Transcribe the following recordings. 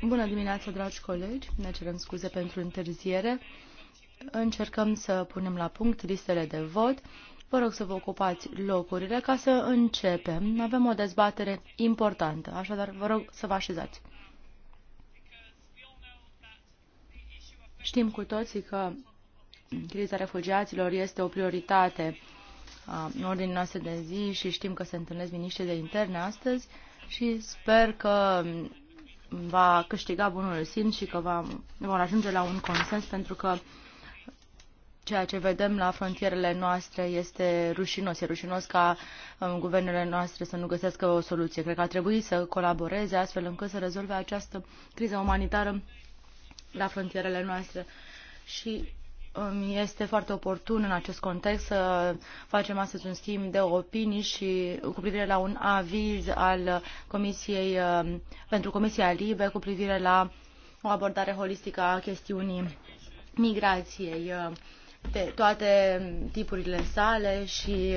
Bună dimineața, dragi colegi. Ne cerem scuze pentru întârziere. Încercăm să punem la punct listele de vot. Vă rog să vă ocupați locurile ca să începem. Avem o dezbatere importantă, așadar vă rog să vă așezați. Știm cu toții că criza refugiaților este o prioritate în ordinea noastră de zi și știm că se întâlnesc miniștri de interne astăzi și sper că va câștiga bunul simț și că va, vor ajunge la un consens pentru că ceea ce vedem la frontierele noastre este rușinos. E rușinos ca um, guvernele noastre să nu găsească o soluție. Cred că ar trebui să colaboreze astfel încât să rezolve această criză umanitară la frontierele noastre. Și este foarte oportun în acest context să facem astăzi un schimb de opinii și cu privire la un aviz al Comisiei uh, pentru Comisia Libe cu privire la o abordare holistică a chestiunii migrației pe uh, toate tipurile sale și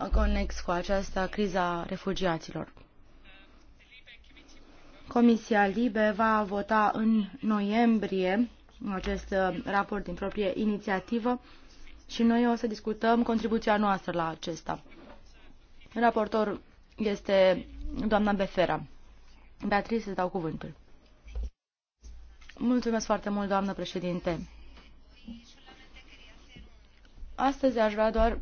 uh, conex cu această criza refugiaților. Comisia Libe va vota în noiembrie acest uh, raport din proprie inițiativă și noi o să discutăm contribuția noastră la acesta. Raportor este doamna Befera. Beatrice, îți dau cuvântul. Mulțumesc foarte mult, doamnă președinte. Astăzi aș vrea doar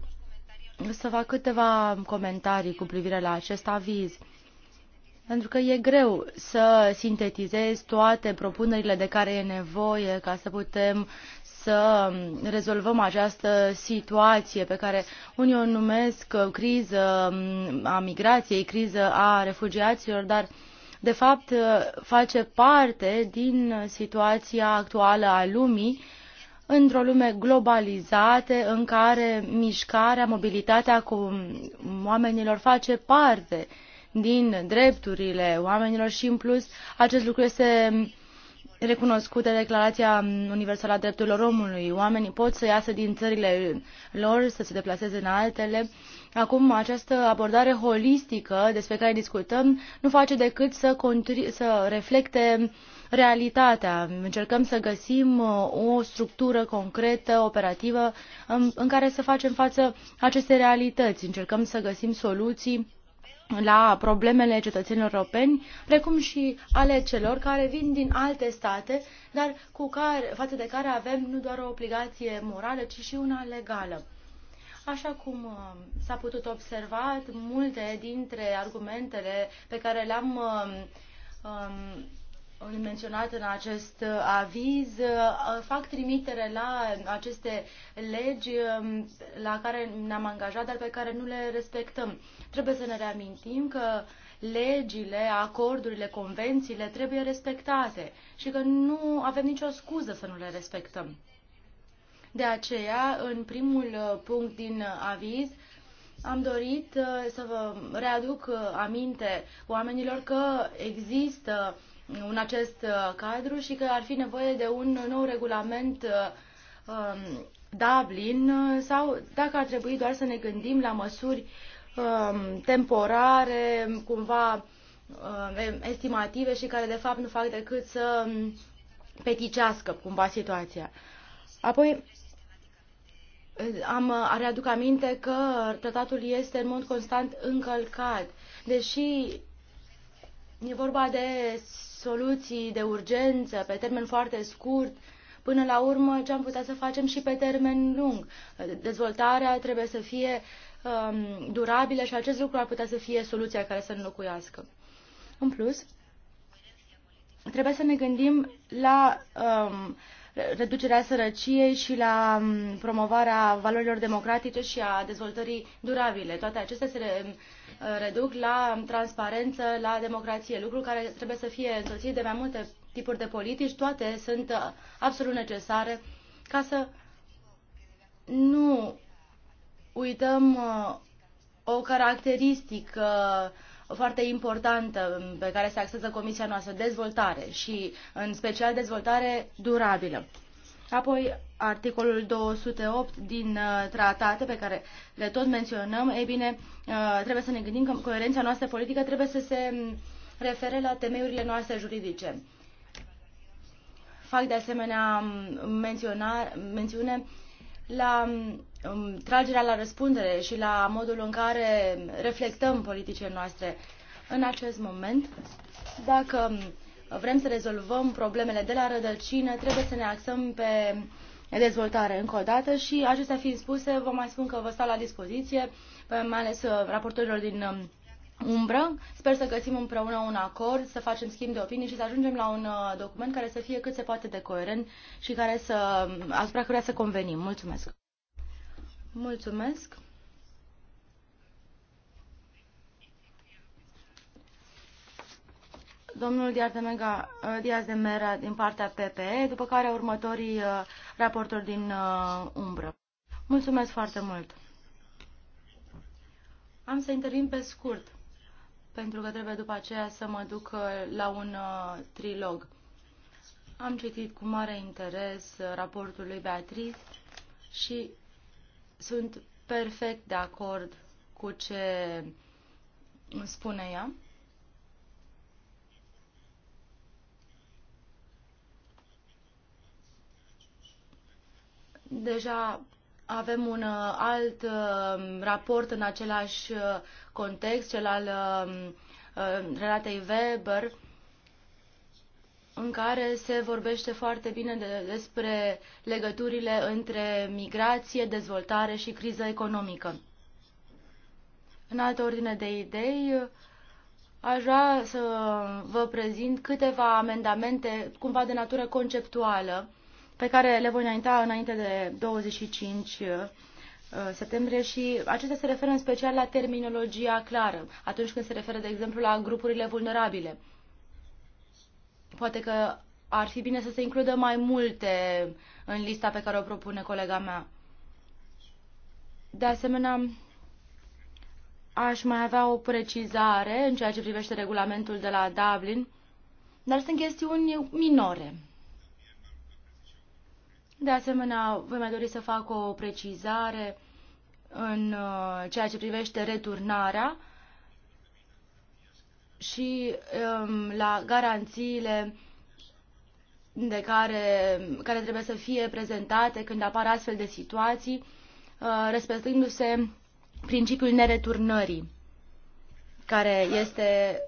să fac câteva comentarii cu privire la acest aviz. Pentru că e greu să sintetizezi toate propunerile de care e nevoie ca să putem să rezolvăm această situație pe care unii o numesc criză mm, a migrației, criză a refugiaților, dar de fapt face parte din situația actuală a lumii, într-o lume globalizată în care mișcarea, mobilitatea cu oamenilor face parte din drepturile oamenilor și, în plus, acest lucru este recunoscută Declarația Universală a Drepturilor Omului. Oamenii pot să iasă din țările lor, să se deplaseze în altele. Acum, această abordare holistică despre care discutăm nu face decât să, să reflecte realitatea. Încercăm să găsim uh, o structură concretă, operativă, în, în care să facem față aceste realități. Încercăm să găsim soluții la problemele cetățenilor europeni, precum și ale celor care vin din alte state, dar cu care, față de care avem nu doar o obligație morală, ci și una legală. Așa cum uh, s-a putut observa, multe dintre argumentele pe care le-am uh, um, menționat în acest uh, aviz uh, fac trimitere la aceste legi um, la care ne-am angajat, dar pe care nu le respectăm. Trebuie să ne reamintim că legile, acordurile, convențiile trebuie respectate și că nu avem nicio scuză să nu le respectăm. De aceea, în primul uh, punct din aviz, am dorit să vă readuc aminte oamenilor că există în acest uh, cadru și că ar fi nevoie de un nou regulament uh, um, Dublin uh, sau dacă ar trebui doar să ne gândim la măsuri um, temporare, cumva estimative și care de fapt nu fac decât să um, peticească cumva situația. Apoi, am, readuc aminte că tratatul este în mod constant încălcat, deși e vorba de soluții de urgență pe termen foarte scurt, până la urmă ce am putea să facem și pe termen lung. Dezvoltarea trebuie să fie um, durabilă și acest lucru ar putea să fie soluția care să înlocuiască. În plus, trebuie să ne gândim la um, reducerea sărăciei și la mm, promovarea valorilor democratice și a dezvoltării durabile. Toate acestea se mm, reduc la transparență, la democrație, lucru care trebuie să fie însoțit de mai multe tipuri de politici. Toate sunt uh, absolut necesare ca să nu uităm uh, o caracteristică uh, foarte importantă mm, pe care se axează comisia noastră, dezvoltare și în special dezvoltare durabilă. Apoi articolul 208 din uh, tratate pe care le tot menționăm, ei bine, uh, trebuie să ne gândim că coerența noastră politică trebuie să se mm, refere la temeiurile noastre juridice. Fac de asemenea mm, menționa, mențiune la um, tragerea la răspundere și la modul în care reflectăm politicile noastre în acest moment. Dacă um, vrem să rezolvăm problemele de la rădăcină, trebuie să ne axăm pe dezvoltare încă o dată și acestea fiind spuse, vă mai spun că vă stau la dispoziție, mai ales uh, raportorilor din um, umbră. Sper să găsim împreună un acord, să facem schimb de opinii și să ajungem la un uh, document care să fie cât se poate de coerent și care să, asupra căruia să convenim. Mulțumesc! Mulțumesc! Domnul Diaz de uh, Mera din partea PPE, după care următorii uh, raportori din umbră. Mulțumesc foarte mult! Am să intervin pe scurt pentru că trebuie după aceea să mă duc uh, la un uh, trilog. Am citit cu mare interes uh, raportul lui Beatriz și sunt perfect de acord cu ce spune ea. Deja avem un uh, alt uh, raport în același uh, context, cel al um, relatei Weber, în care se vorbește foarte bine de, despre legăturile între migrație, dezvoltare și criză economică. În altă ordine de idei, aș vrea să vă prezint câteva amendamente, cumva de natură conceptuală, pe care le voi înainta înainte de 25 uh, septembrie și acestea se referă în special la terminologia clară, atunci când se referă, de exemplu, la grupurile vulnerabile. Poate că ar fi bine să se includă mai multe în lista pe care o propune colega mea. De asemenea, aș mai avea o precizare în ceea ce privește regulamentul de la Dublin, dar sunt chestiuni minore. De asemenea, voi mai dori să fac o precizare în uh, ceea ce privește returnarea și um, la garanțiile de care, care trebuie să fie prezentate când apar astfel de situații, uh, respectându-se principiul nereturnării, care este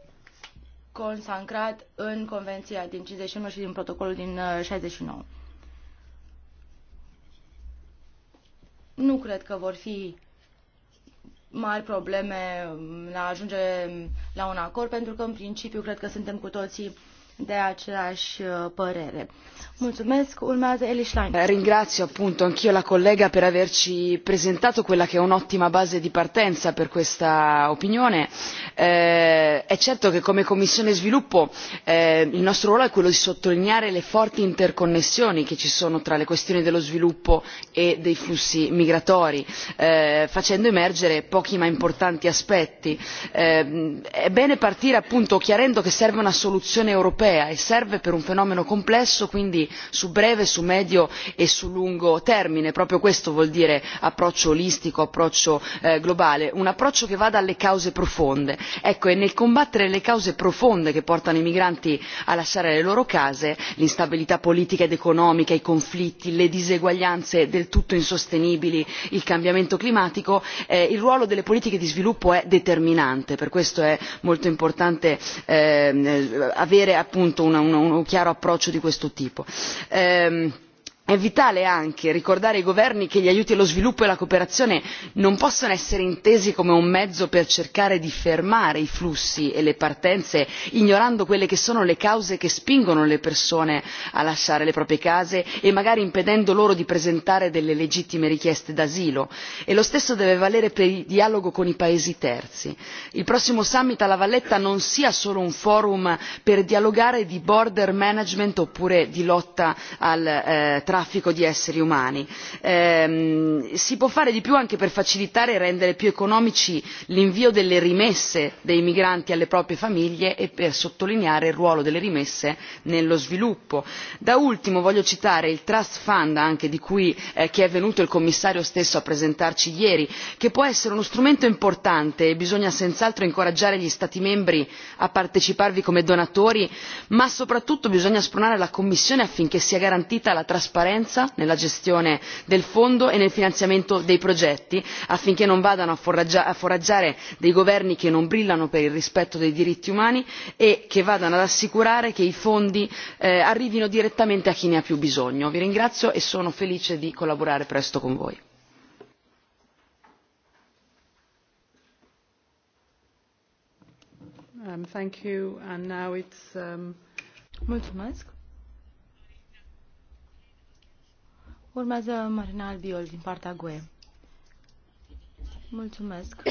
consacrat în Convenția din 51 și din protocolul din 69. Uh, nu cred că vor fi mari probleme la a ajunge la un acord, pentru că, în principiu, cred că suntem cu toții de aceeași uh, părere. Mulțumesc. Urmează Eli Schlein. Eh, ringrazio appunto anch'io la collega per averci presentato quella che è un'ottima base di partenza per questa opinione. Eh, è certo che come Commissione Sviluppo eh, il nostro ruolo è quello di sottolineare le forti interconnessioni che ci sono tra le questioni dello sviluppo e dei flussi migratori, eh, facendo emergere pochi ma importanti aspetti. Eh, è bene partire appunto chiarendo che serve una soluzione europea europea e serve per un fenomeno complesso quindi su breve su medio e su lungo termine proprio questo vuol dire approccio olistico approccio eh, globale un approccio che vada alle cause profonde. ecco e nel combattere le cause profonde che portano i migranti a lasciare le loro case l'instabilità politica ed economica i conflitti le diseguaglianze del tutto insostenibili il cambiamento climatico eh, il ruolo delle politiche di sviluppo è determinante per questo è molto importante ehm, avere appunto un, chiaro approccio di questo tipo. Ehm, è vitale anche ricordare ai governi che gli aiuti allo sviluppo e la cooperazione non possono essere intesi come un mezzo per cercare di fermare i flussi e le partenze ignorando quelle che sono le cause che spingono le persone a lasciare le proprie case e magari impedendo loro di presentare delle legittime richieste d'asilo e lo stesso deve valere per il dialogo con i paesi terzi. il prossimo summit a la valletta non sia solo un forum per dialogare di border management oppure di lotta al eh, traffico di esseri umani. Ehm, si può fare di più anche per facilitare e rendere più economici l'invio delle rimesse dei migranti alle proprie famiglie e per sottolineare il ruolo delle rimesse nello sviluppo. da ultimo voglio citare il trust fund anche di cui eh, è venuto il commissario stesso a presentarci ieri che può essere uno strumento importante e bisogna senz'altro incoraggiare gli stati membri a parteciparvi come donatori ma soprattutto bisogna spronare la commissione affinché sia garantita la trasparenza trasparenza nella gestione del fondo e nel finanziamento dei progetti affinché non vadano a foraggiare dei governi che non brillano per il rispetto dei diritti umani e che vadano ad assicurare che i fondi eh, arrivino direttamente a chi ne ha più bisogno. vi ringrazio e sono felice di collaborare presto con voi. Um, Urmează Marina Albiol din partea GUE. Mulțumesc.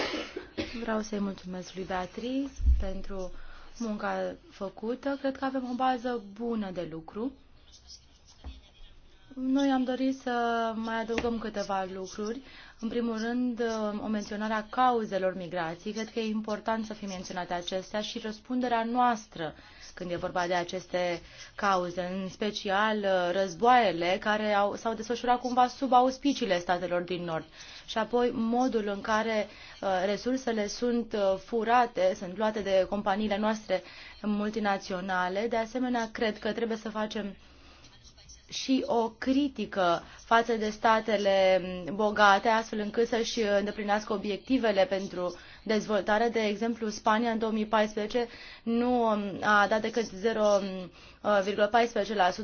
Vreau să-i mulțumesc lui Beatriz pentru munca făcută. Cred că avem o bază bună de lucru. Noi am dorit să mai adăugăm câteva lucruri în primul rând, uh, o menționare a cauzelor migrației. Cred că e important să fie menționate acestea și răspunderea noastră când e vorba de aceste cauze, în special uh, războaiele care au, s-au desfășurat cumva sub auspiciile statelor din Nord. Și apoi modul în care uh, resursele sunt uh, furate, sunt luate de companiile noastre multinaționale. De asemenea, cred că trebuie să facem și o critică față de statele bogate, astfel încât să-și îndeplinească obiectivele pentru dezvoltare. De exemplu, Spania în 2014 nu a dat decât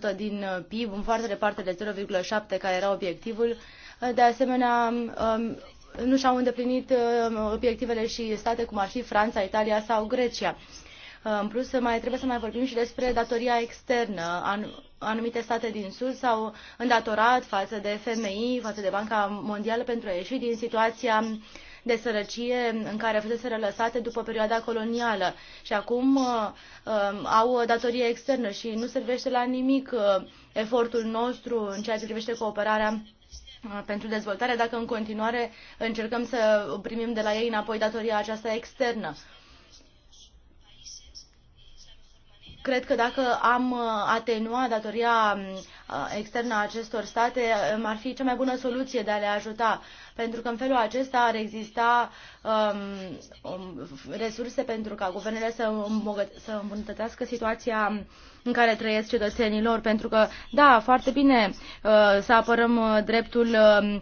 0,14% din PIB, în foarte departe de 0,7% care era obiectivul. De asemenea, um, nu și-au îndeplinit uh, obiectivele și state cum ar fi Franța, Italia sau Grecia. În plus, mai trebuie să mai vorbim și despre datoria externă. Anumite state din Sud s-au îndatorat față de FMI, față de Banca Mondială pentru a ieși din situația de sărăcie în care fuseseră lăsate după perioada colonială și acum uh, um, au datorie externă și nu servește la nimic uh, efortul nostru în ceea ce privește cooperarea uh, pentru dezvoltare, dacă în continuare încercăm să primim de la ei înapoi datoria aceasta externă. Cred că dacă am uh, atenua datoria um, uh, externă a acestor state, um, ar fi cea mai bună soluție de a le ajuta, pentru că în felul acesta ar exista um, um resurse pentru ca guvernele să, să îmbunătățească situația în care trăiesc lor. pentru că, da, foarte bine uh, să apărăm uh, dreptul uh,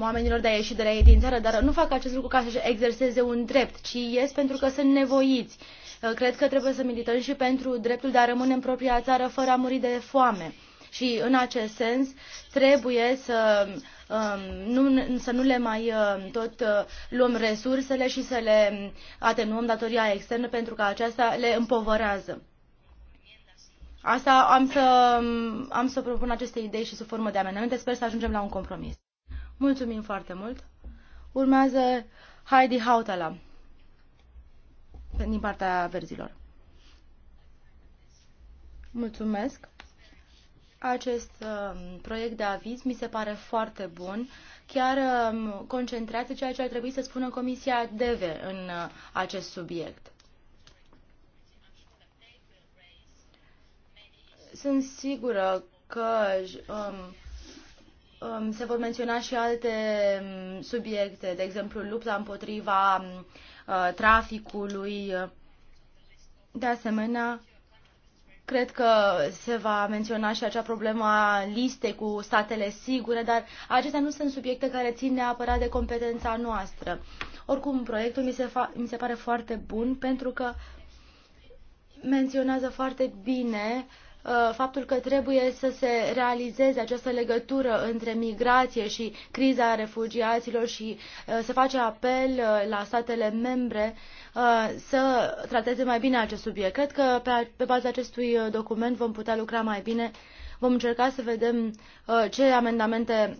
oamenilor de a ieși de la ei din țară, dar nu fac acest lucru ca să exerseze un drept, ci ies pentru că sunt nevoiți Uh, cred că trebuie să milităm și pentru dreptul de a rămâne în propria țară fără a muri de foame. Și în acest sens trebuie să um, nu, să nu le mai um, tot uh, luăm resursele și să le um, atenuăm datoria externă pentru că aceasta le împovărează. Asta am să, am să propun aceste idei și sub formă de amendamente. Sper să ajungem la un compromis. Mulțumim foarte mult. Urmează Heidi Hautala din partea verzilor. Mulțumesc. Acest uh, proiect de aviz mi se pare foarte bun. Chiar uh, um, concentrează ceea ce ar trebui să spună Comisia DEVE în uh, acest subiect. Sunt sigură că um, um, se vor menționa și alte um, subiecte, de exemplu lupta împotriva um, Uh, traficului. De asemenea, cred că se va menționa și acea problemă a listei cu statele sigure, dar acestea nu sunt subiecte care țin neapărat de competența noastră. Oricum, proiectul mi se, mi se pare foarte bun pentru că menționează foarte bine uh, Uh, faptul că trebuie să se realizeze această legătură între migrație și criza refugiaților și uh, se face apel uh, la statele membre să trateze mai bine acest subiect. Cred că pe, pe baza acestui document vom putea lucra mai bine. Vom încerca să vedem ce amendamente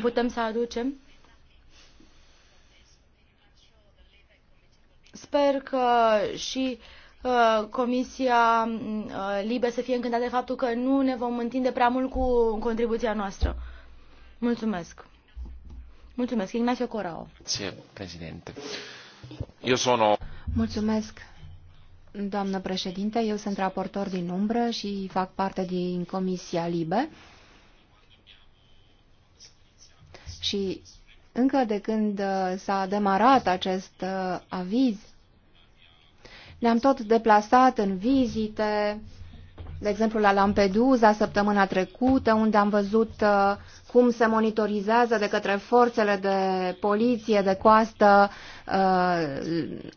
putem să aducem. Sper că și uh, Uh, Comisia mm, uh, Libe să fie încântată de faptul că nu ne vom întinde prea mult cu contribuția noastră. Mulțumesc. Mulțumesc. Ignacio Corao. Ce, președinte. Eu sono... Mulțumesc, doamnă președinte. Eu sunt raportor din umbră și fac parte din Comisia Libe. Și încă de când uh, s-a demarat acest aviz, ne-am tot deplasat în vizite, de exemplu la Lampedusa săptămâna trecută, unde am văzut uh, cum se monitorizează de către forțele de poliție de coastă uh,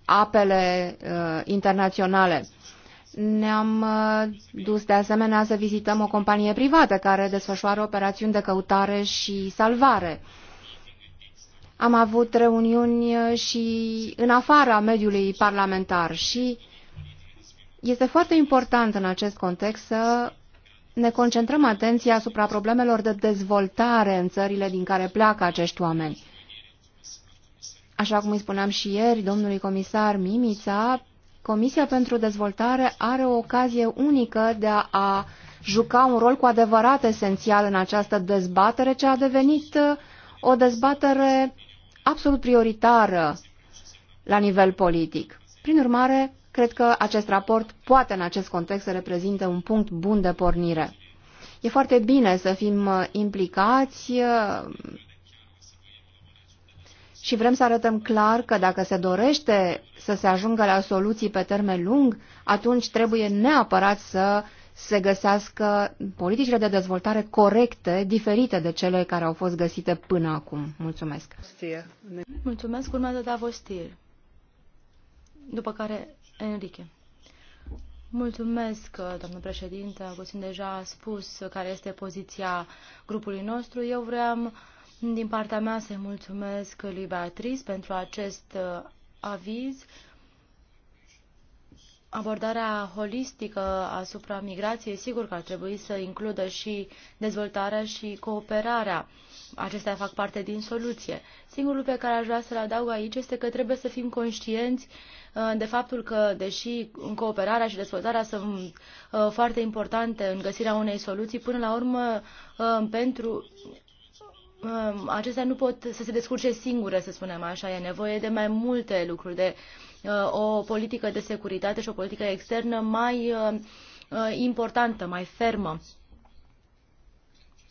apele uh, internaționale. Ne-am dus de asemenea să vizităm o companie privată care desfășoară operațiuni de căutare și salvare. Am avut reuniuni uh, și în afara mediului parlamentar și este foarte important în acest context să ne concentrăm atenția asupra problemelor de dezvoltare în țările din care pleacă acești oameni. Așa cum îi spuneam și ieri domnului comisar Mimița, Comisia pentru Dezvoltare are o ocazie unică de a, a juca un rol cu adevărat esențial în această dezbatere, ce a devenit uh, o dezbatere absolut prioritară la nivel politic. Prin urmare, cred că acest raport poate în acest context să reprezinte un punct bun de pornire. E foarte bine să fim uh, implicați uh, și vrem să arătăm clar că dacă se dorește să se ajungă la soluții pe termen lung, atunci trebuie neapărat să se găsească politicile de dezvoltare corecte, diferite de cele care au fost găsite până acum. Mulțumesc. Mulțumesc, urmează Davostir. După care, Enrique. Mulțumesc, domnul președinte. Agustin deja a spus care este poziția grupului nostru. Eu vreau din partea mea să-i mulțumesc lui Beatriz pentru acest uh, aviz abordarea holistică asupra migrației, sigur că ar trebui să includă și dezvoltarea și cooperarea. Acestea fac parte din soluție. Singurul pe care aș vrea să-l adaug aici este că trebuie să fim conștienți uh, de faptul că, deși cooperarea și dezvoltarea sunt uh, foarte importante în găsirea unei soluții, până la urmă, uh, pentru acestea nu pot să se descurce singure, să spunem așa. E nevoie de mai multe lucruri, de Uh, o politică de securitate și o politică externă mai uh, uh, importantă, mai fermă.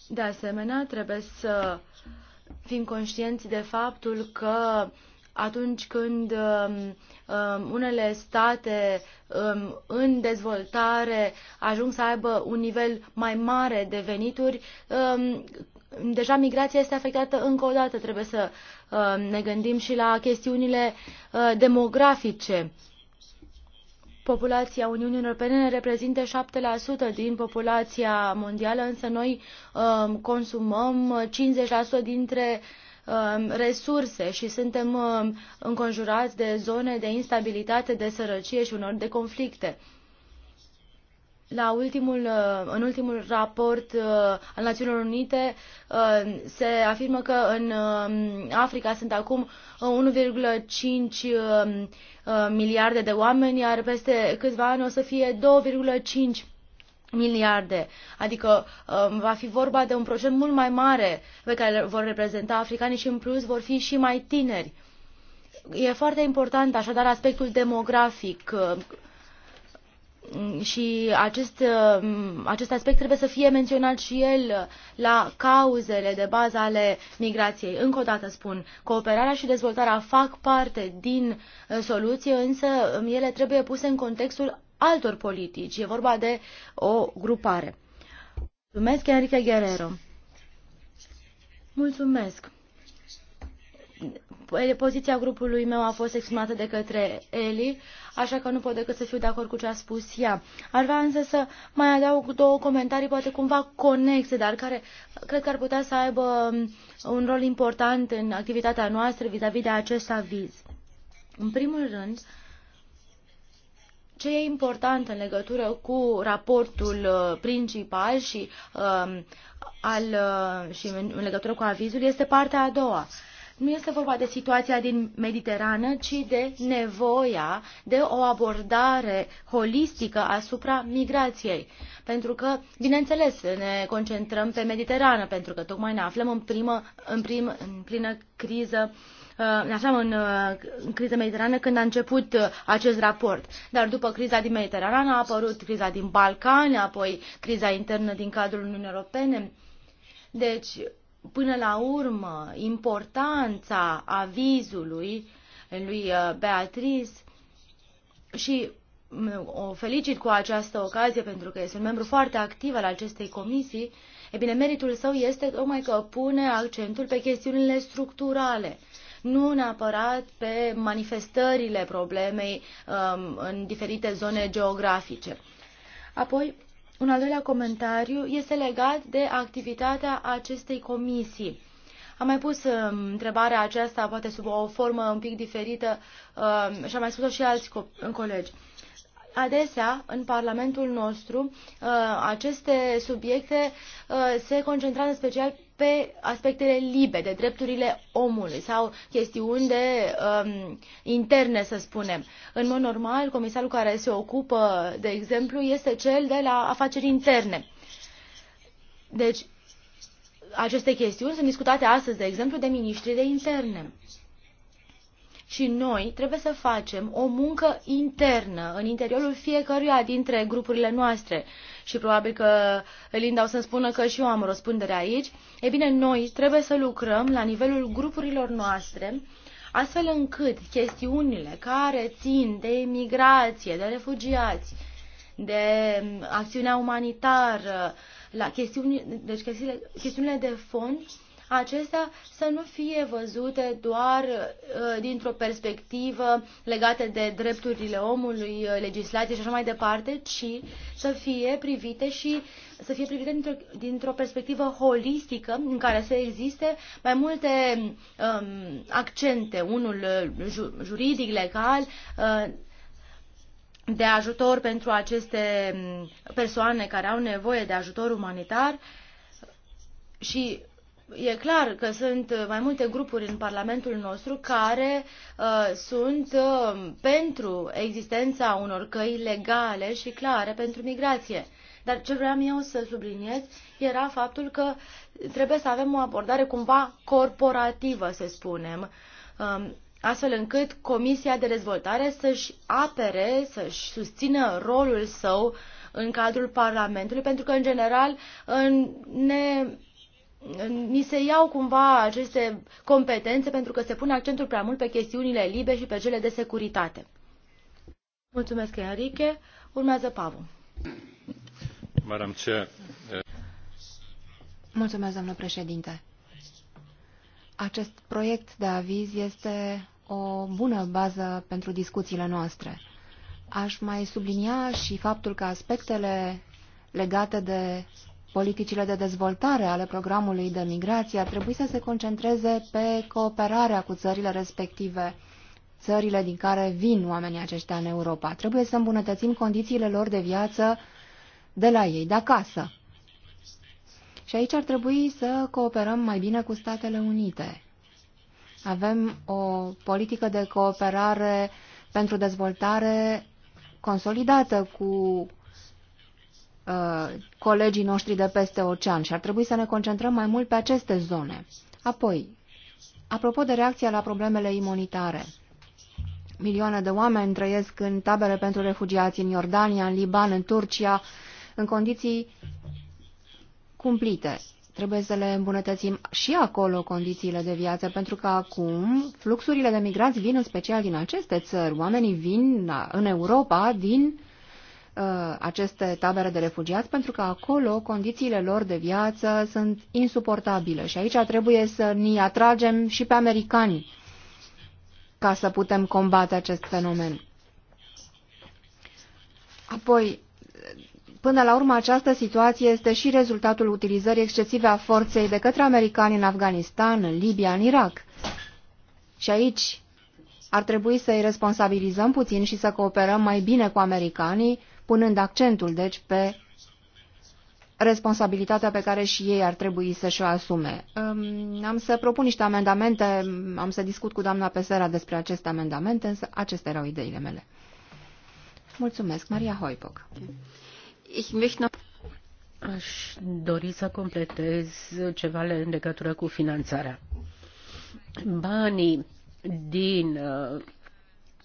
De asemenea, trebuie să fim conștienți de faptul că atunci când um, um, unele state um, în dezvoltare ajung să aibă un nivel mai mare de venituri, um, deja migrația este afectată încă o dată. Trebuie să uh, ne gândim și la chestiunile uh, demografice. Populația Uniunii Europene reprezintă 7% din populația mondială, însă noi uh, consumăm 50% dintre resurse și suntem înconjurați de zone de instabilitate, de sărăcie și unor de conflicte la ultimul, uh, în ultimul raport uh, al Națiunilor Unite uh, se afirmă că în Africa sunt acum 1,5 miliarde de oameni, iar peste câțiva ani o să fie 2,5 miliarde, adică um, va fi vorba de un procent mult mai mare pe care vor reprezenta africanii și în plus vor fi și mai tineri. E foarte important așadar aspectul demografic, și acest, uh, acest aspect trebuie să fie menționat și el la cauzele de bază ale migrației. Încă o dată spun, cooperarea și dezvoltarea fac parte din uh, soluție, însă um, ele trebuie puse în contextul altor politici. E vorba de o grupare. Mulțumesc, Enrique Guerrero. Mulțumesc. Păi, poziția grupului meu a fost exprimată de către Eli, așa că nu pot decât să fiu de acord cu ce a spus ea. Ar vrea însă să mai adaug două comentarii, poate cumva conexe, dar care cred că ar putea să aibă um, un rol important în activitatea noastră vis-a-vis -vis de acest aviz. În primul rând, ce e important în legătură cu raportul uh, principal și, um, uh, al, și în legătură cu avizul este partea a doua. Uh, nu este vorba de situația din Mediterană, ci de nevoia de o abordare holistică asupra migrației. Pentru că, bineînțeles, ne concentrăm pe Mediterană, pentru că tocmai ne aflăm în, primă, în, prim, în plină criză uh, ne aflăm în, uh, în criza mediterană când a început uh, acest raport. Dar după criza din Mediterană a apărut criza din Balcani, apoi criza internă din cadrul Uniunii Europene. Deci, până la urmă importanța avizului lui uh, Beatriz și mm, o felicit cu această ocazie pentru că este un membru foarte activ al acestei comisii, e bine, meritul său este tocmai că pune accentul pe chestiunile structurale, nu neapărat pe manifestările problemei um, în diferite zone geografice. Apoi, un al doilea comentariu este legat de activitatea acestei comisii. Am mai pus um, întrebarea aceasta, poate sub o formă un pic diferită, um, și am mai spus-o și alți în colegi. Adesea, în Parlamentul nostru, uh, aceste subiecte uh, se concentrează special pe aspectele libere, drepturile omului sau chestiuni de um, interne, să spunem. În mod normal, comisarul care se ocupă, de exemplu, este cel de la afaceri interne. Deci, aceste chestiuni sunt discutate astăzi, de exemplu, de ministrii de interne. Și noi trebuie să facem o muncă internă în interiorul fiecăruia dintre grupurile noastre și probabil că Linda o să spună că și eu am răspundere aici, e bine, noi trebuie să lucrăm la nivelul grupurilor noastre, astfel încât chestiunile care țin de imigrație, de refugiați, de acțiunea umanitară, la chestiuni, deci chestiunile, chestiunile de fond acestea să nu fie văzute doar uh, dintr-o perspectivă legată de drepturile omului, uh, legislație și așa mai departe, ci să fie privite și să fie privite dintr-o, dintr, -o, perspectivă holistică în care să existe mai multe um, accente, unul uh, juridic, legal, uh, de ajutor pentru aceste um, persoane care au nevoie de ajutor umanitar și E clar că sunt uh, mai multe grupuri în Parlamentul nostru care uh, sunt uh, pentru existența unor căi legale și clare pentru migrație. Dar ce vreau eu să subliniez era faptul că trebuie să avem o abordare cumva corporativă, să spunem, um, astfel încât Comisia de Dezvoltare să-și apere, să-și susțină rolul său în cadrul Parlamentului, pentru că, în general, ne ni se iau cumva aceste competențe pentru că se pune accentul prea mult pe chestiunile libere și pe cele de securitate. Mulțumesc, Enrique. Urmează Pavu. Madam eh, Mulțumesc, domnule președinte. Acest proiect de aviz este o bună bază pentru discuțiile noastre. Aș mai sublinia și faptul că aspectele legate de Politicile de dezvoltare ale programului de migrație ar trebui să se concentreze pe cooperarea cu țările respective, țările din care vin oamenii aceștia în Europa. Trebuie să îmbunătățim condițiile lor de viață de la ei, de acasă. Și aici ar trebui să cooperăm mai bine cu Statele Unite. Avem o politică de cooperare pentru dezvoltare consolidată cu Uh, colegii noștri de peste ocean și ar trebui să ne concentrăm mai mult pe aceste zone. Apoi, apropo de reacția la problemele imunitare, milioane de oameni trăiesc în tabere pentru refugiați în Iordania, în Liban, în Turcia, în condiții cumplite. Trebuie să le îmbunătățim și acolo condițiile de viață, pentru că acum fluxurile de migranți vin în special din aceste țări. Oamenii vin în Europa din Uh, aceste tabere de refugiați, pentru că acolo condițiile lor de viață sunt insuportabile și aici trebuie să ni atragem și pe americani ca să putem combate acest fenomen. Apoi, până la urmă, această situație este și rezultatul utilizării excesive a forței de către americani în Afganistan, în Libia, în Irak. Și aici ar trebui să îi responsabilizăm puțin și să cooperăm mai bine cu americanii punând accentul, deci, pe responsabilitatea pe care și ei ar trebui să și-o asume. Am să propun niște amendamente, am să discut cu doamna Pesera despre aceste amendamente, însă acestea erau ideile mele. Mulțumesc, Maria Hoipoc. Aș dori să completez ceva în legătură cu finanțarea. Banii din uh,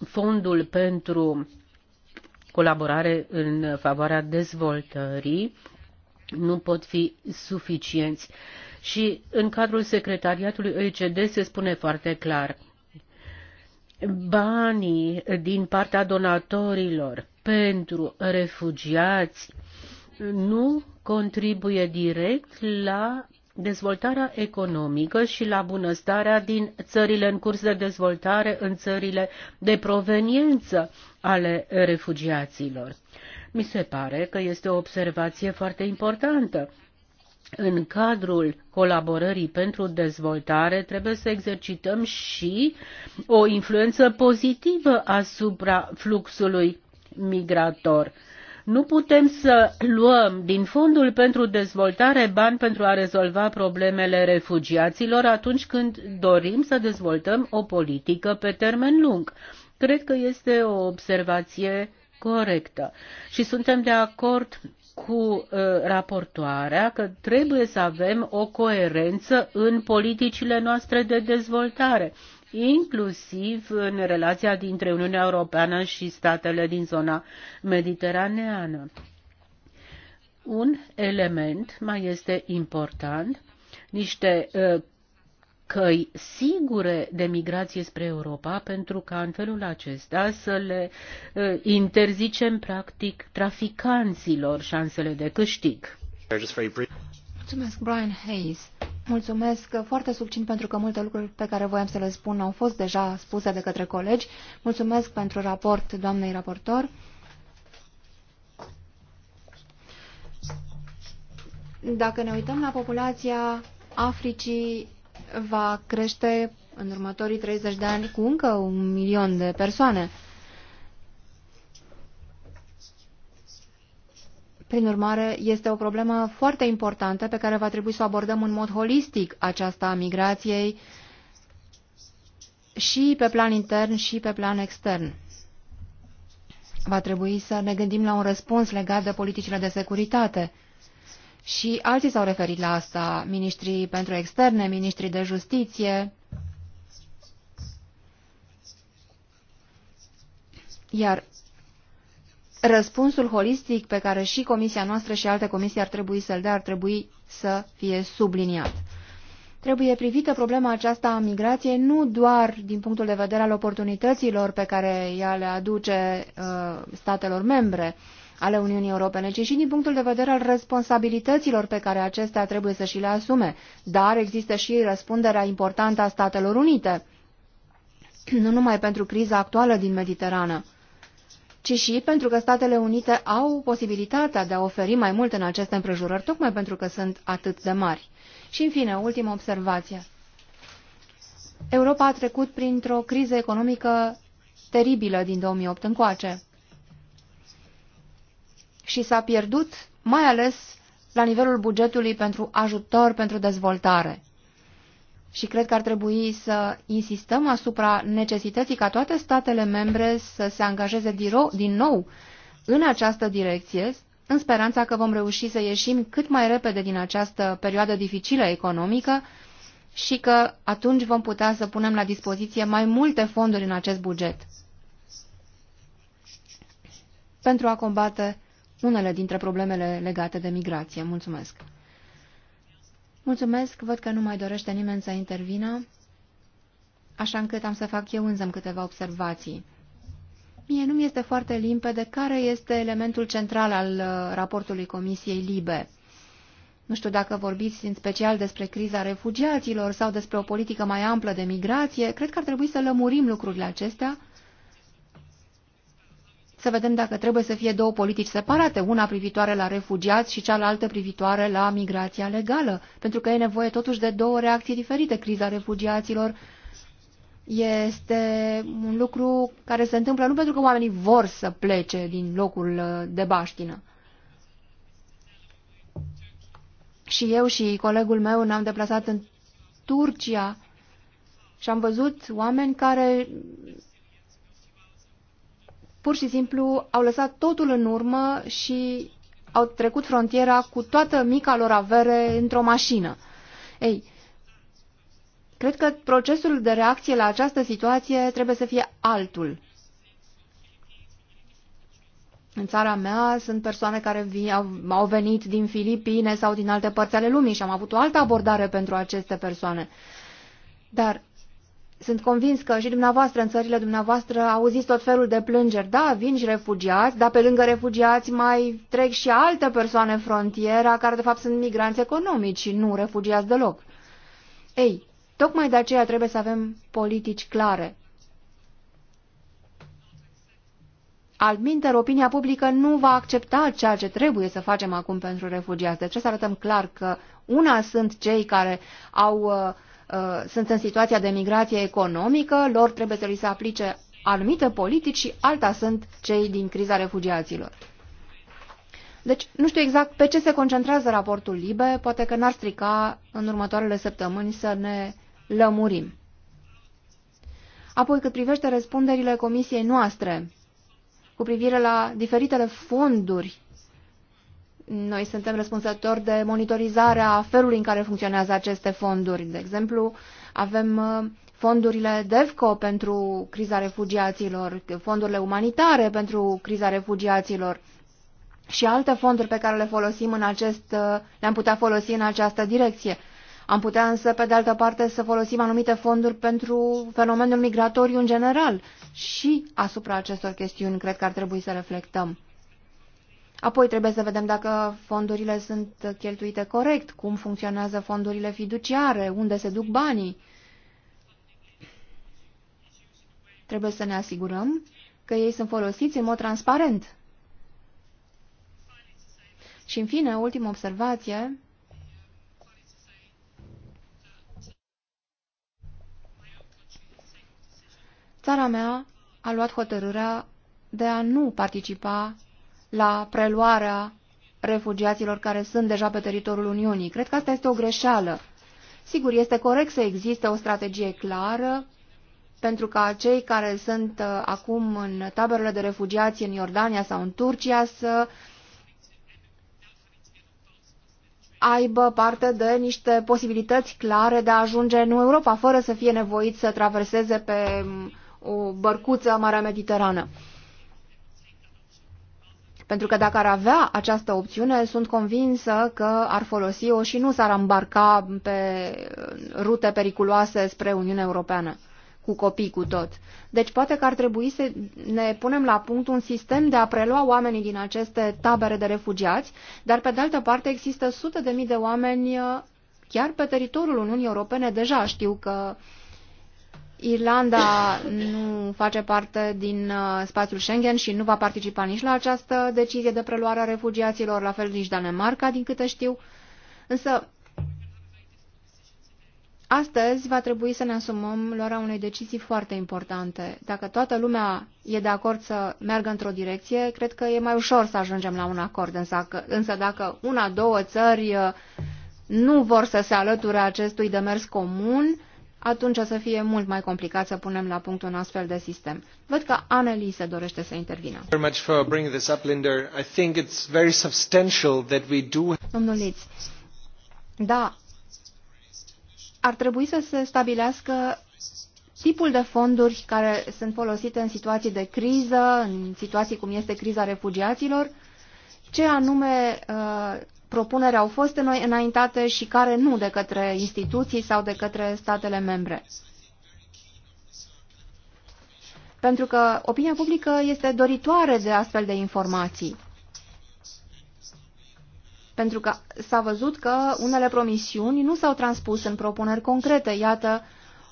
Fondul pentru colaborare în favoarea dezvoltării nu pot fi suficienți. Și în cadrul secretariatului OECD se spune foarte clar, banii din partea donatorilor pentru refugiați nu contribuie direct la dezvoltarea economică și la bunăstarea din țările în curs de dezvoltare, în țările de proveniență ale refugiaților. Mi se pare că este o observație foarte importantă. În cadrul colaborării pentru dezvoltare trebuie să exercităm și o influență pozitivă asupra fluxului migrator nu putem să luăm din fondul pentru dezvoltare bani pentru a rezolva problemele refugiaților atunci când dorim să dezvoltăm o politică pe termen lung. Cred că este o observație corectă și suntem de acord cu uh, raportoarea că trebuie să avem o coerență în politicile noastre de dezvoltare inclusiv în relația dintre Uniunea Europeană și statele din zona mediteraneană. Un element mai este important, niște ă, căi sigure de migrație spre Europa pentru ca în felul acesta să le ă, interzicem practic traficanților șansele de câștig. Mulțumesc, Brian Hayes. Mulțumesc foarte succint pentru că multe lucruri pe care voiam să le spun au fost deja spuse de către colegi. Mulțumesc pentru raport, doamnei raportor. Dacă ne uităm la populația Africii, va crește în următorii 30 de ani cu încă un milion de persoane. Prin urmare, este o problemă foarte importantă pe care va trebui să o abordăm în mod holistic aceasta a migrației și pe plan intern și pe plan extern. Va trebui să ne gândim la un răspuns legat de politicile de securitate. Și alții s-au referit la asta, ministrii pentru externe, ministrii de justiție. Iar răspunsul holistic pe care și comisia noastră și alte comisii ar trebui să-l dea ar trebui să fie subliniat. Trebuie privită problema aceasta a migrației nu doar din punctul de vedere al oportunităților pe care ea le aduce uh, statelor membre ale Uniunii Europene, ci și din punctul de vedere al responsabilităților pe care acestea trebuie să și le asume. Dar există și răspunderea importantă a Statelor Unite, nu numai pentru criza actuală din Mediterană ci și pentru că Statele Unite au posibilitatea de a oferi mai mult în aceste împrejurări, tocmai pentru că sunt atât de mari. Și, în fine, ultima observație. Europa a trecut printr-o criză economică teribilă din 2008 încoace și s-a pierdut, mai ales la nivelul bugetului pentru ajutor pentru dezvoltare și cred că ar trebui să insistăm asupra necesității ca toate statele membre să se angajeze din nou în această direcție, în speranța că vom reuși să ieșim cât mai repede din această perioadă dificilă economică și că atunci vom putea să punem la dispoziție mai multe fonduri în acest buget pentru a combate unele dintre problemele legate de migrație. Mulțumesc! Mulțumesc, văd că nu mai dorește nimeni să intervină, așa încât am să fac eu însă câteva observații. Mie nu mi este foarte limpede care este elementul central al uh, raportului Comisiei Libe. Nu știu dacă vorbiți în special despre criza refugiaților sau despre o politică mai amplă de migrație, cred că ar trebui să lămurim lucrurile acestea să vedem dacă trebuie să fie două politici separate, una privitoare la refugiați și cealaltă privitoare la migrația legală, pentru că e nevoie totuși de două reacții diferite. Criza refugiaților este un lucru care se întâmplă nu pentru că oamenii vor să plece din locul uh, de baștină. Și eu și colegul meu ne-am deplasat în Turcia și am văzut oameni care pur și simplu au lăsat totul în urmă și au trecut frontiera cu toată mica lor avere într-o mașină. Ei, cred că procesul de reacție la această situație trebuie să fie altul. În țara mea sunt persoane care au, au venit din Filipine sau din alte părți ale lumii și am avut o altă abordare pentru aceste persoane. Dar sunt convins că și dumneavoastră, în țările dumneavoastră, auziți tot felul de plângeri. Da, vin și refugiați, dar pe lângă refugiați mai trec și alte persoane frontiera, care de fapt sunt migranți economici și nu refugiați deloc. Ei, tocmai de aceea trebuie să avem politici clare. Altminter, opinia publică nu va accepta ceea ce trebuie să facem acum pentru refugiați. De deci, ce să arătăm clar că una sunt cei care au... Uh, Uh, sunt în situația de migrație economică, lor trebuie să li se aplice anumite politici și alta sunt cei din criza refugiaților. Deci, nu știu exact pe ce se concentrează raportul LIBE, poate că n-ar strica în următoarele săptămâni să ne lămurim. Apoi, cât privește răspunderile comisiei noastre, cu privire la diferitele fonduri noi suntem răspunzători de monitorizarea felului în care funcționează aceste fonduri. De exemplu, avem uh, fondurile Devco pentru criza refugiaților, fondurile umanitare pentru criza refugiaților și alte fonduri pe care le folosim în acest, uh, le-am putea folosi în această direcție. Am putea însă, pe de altă parte, să folosim anumite fonduri pentru fenomenul migratoriu în general și asupra acestor chestiuni cred că ar trebui să reflectăm. Apoi trebuie să vedem dacă fondurile sunt cheltuite corect, cum funcționează fondurile fiduciare, unde se duc banii. Trebuie să ne asigurăm că ei sunt folosiți în mod transparent. Și în fine, ultima observație. Țara mea a luat hotărârea de a nu participa la preluarea refugiaților care sunt deja pe teritoriul Uniunii. Cred că asta este o greșeală. Sigur, este corect să existe o strategie clară pentru ca cei care sunt uh, acum în taberele de refugiați în Iordania sau în Turcia să aibă parte de niște posibilități clare de a ajunge în Europa, fără să fie nevoit să traverseze pe mm, o bărcuță Marea Mediterană. Pentru că dacă ar avea această opțiune, sunt convinsă că ar folosi-o și nu s-ar îmbarca pe rute periculoase spre Uniunea Europeană cu copii cu tot. Deci poate că ar trebui să ne punem la punct un sistem de a prelua oamenii din aceste tabere de refugiați, dar pe de altă parte există sute de mii de oameni uh, chiar pe teritoriul Uniunii Europene deja știu că uh, Irlanda nu face parte din uh, spațiul Schengen și nu va participa nici la această decizie de preluare a refugiaților, la fel nici Danemarca, din câte știu. Însă, astăzi va trebui să ne asumăm luarea unei decizii foarte importante. Dacă toată lumea e de acord să meargă într-o direcție, cred că e mai ușor să ajungem la un acord. Însă, însă dacă una, două țări uh, nu vor să se alăture acestui demers comun, atunci o să fie mult mai complicat să punem la punct un astfel de sistem. Văd că Anneli se dorește să intervină. Domnul Litz, da, ar trebui să se stabilească tipul de fonduri care sunt folosite în situații de criză, în situații cum este criza refugiaților, ce anume uh, propuneri au fost înaintate și care nu de către instituții sau de către statele membre. Pentru că opinia publică este doritoare de astfel de informații. Pentru că s-a văzut că unele promisiuni nu s-au transpus în propuneri concrete. Iată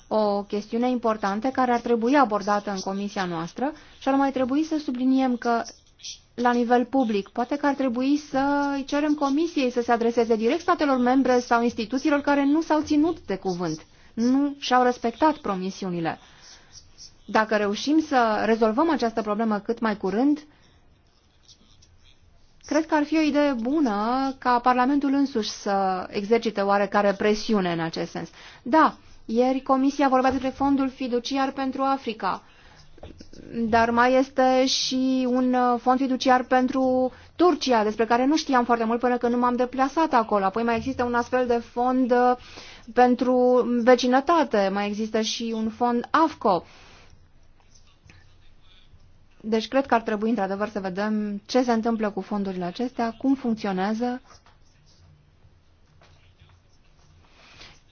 o chestiune importantă care ar trebui abordată în comisia noastră și ar mai trebui să subliniem că la nivel public. Poate că ar trebui să îi cerem comisiei să se adreseze direct statelor membre sau instituțiilor care nu s-au ținut de cuvânt, nu și-au respectat promisiunile. Dacă reușim să rezolvăm această problemă cât mai curând, cred că ar fi o idee bună ca Parlamentul însuși să exercite oarecare presiune în acest sens. Da, ieri Comisia vorbea despre fondul fiduciar pentru Africa dar mai este și un uh, fond fiduciar pentru Turcia, despre care nu știam foarte mult până când nu m-am deplasat acolo. Apoi mai există un astfel de fond uh, pentru vecinătate, mai există și un fond AFCO. Deci cred că ar trebui într-adevăr să vedem ce se întâmplă cu fondurile acestea, cum funcționează,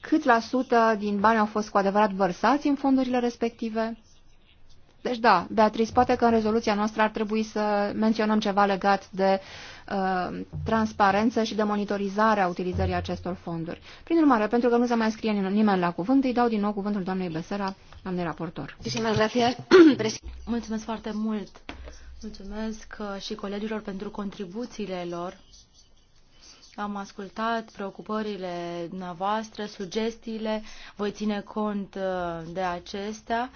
cât la sută din bani au fost cu adevărat vărsați în fondurile respective. Deci da, Beatrice, poate că în rezoluția noastră ar trebui să menționăm ceva legat de uh, transparență și de monitorizarea utilizării acestor fonduri. Prin urmare, pentru că nu se mai scrie nimeni la cuvânt, îi dau din nou cuvântul doamnei Besera, doamnei raportor. Mulțumesc foarte mult! Mulțumesc uh, și colegilor pentru contribuțiile lor. Am ascultat preocupările dumneavoastră, sugestiile, voi ține cont uh, de acestea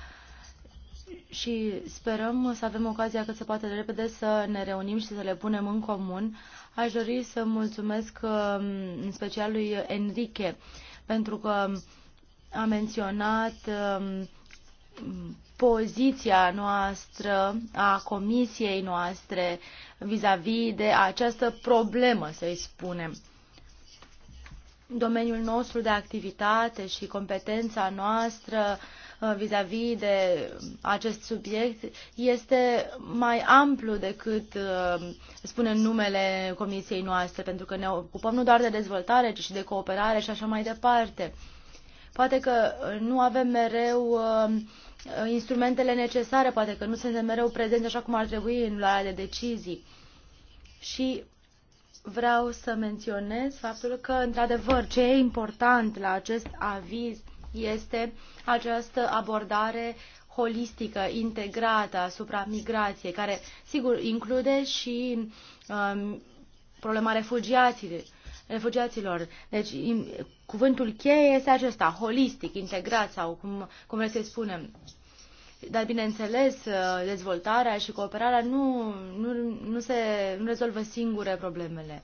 și sperăm să avem ocazia cât se poate de repede să ne reunim și să le punem în comun. Aș dori să mulțumesc um, în special lui Enrique pentru că a menționat um, poziția noastră, a comisiei noastre vis-a-vis -vis de această problemă, să-i spunem. Domeniul nostru de activitate și competența noastră uh, Uh, vis-a-vis -vis de acest subiect este mai amplu decât uh, spune numele comisiei noastre, pentru că ne ocupăm nu doar de dezvoltare, ci și de cooperare și așa mai departe. Poate că nu avem mereu uh, instrumentele necesare, poate că nu suntem mereu prezenți așa cum ar trebui în luarea de decizii. Și vreau să menționez faptul că, într-adevăr, ce e important la acest aviz este această abordare holistică, integrată asupra migrației, care, sigur, include și um, problema refugiaților. refugiaților. Deci, cuvântul cheie este acesta, holistic, integrat sau cum, cum vreți să-i spunem. Dar, bineînțeles, dezvoltarea și cooperarea nu, nu, nu, se, nu rezolvă singure problemele.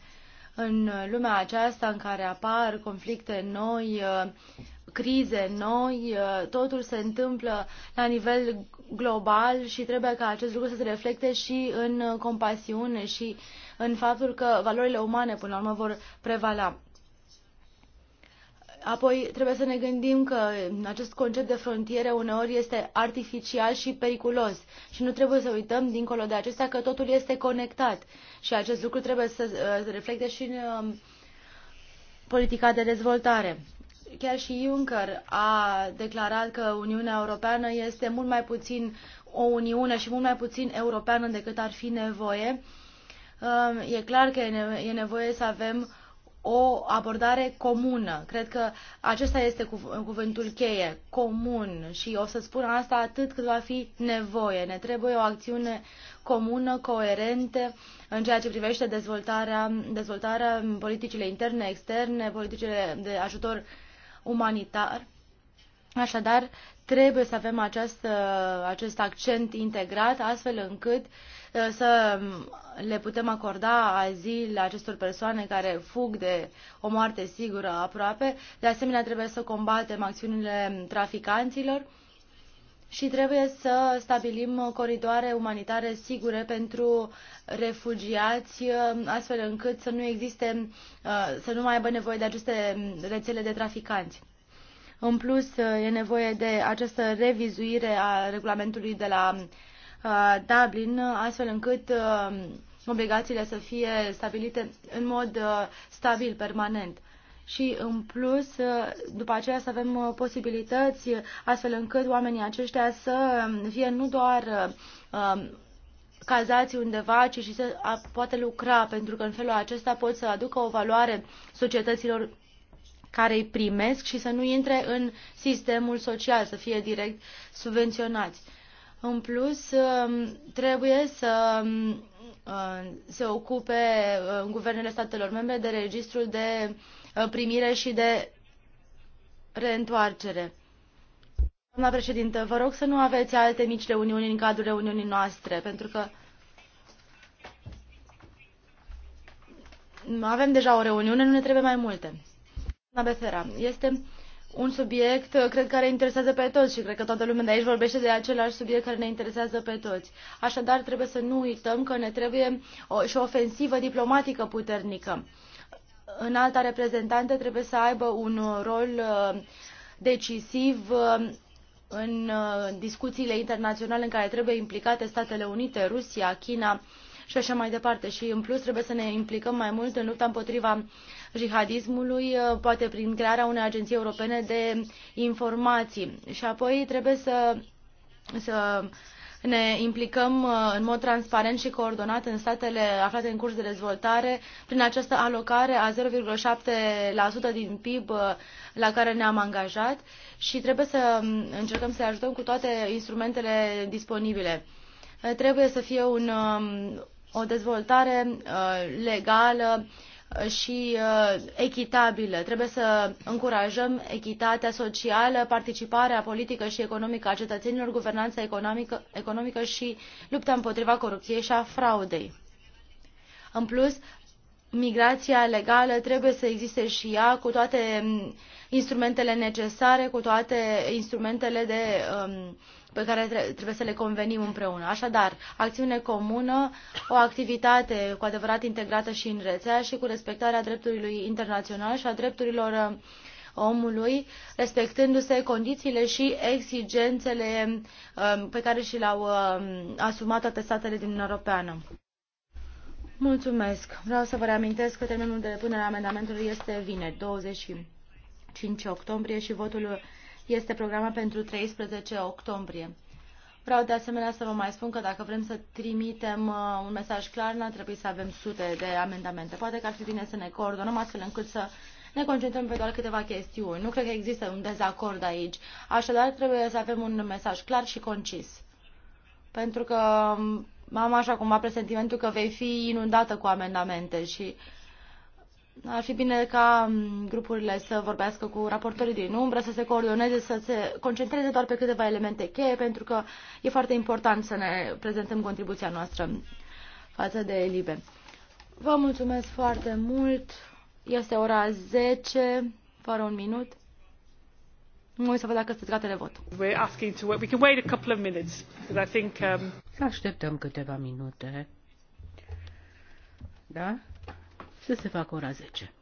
În lumea aceasta în care apar conflicte noi, uh, crize noi, uh, totul se întâmplă la nivel global și trebuie ca acest lucru să se reflecte și în compasiune și în faptul că valorile umane până la urmă vor prevala. Apoi trebuie să ne gândim că acest concept de frontiere uneori este artificial și periculos și nu trebuie să uităm dincolo de acestea că totul este conectat și acest lucru trebuie să uh, se reflecte și în um, politica de dezvoltare chiar și Juncker a declarat că Uniunea Europeană este mult mai puțin o Uniune și mult mai puțin europeană decât ar fi nevoie. E clar că e nevoie să avem o abordare comună. Cred că acesta este cuvântul cheie, comun. Și o să spun asta atât cât va fi nevoie. Ne trebuie o acțiune comună, coerentă în ceea ce privește dezvoltarea, dezvoltarea politicile interne, externe, politicile de ajutor umanitar. Așadar, trebuie să avem acest, uh, acest accent integrat, astfel încât uh, să le putem acorda azil acestor persoane care fug de o moarte sigură aproape. De asemenea, trebuie să combatem acțiunile traficanților și trebuie să stabilim coridoare umanitare sigure pentru refugiați, astfel încât să nu existe, uh, să nu mai aibă nevoie de aceste rețele de traficanți. În plus, uh, e nevoie de această revizuire a regulamentului de la uh, Dublin, astfel încât obligațiile să fie stabilite în mod stabil, permanent și în plus după aceea să avem uh, posibilități astfel încât oamenii aceștia să fie nu doar um, cazați undeva, ci și să poată lucra, pentru că în felul acesta pot să aducă o valoare societăților care îi primesc și să nu intre în sistemul social, să fie direct subvenționați. În plus, um, trebuie să um, uh, se ocupe uh, guvernele statelor membre de registrul de Uh, primire și de reîntoarcere. Doamna președintă, vă rog să nu aveți alte mici reuniuni în cadrul reuniunii noastre, pentru că avem deja o reuniune, nu ne trebuie mai multe. Doamna Befera, este un subiect, uh, cred, care interesează pe toți și cred că toată lumea de aici vorbește de același subiect care ne interesează pe toți. Așadar, trebuie să nu uităm că ne trebuie o, și o ofensivă diplomatică puternică înalta reprezentantă trebuie să aibă un rol uh, decisiv uh, în uh, discuțiile internaționale în care trebuie implicate Statele Unite, Rusia, China și așa mai departe. Și în plus trebuie să ne implicăm mai mult în lupta împotriva jihadismului, poate prin crearea unei agenții europene de informații. Și apoi trebuie să, să ne implicăm uh, în mod transparent și coordonat în statele aflate în curs de dezvoltare prin această alocare a 0,7% din PIB uh, la care ne-am angajat și trebuie să um, încercăm să ajutăm cu toate instrumentele disponibile. Uh, trebuie să fie un, um, o dezvoltare legală și uh, echitabilă. Trebuie să încurajăm echitatea socială, participarea politică și economică a cetățenilor, guvernanța economică, economică și lupta împotriva corupției și a fraudei. În plus, migrația legală trebuie să existe și ea cu toate um, instrumentele necesare, cu toate instrumentele de um, pe care trebuie să le convenim împreună. Așadar, acțiune comună, o activitate cu adevărat integrată și în rețea și cu respectarea drepturilor internațional și a drepturilor uh, omului, respectându-se condițiile și exigențele uh, pe care și le-au uh, asumat toate statele din Europeană. Mulțumesc. Vreau să vă reamintesc că termenul de punere a amendamentului este vineri, 25 octombrie și votul este programat pentru 13 octombrie. Vreau de asemenea să vă mai spun că dacă vrem să trimitem uh, un mesaj clar, n-ar trebui să avem sute de amendamente. Poate că ar fi bine să ne coordonăm astfel încât să ne concentrăm pe doar câteva chestiuni. Nu cred că există un dezacord aici. Așadar, trebuie să avem un mesaj clar și concis. Pentru că am așa cumva presentimentul că vei fi inundată cu amendamente și ar fi bine ca mm, grupurile să vorbească cu raportorii din umbră, să se coordoneze, să se concentreze doar pe câteva elemente cheie, pentru că e foarte important să ne prezentăm contribuția noastră față de Elibe. Vă mulțumesc foarte mult. Este ora 10, fără un minut. Nu să văd dacă sunteți gata de vot. We're asking to We can wait a couple of minutes, because I think... Um, să așteptăm câteva minute. Da? să se facă ora 10.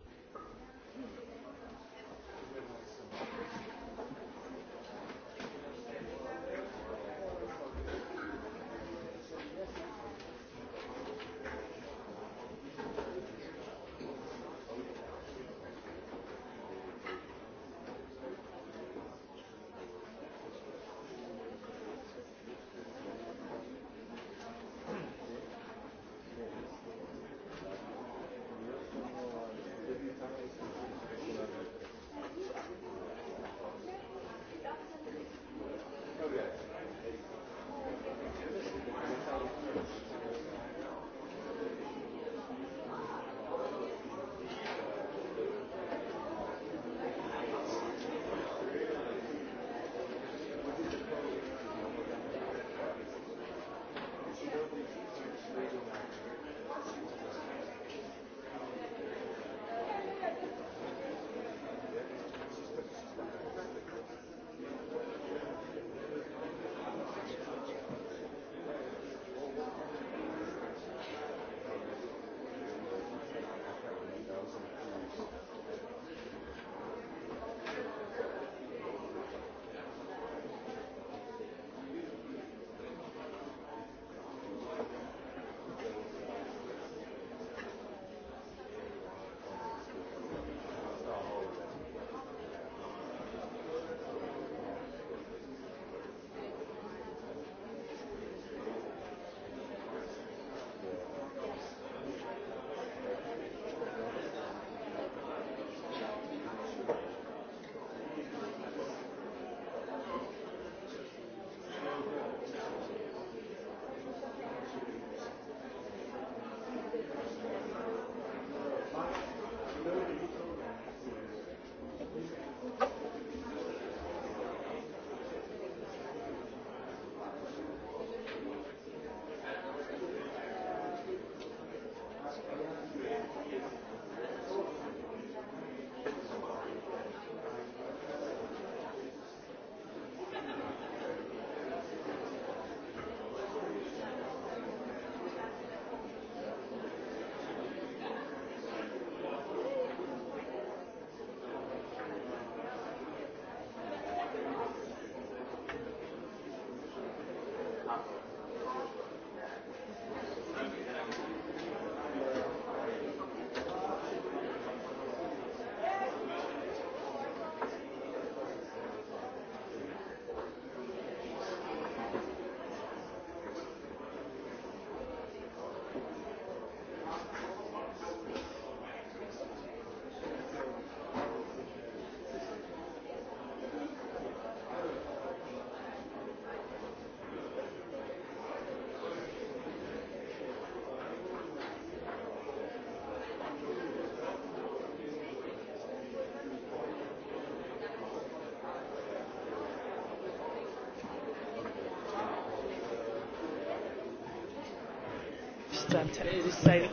representative is saying.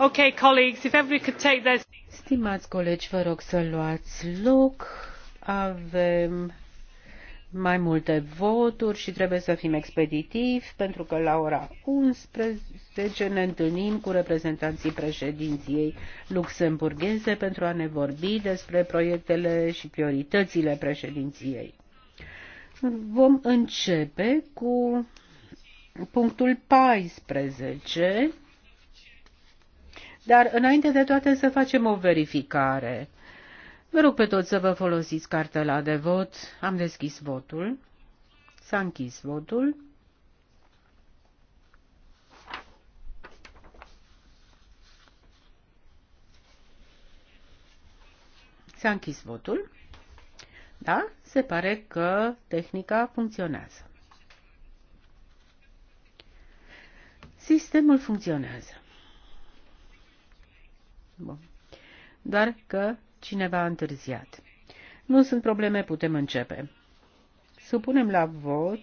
Okay, colleagues, if everybody could take their... Stimați colegi, vă rog să luați loc. Avem mai multe voturi și trebuie să fim expeditivi, pentru că la ora 11 ne întâlnim cu reprezentanții președinției luxemburgheze pentru a ne vorbi despre proiectele și prioritățile președinției. Vom începe cu punctul 14. Dar înainte de toate să facem o verificare. Vă rog pe toți să vă folosiți cartela de vot. Am deschis votul. S-a închis votul. S-a închis votul. Da? Se pare că tehnica funcționează. Sistemul funcționează. Bun. Doar că cineva a întârziat. Nu sunt probleme, putem începe. Supunem la vot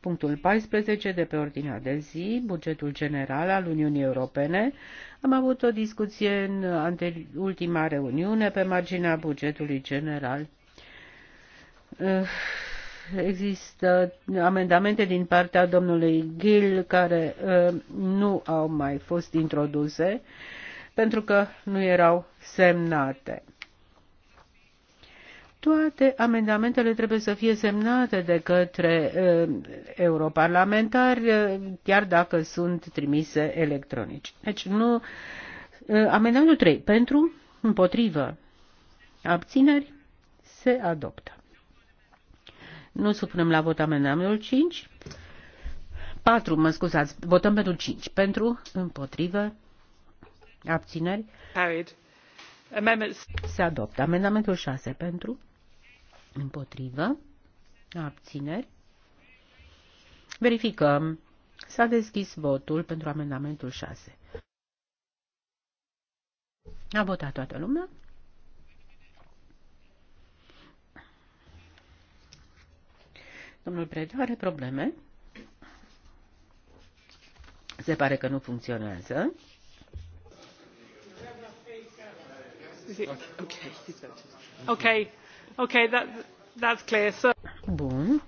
punctul 14 de pe ordinea de zi, bugetul general al Uniunii Europene. Am avut o discuție în ultima reuniune pe marginea bugetului general. Uh, Există amendamente din partea domnului Gil care uh, nu au mai fost introduse pentru că nu erau semnate. Toate amendamentele trebuie să fie semnate de către uh, europarlamentari, uh, chiar dacă sunt trimise electronici. Deci nu. Uh, amendamentul 3. Pentru, împotrivă, abțineri, se adoptă. Nu supunem la vot amendamentul 5. 4, mă scuzați, votăm pentru 5. Pentru, împotrivă, abțineri. Carried. Amendments. Se adoptă. Amendamentul 6 pentru, împotrivă, abțineri. Verificăm. S-a deschis votul pentru amendamentul 6. A votat toată lumea. Domnul Preda are probleme. Se pare că nu funcționează. Okay. Okay, that, that's clear. So... Bun.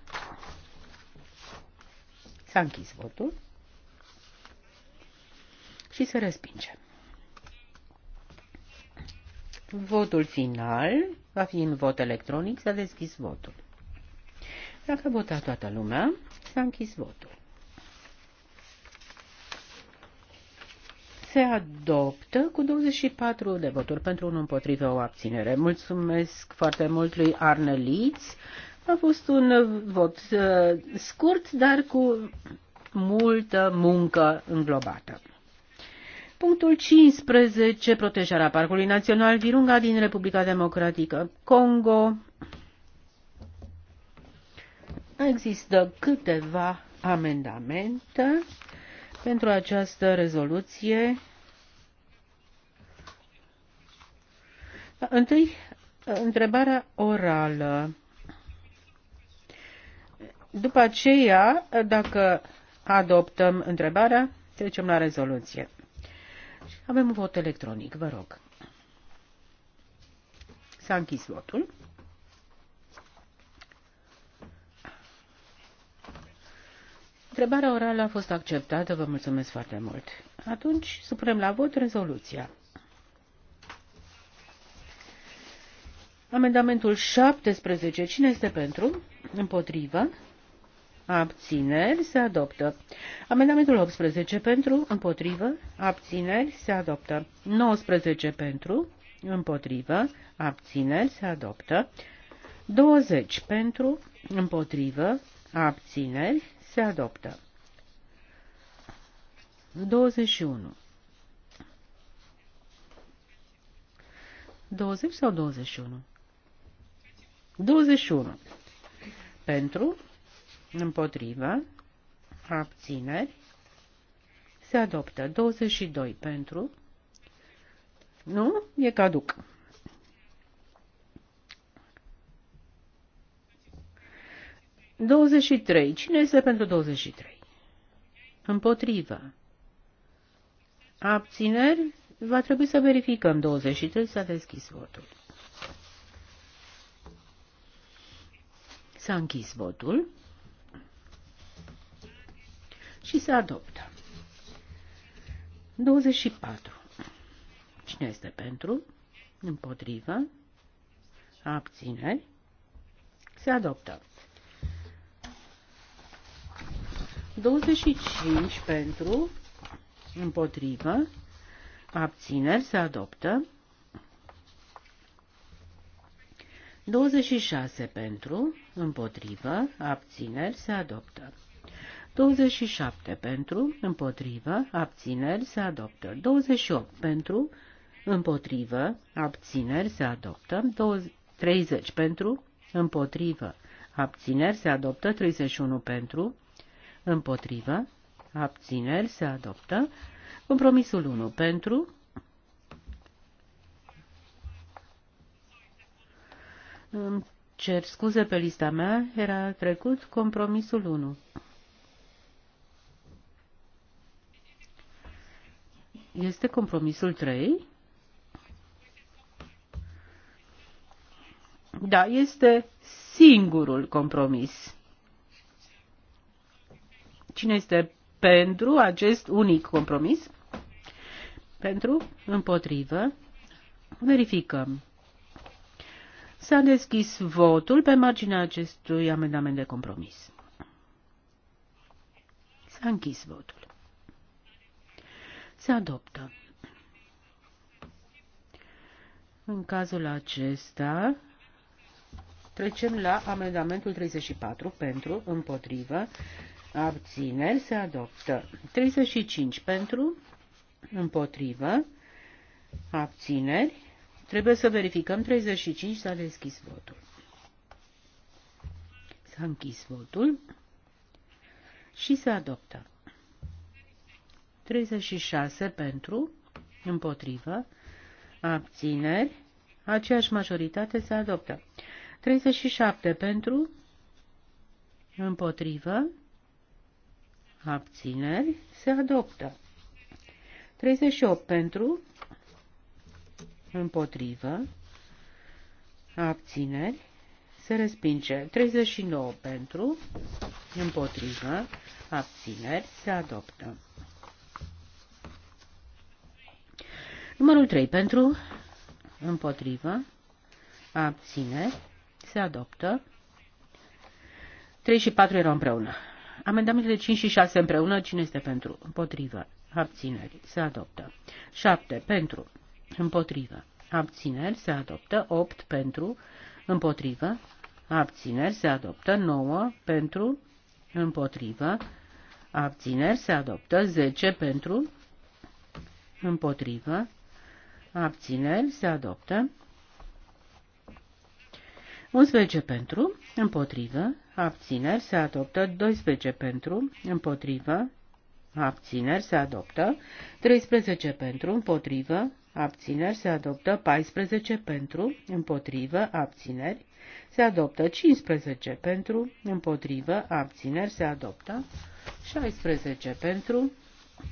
S-a închis votul și se respinge. Votul final va fi în vot electronic, s-a deschis votul. Dacă a votat toată lumea, s-a închis votul. se adoptă cu 24 de voturi pentru un împotrivă o abținere. Mulțumesc foarte mult lui Arne Litz. A fost un vot uh, scurt, dar cu multă muncă înglobată. Punctul 15. Protejarea Parcului Național Virunga din Republica Democratică Congo. Există câteva amendamente pentru această rezoluție. Întâi, întrebarea orală. După aceea, dacă adoptăm întrebarea, trecem la rezoluție. Avem un vot electronic, vă rog. S-a închis votul. Întrebarea orală a fost acceptată, vă mulțumesc foarte mult. Atunci supunem la vot rezoluția. Amendamentul 17. Cine este pentru? Împotrivă? Abțineri se adoptă. Amendamentul 18 pentru, împotrivă, abțineri se adoptă. 19 pentru, împotrivă, abțineri se adoptă. 20 pentru, împotrivă, abțineri se adoptă. 21. 20 sau 21? 21. Pentru, împotrivă, abțineri, se adoptă. 22 pentru, nu, e caduc. 23. Cine este pentru 23? Împotrivă. Abțineri? Va trebui să verificăm. 23 s-a deschis votul. S-a închis votul și se adoptă. 24. Cine este pentru? Împotrivă? Abțineri? Se adoptă. 25 pentru, împotrivă, abțineri se adoptă. 26 pentru, împotrivă, abțineri se adoptă. 27 pentru, împotrivă, abțineri se adoptă. 28 pentru, împotrivă, abțineri se adoptă. 30 pentru, împotrivă, abțineri se adoptă. 31 pentru, Împotrivă. Abțineri se adoptă. Compromisul 1 pentru. Îmi cer scuze pe lista mea, era trecut compromisul 1. Este compromisul 3? Da, este singurul compromis. Cine este pentru acest unic compromis? Pentru? Împotrivă? Verificăm. S-a deschis votul pe marginea acestui amendament de compromis. S-a închis votul. Se adoptă. În cazul acesta, trecem la amendamentul 34 pentru, împotrivă, abțineri se adoptă. 35 pentru, împotrivă, abțineri. Trebuie să verificăm 35, s-a deschis votul. S-a închis votul și se adoptă. 36 pentru, împotrivă, abțineri, aceeași majoritate se adoptă. 37 pentru, împotrivă, abțineri, se adoptă. 38 pentru, împotrivă, abțineri, se respinge. 39 pentru, împotrivă, abțineri, se adoptă. Numărul 3 pentru, împotrivă, abțineri, se adoptă. 3 și 4 erau împreună. Amendamentele 5 și 6 împreună, cine este pentru? Împotrivă. Abțineri. Se adoptă. 7. Pentru. Împotrivă. Abțineri. Se adoptă. 8. Pentru. Împotrivă. Abțineri. Se adoptă. 9. Pentru. Împotrivă. Abțineri. Se adoptă. 10. Pentru. Împotrivă. Abțineri. Se adoptă. 11 pentru, împotrivă, abțineri se adoptă, 12 pentru, împotrivă, abțineri se adoptă, 13 pentru, împotrivă, abțineri se adoptă, 14 pentru, împotrivă, abțineri se adoptă, 15 pentru, împotrivă, abțineri se adoptă, 16 pentru,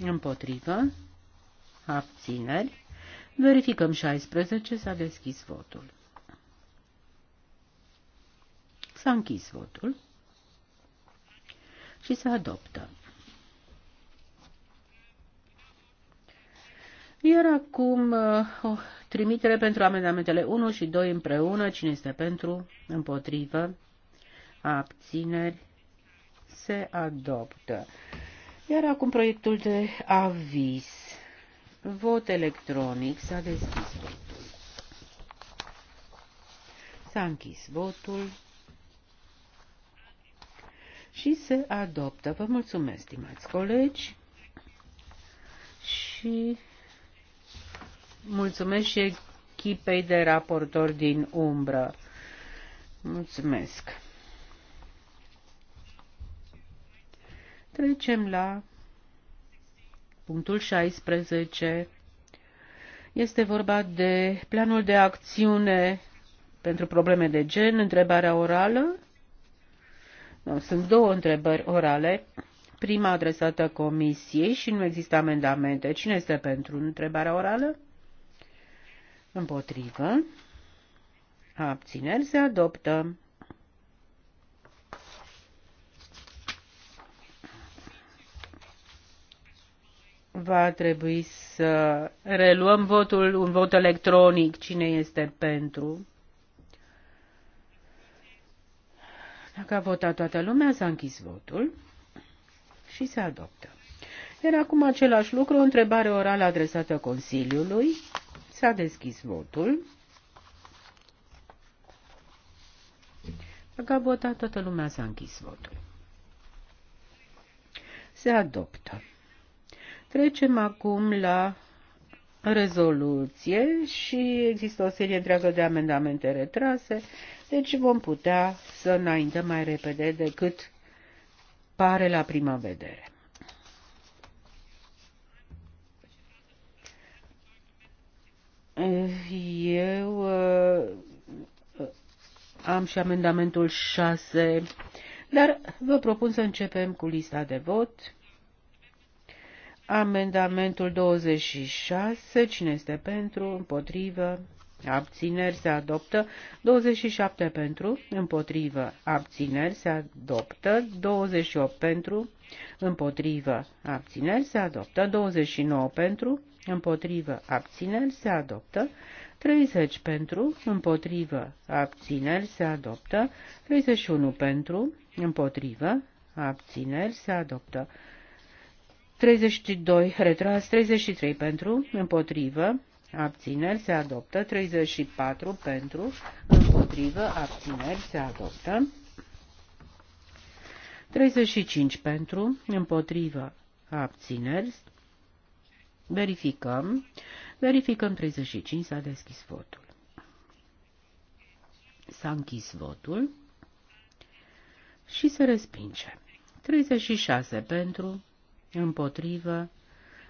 împotrivă, abțineri, verificăm 16, s-a deschis votul. S-a închis votul și se adoptă. Iar acum uh, o trimitere pentru amendamentele 1 și 2 împreună. Cine este pentru? Împotrivă? Abțineri? Se adoptă. Iar acum proiectul de aviz. Vot electronic. S-a deschis votul. S-a închis votul și se adoptă. Vă mulțumesc, stimați colegi, și mulțumesc și echipei de raportori din umbră. Mulțumesc. Trecem la punctul 16. Este vorba de planul de acțiune pentru probleme de gen, întrebarea orală. Sunt două întrebări orale. Prima adresată comisiei și nu există amendamente. Cine este pentru întrebarea orală? Împotrivă. Abțineri se adoptă. Va trebui să reluăm votul, un vot electronic. Cine este pentru? Dacă a votat toată lumea, s-a închis votul și se adoptă. Era acum același lucru, o întrebare orală adresată Consiliului. S-a deschis votul. Dacă a votat toată lumea, s-a închis votul. Se adoptă. Trecem acum la rezoluție și există o serie întreagă de amendamente retrase, deci vom putea să înaintăm mai repede decât pare la prima vedere. Eu uh, am și amendamentul 6, dar vă propun să începem cu lista de vot. Amendamentul 26, cine este pentru, împotrivă, abțineri se adoptă. 27 pentru, împotrivă, abțineri se adoptă. 28 pentru, împotrivă, abțineri se adoptă. 29 pentru, împotrivă, abțineri se adoptă. 30 pentru, împotrivă, abțineri se adoptă. 31 pentru, împotrivă, abțineri se adoptă. 32 retras, 33 pentru, împotrivă, abțineri se adoptă, 34 pentru, împotrivă, abțineri se adoptă, 35 pentru, împotrivă, abțineri, verificăm, verificăm 35, s-a deschis votul. S-a închis votul și se respinge. 36 pentru, împotrivă,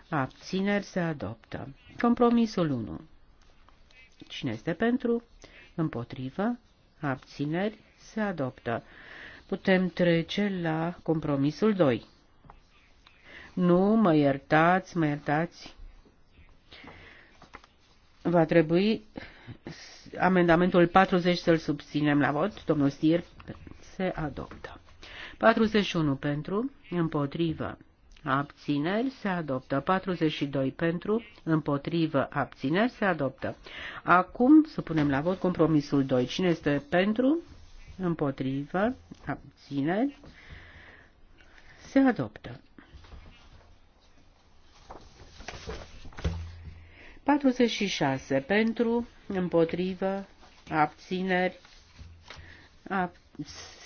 abțineri se adoptă. Compromisul 1. Cine este pentru, împotrivă, abțineri se adoptă. Putem trece la compromisul 2. Nu, mă iertați, mă iertați. Va trebui amendamentul 40 să-l subținem la vot. Domnul Stier se adoptă. 41 pentru, împotrivă, Abțineri se adoptă. 42 pentru, împotrivă, abțineri se adoptă. Acum să punem la vot compromisul 2. Cine este pentru, împotrivă, abțineri se adoptă. 46 pentru, împotrivă, abțineri, ab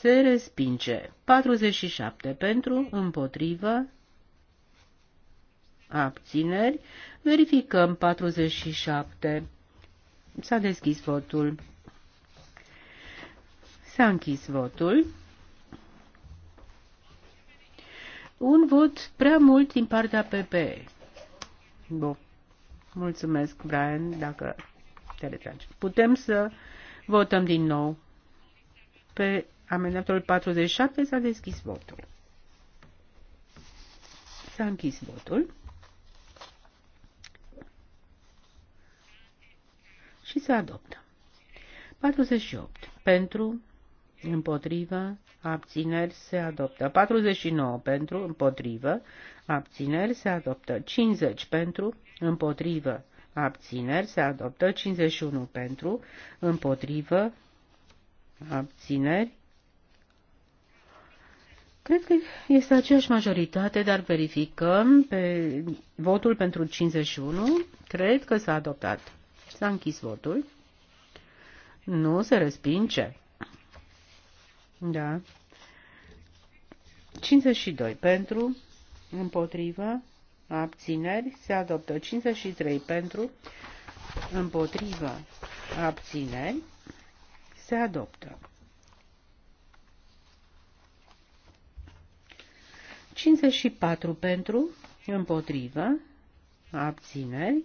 se respinge. 47 pentru, împotrivă, abțineri. Verificăm 47. S-a deschis votul. S-a închis votul. Un vot prea mult din partea PP. Bun. Mulțumesc, Brian, dacă te retragi. Putem să votăm din nou. Pe amendatorul 47 s-a deschis votul. S-a închis votul. și se adoptă. 48. Pentru, împotrivă, abțineri se adoptă. 49 pentru, împotrivă, abțineri se adoptă. 50 pentru, împotrivă, abțineri se adoptă. 51 pentru, împotrivă, abțineri. Cred că este aceeași majoritate, dar verificăm pe votul pentru 51. Cred că s-a adoptat. S-a închis votul. Nu se respinge. Da. 52 pentru, împotrivă, abțineri, se adoptă 53 pentru, împotrivă, abțineri, se adoptă. 54 pentru, împotrivă, abțineri,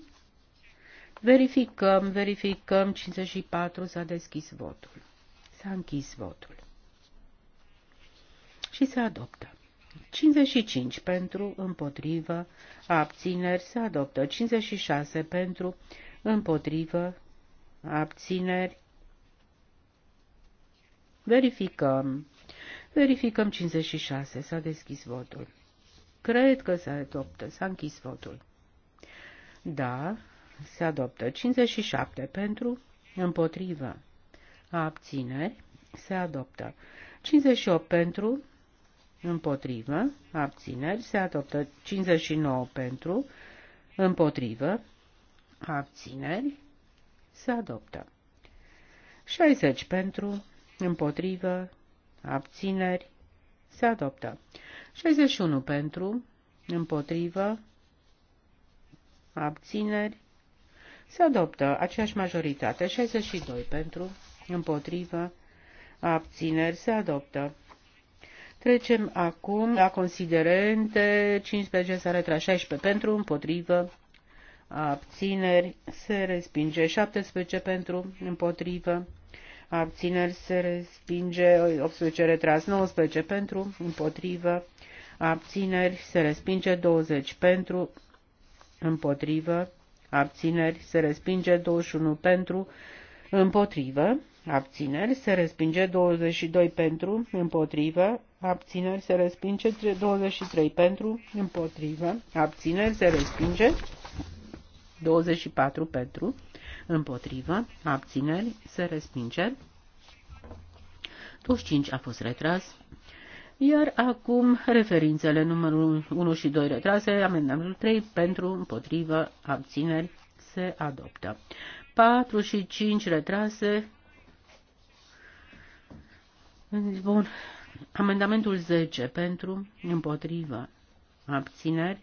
Verificăm, verificăm, 54 s-a deschis votul. S-a închis votul. Și se adoptă. 55 pentru, împotrivă, abțineri, se adoptă. 56 pentru, împotrivă, abțineri. Verificăm. Verificăm 56. S-a deschis votul. Cred că se adoptă. S-a închis votul. Da, se adoptă. 57 pentru, împotrivă, abțineri, se adoptă. 58 pentru, împotrivă, abțineri, se adoptă. 59 pentru, împotrivă, abțineri, se adoptă. 60 pentru, împotrivă, abțineri, se adoptă. 61 pentru, împotrivă, abțineri, se adoptă aceeași majoritate, 62 pentru, împotrivă, abțineri, se adoptă. Trecem acum la considerente, 15 s-a retras, 16 pentru, împotrivă, abțineri, se respinge, 17 pentru, împotrivă, abțineri, se respinge, 18 retras, 19 pentru, împotrivă, abțineri, se respinge, 20 pentru, împotrivă, abțineri se respinge 21 pentru, împotrivă, abțineri se respinge 22 pentru, împotrivă, abțineri se respinge 23 pentru, împotrivă, abțineri se respinge 24 pentru, împotrivă, abțineri se respinge 25 a fost retras, iar acum referințele numărul 1 și 2 retrase, amendamentul 3 pentru împotrivă abțineri se adoptă. 4 și 5 retrase. Bun. Amendamentul 10 pentru împotrivă abțineri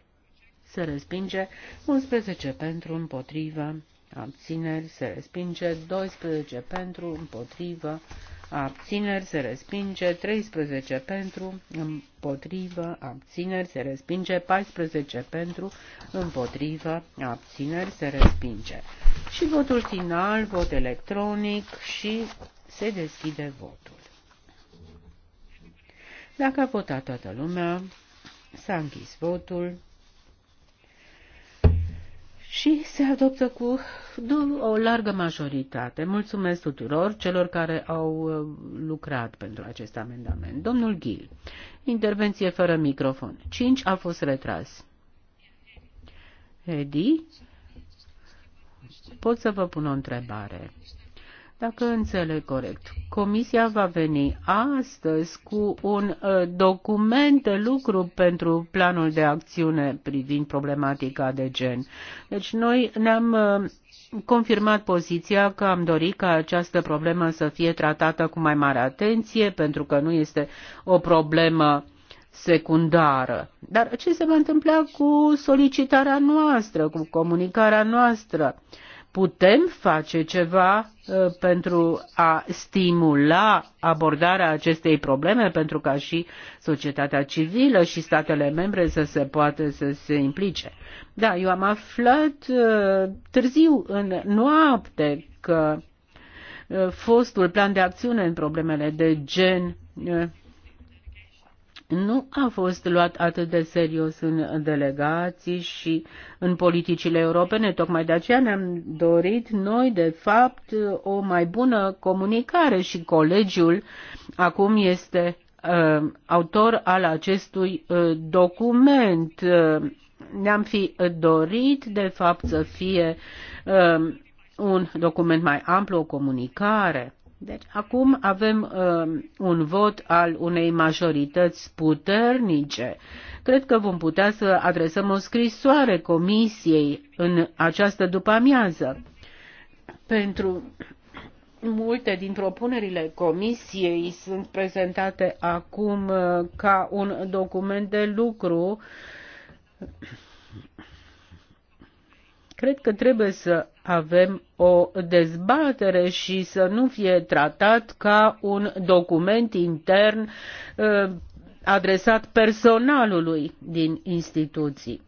se respinge. 11 pentru împotrivă abțineri se respinge. 12 pentru împotrivă abțineri abțineri se respinge, 13 pentru, împotrivă, abțineri se respinge, 14 pentru, împotrivă, abțineri se respinge. Și votul final, vot electronic și se deschide votul. Dacă a votat toată lumea, s-a închis votul și se adoptă cu o largă majoritate. Mulțumesc tuturor celor care au uh, lucrat pentru acest amendament. Domnul Ghil, intervenție fără microfon. 5 a fost retras. Edi, pot să vă pun o întrebare. Dacă înțeleg corect, Comisia va veni astăzi cu un ă, document de lucru pentru planul de acțiune privind problematica de gen. Deci noi ne-am ă, confirmat poziția că am dorit ca această problemă să fie tratată cu mai mare atenție, pentru că nu este o problemă secundară. Dar ce se va întâmpla cu solicitarea noastră, cu comunicarea noastră? Uh, putem face ceva uh, pentru a stimula abordarea acestei probleme, pentru ca și societatea civilă și statele membre să se poată să se implice. Da, eu am aflat uh, târziu în noapte că uh, fostul plan de acțiune în problemele de gen nu a fost luat atât de serios în delegații și în politicile europene. Tocmai de aceea ne-am dorit noi, de fapt, o mai bună comunicare și colegiul acum este uh, autor al acestui uh, document. Uh, ne-am fi dorit, de fapt, să fie uh, un document mai amplu, o comunicare. Deci acum avem uh, un vot al unei majorități puternice. Cred că vom putea să adresăm o scrisoare comisiei în această după-amiază. Pentru multe din propunerile comisiei sunt prezentate acum uh, ca un document de lucru Cred că trebuie să avem o dezbatere și să nu fie tratat ca un document intern uh, adresat personalului din instituții.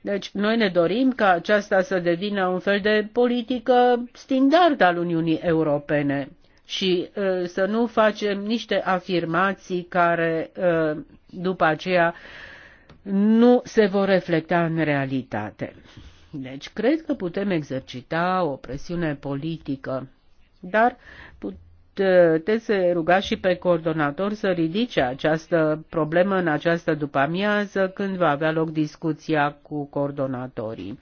Deci noi ne dorim ca aceasta să devină un fel de politică standard al Uniunii Europene și uh, să nu facem niște afirmații care uh, după aceea nu se vor reflecta în realitate. Deci, cred că putem exercita o presiune politică, dar puteți să ruga și pe coordonator să ridice această problemă în această după-amiază când va avea loc discuția cu coordonatorii.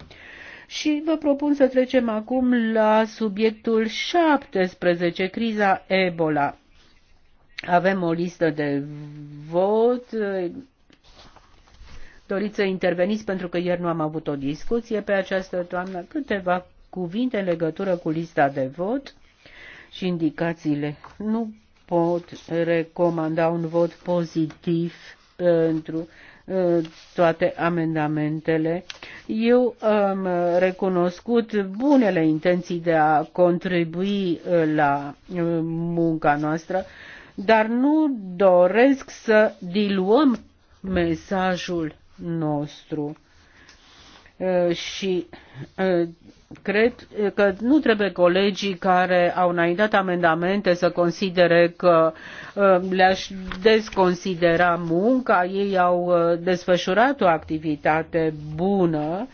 Și vă propun să trecem acum la subiectul 17, criza Ebola. Avem o listă de vot, doriți să interveniți pentru că ieri nu am avut o discuție pe această toamnă, câteva cuvinte în legătură cu lista de vot și indicațiile. Nu pot recomanda un vot pozitiv pentru uh, uh, toate amendamentele. Eu am recunoscut bunele intenții de a contribui uh, la munca noastră, dar nu doresc să diluăm mesajul nostru uh, și uh, cred că nu trebuie colegii care au înaintat amendamente să considere că uh, le-aș desconsidera munca, ei au desfășurat o activitate bună.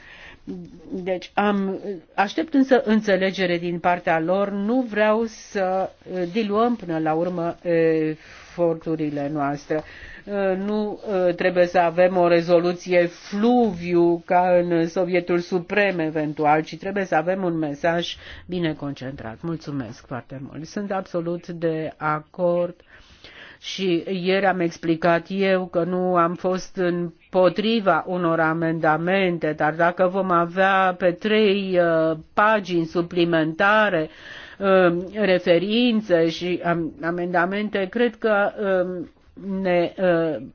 Deci am, aștept însă înțelegere din partea lor, nu vreau să diluăm până la urmă eforturile noastre. Uh, nu uh, trebuie să avem o rezoluție fluviu ca în Sovietul Suprem eventual, ci trebuie să avem un mesaj bine concentrat. Mulțumesc foarte mult. Sunt absolut de acord și ieri am explicat eu că nu am fost împotriva unor amendamente, dar dacă vom avea pe trei uh, pagini suplimentare referințe și amendamente, cred că um, ne uh,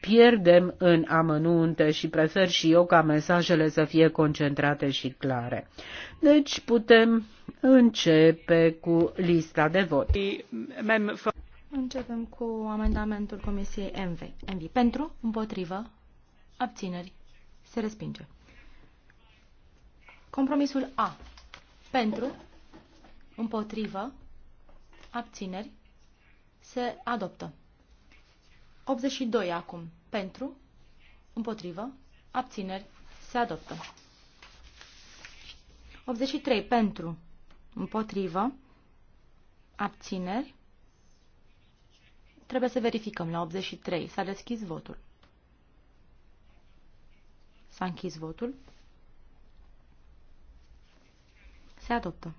pierdem în amănunte și prefer și eu ca mesajele să fie concentrate și clare. Deci putem începe cu lista de vot. Începem cu amendamentul Comisiei MV. MV. Pentru, împotrivă, abțineri. Se respinge. Compromisul A. Pentru, împotrivă, abțineri. Se adoptă. 82 acum. Pentru, împotrivă, abțineri, se adoptă. 83 pentru, împotrivă, abțineri. Trebuie să verificăm la 83. S-a deschis votul. S-a închis votul. Se adoptă.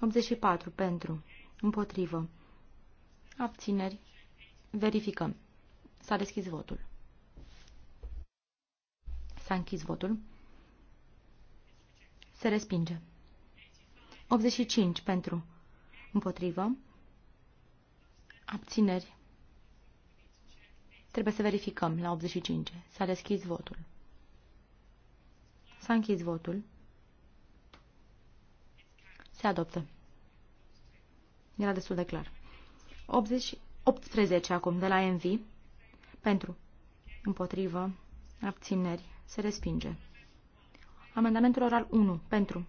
84 pentru, împotrivă, abțineri. Verificăm. S-a deschis votul. S-a închis votul. Se respinge. 85 pentru. Împotrivă. Abțineri. Trebuie să verificăm la 85. S-a deschis votul. S-a închis votul. Se adoptă. Era destul de clar. 80, 18 acum de la MV. Pentru. Împotrivă. Abțineri. Se respinge. Amendamentul oral 1. Pentru.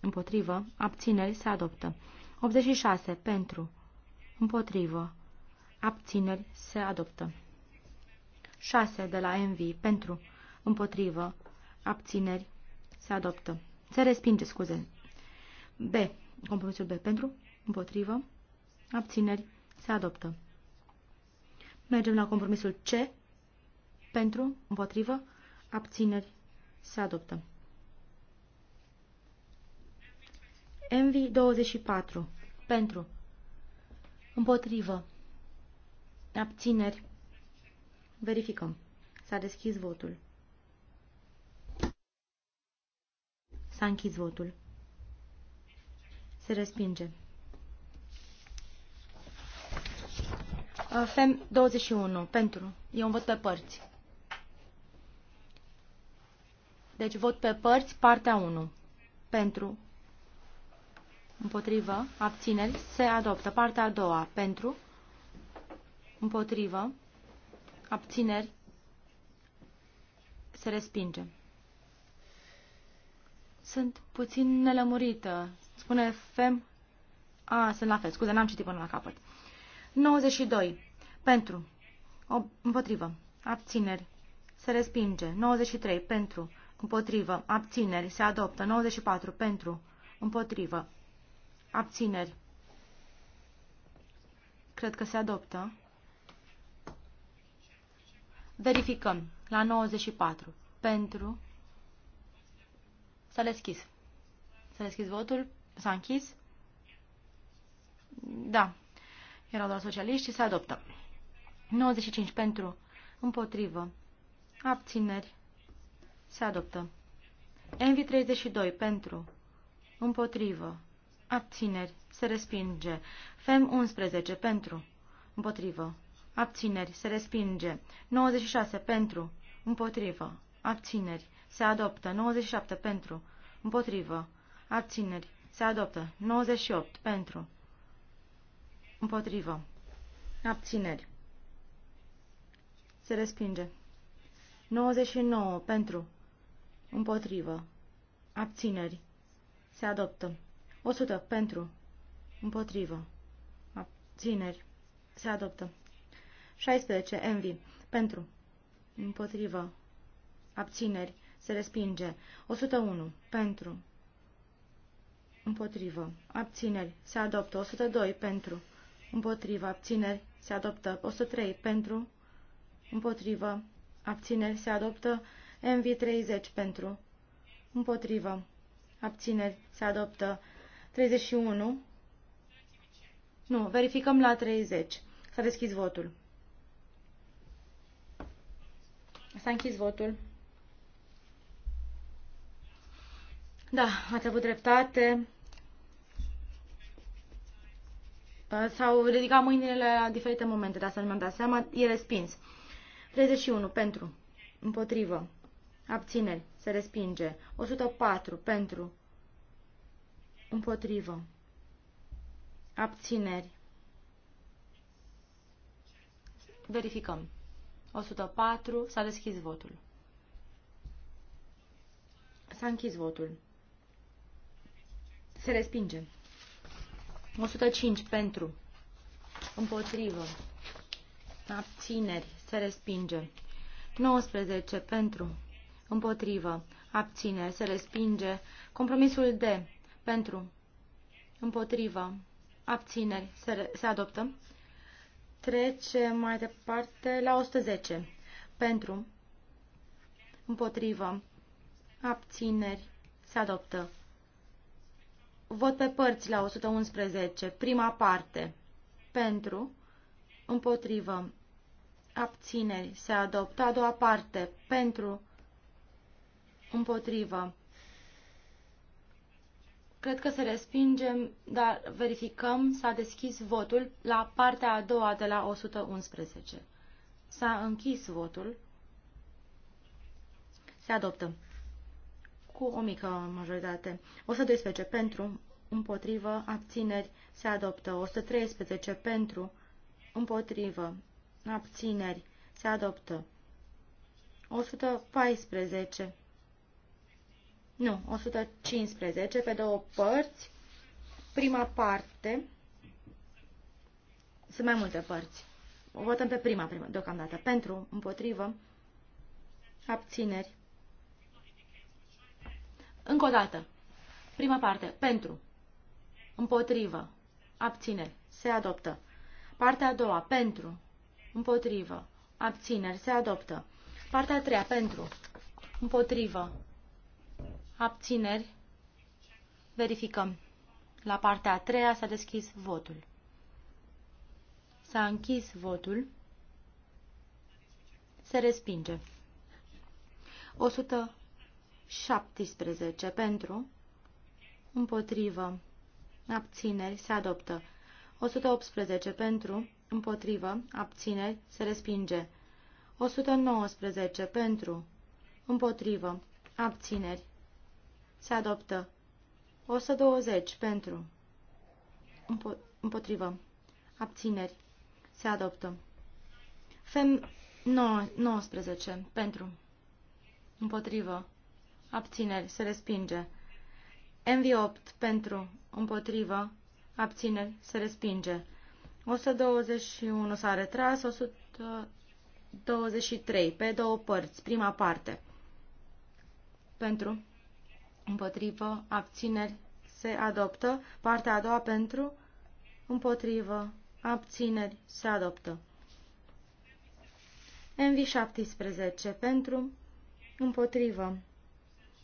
Împotrivă. Abțineri. Se adoptă. 86. Pentru. Împotrivă. Abțineri. Se adoptă. 6. De la MV. Pentru. Împotrivă. Abțineri. Se adoptă. Se respinge, scuze. B. Compromisul B. Pentru. Împotrivă. Abțineri. Se adoptă. Mergem la compromisul C. Pentru, împotrivă, abțineri, se adoptă. MV 24. Pentru, împotrivă, abțineri, verificăm. S-a deschis votul. S-a închis votul. Se respinge. Uh, FEM 21. Pentru. E vot pe părți. Deci vot pe părți, partea 1. Pentru. Împotrivă. Abțineri. Se adoptă. Partea a doua. Pentru. Împotrivă. Abțineri. Se respinge. Sunt puțin nelămurită. Spune FEM... A, sunt la fel. Scuze, n-am citit până la capăt. 92. Pentru. O, împotrivă. Abțineri. Se respinge. 93. Pentru. Împotrivă. Abțineri. Se adoptă. 94. Pentru. Împotrivă. Abțineri. Cred că se adoptă. Verificăm. La 94. Pentru. S-a deschis. S-a deschis votul. S-a închis. Da. Erau doar socialiști și se adoptă. 95 pentru, împotrivă, abțineri, se adoptă. Envi 32 pentru, împotrivă, abțineri, se respinge. Fem 11 pentru, împotrivă, abțineri, se respinge. 96 pentru, împotrivă, abțineri, se adoptă. 97 pentru, împotrivă, abțineri, se adoptă. 98 pentru, împotrivă, abțineri. Se respinge. 99 pentru. Împotrivă. Abțineri. Se adoptă. 100 pentru. Împotrivă. Abțineri. Se adoptă. 16 envi. Pentru. Împotrivă. Abțineri. Se respinge. 101 pentru. Împotrivă. Abțineri. Se adoptă. 102 pentru. Împotrivă. Abțineri. Se adoptă. 103 pentru. Împotrivă. Abțineri se adoptă. MV30 pentru. Împotrivă. Abțineri se adoptă. 31. Nu, verificăm la 30. S-a deschis votul. S-a închis votul. Da, ați avut dreptate. S-au ridicat mâinile la diferite momente, dar să nu mi-am dat seama. E respins. 31 pentru, împotrivă, abțineri, se respinge. 104 pentru, împotrivă, abțineri. Verificăm. 104, s-a deschis votul. S-a închis votul. Se respinge. 105 pentru. Împotrivă. Abțineri se respinge. 19 pentru, împotrivă, abțineri, se respinge. Compromisul D, pentru, împotrivă, abțineri, se, se adoptă. trece mai departe la 110, pentru, împotrivă, abțineri, se adoptă. Vot pe părți la 111, prima parte, pentru, împotrivă, abțineri se adoptă. A doua parte, pentru, împotrivă. Cred că se respingem, dar verificăm, s-a deschis votul la partea a doua de la 111. S-a închis votul. Se adoptă cu o mică majoritate. 112 pentru, împotrivă, abțineri, se adoptă. 113 pentru, împotrivă, abțineri, se adoptă. 114. Nu, 115 pe două părți. Prima parte. Sunt mai multe părți. O votăm pe prima, prima deocamdată. Pentru, împotrivă, abțineri. Încă o dată. Prima parte. Pentru, împotrivă, abțineri. Se adoptă. Partea a doua. Pentru, Împotrivă. Abțineri. Se adoptă. Partea a treia. Pentru. Împotrivă. Abțineri. Verificăm. La partea a treia s-a deschis votul. S-a închis votul. Se respinge. 117 pentru. Împotrivă. Abțineri. Se adoptă. 118 pentru împotrivă, abțineri, se respinge. 119 pentru, împotrivă, abțineri, se adoptă. 120 pentru, împotrivă, abțineri, se adoptă. Fem 19 pentru, împotrivă, abțineri, se respinge. MV8 pentru, împotrivă, abțineri, se respinge. 121 s-a retras, 123 pe două părți, prima parte. Pentru, împotrivă, abțineri, se adoptă. Partea a doua pentru, împotrivă, abțineri, se adoptă. MV17 pentru, împotrivă,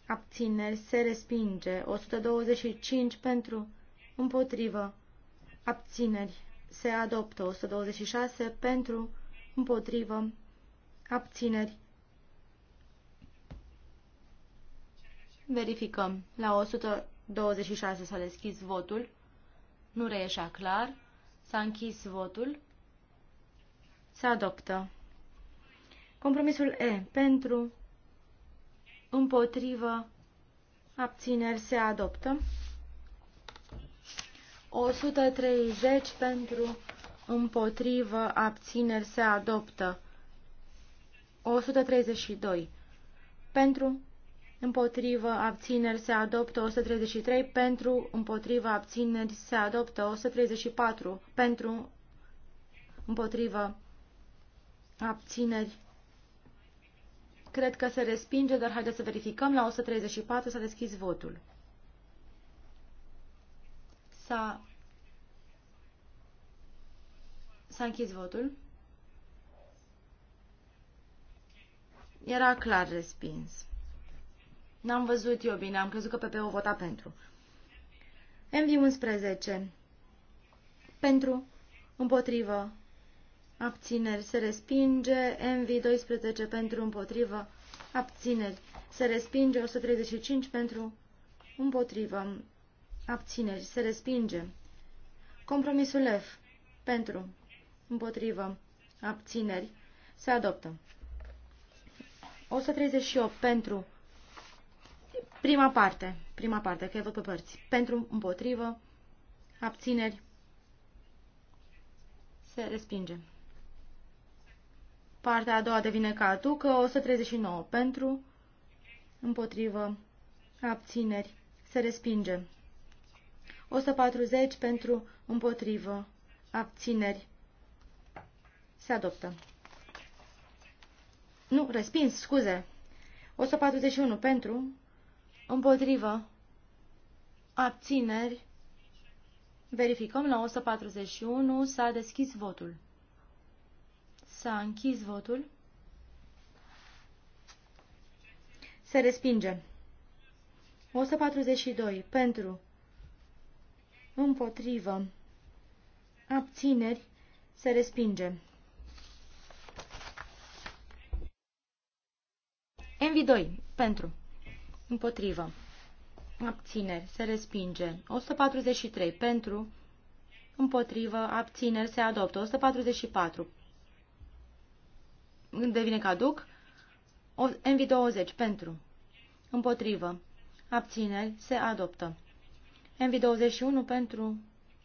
abțineri, se respinge. 125 pentru, împotrivă, abțineri, se adoptă. 126 pentru, împotrivă, abțineri. Verificăm. La 126 s-a deschis votul. Nu reieșea clar. S-a închis votul. Se adoptă. Compromisul E. Pentru, împotrivă, abțineri se adoptă. 130 pentru împotrivă abțineri se adoptă. 132 pentru împotrivă abțineri se adoptă 133 pentru împotrivă abțineri se adoptă 134 pentru împotrivă abțineri Cred că se respinge, dar haideți să verificăm. La 134 s-a deschis votul. S-a S-a închis votul. Era clar respins. N-am văzut eu bine, am crezut că pp o vota pentru. MV11. Pentru, împotrivă, abțineri, se respinge. MV12 pentru, împotrivă, abțineri, se respinge. 135 pentru, împotrivă, Abțineri. Se respinge. Compromisul F. Pentru. Împotrivă. Abțineri. Se adoptă. 138. Pentru. Prima parte. Prima parte, că e văd pe părți. Pentru, împotrivă, abțineri. Se respinge. Partea a doua devine că 139. Pentru, împotrivă, abțineri. Se respinge. 140 pentru împotrivă. Abțineri. Se adoptă. Nu, respins, scuze. 141 pentru împotrivă. Abțineri. Verificăm la 141. S-a deschis votul. S-a închis votul. Se respinge. 142. Pentru împotrivă, abțineri, se respinge. MV2, pentru, împotrivă, abțineri, se respinge. 143, pentru, împotrivă, abțineri, se adoptă. 144, devine caduc. MV20, pentru, împotrivă, abțineri, se adoptă. MV21 pentru,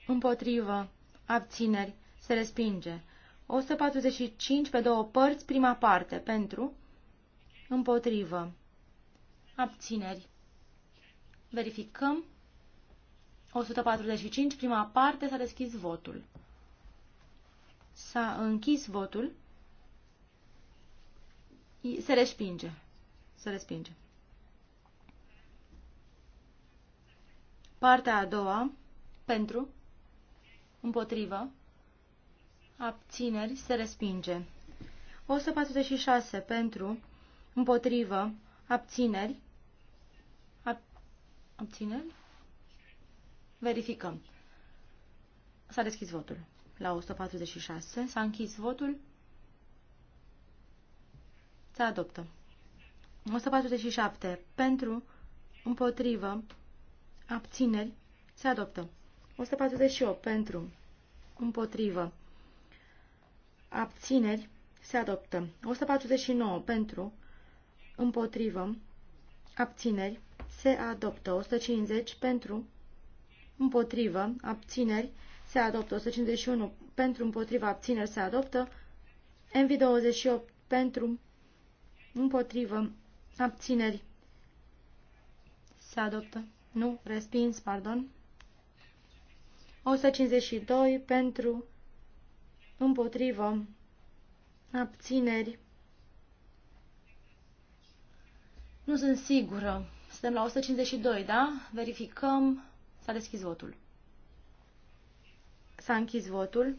împotrivă, abțineri, se respinge. 145 pe două părți, prima parte, pentru, împotrivă, abțineri. Verificăm. 145, prima parte, s-a deschis votul. S-a închis votul. Se respinge. Se respinge. Partea a doua, pentru, împotrivă, abțineri, se respinge. 146 pentru, împotrivă, abțineri, ab, abțineri, verificăm. S-a deschis votul la 146, s-a închis votul, se adoptă. 147 pentru, împotrivă, abțineri, se adoptă. 148 pentru, împotrivă, abțineri, se adoptă. 149 pentru, împotrivă, abțineri, se adoptă. 150 pentru, împotrivă, abțineri, se adoptă. 151 pentru, împotrivă, abțineri, se adoptă. MV28 pentru, împotrivă, abțineri, se adoptă nu, respins, pardon. 152 pentru, împotrivă, abțineri. Nu sunt sigură. Suntem la 152, da? Verificăm. S-a deschis votul. S-a închis votul.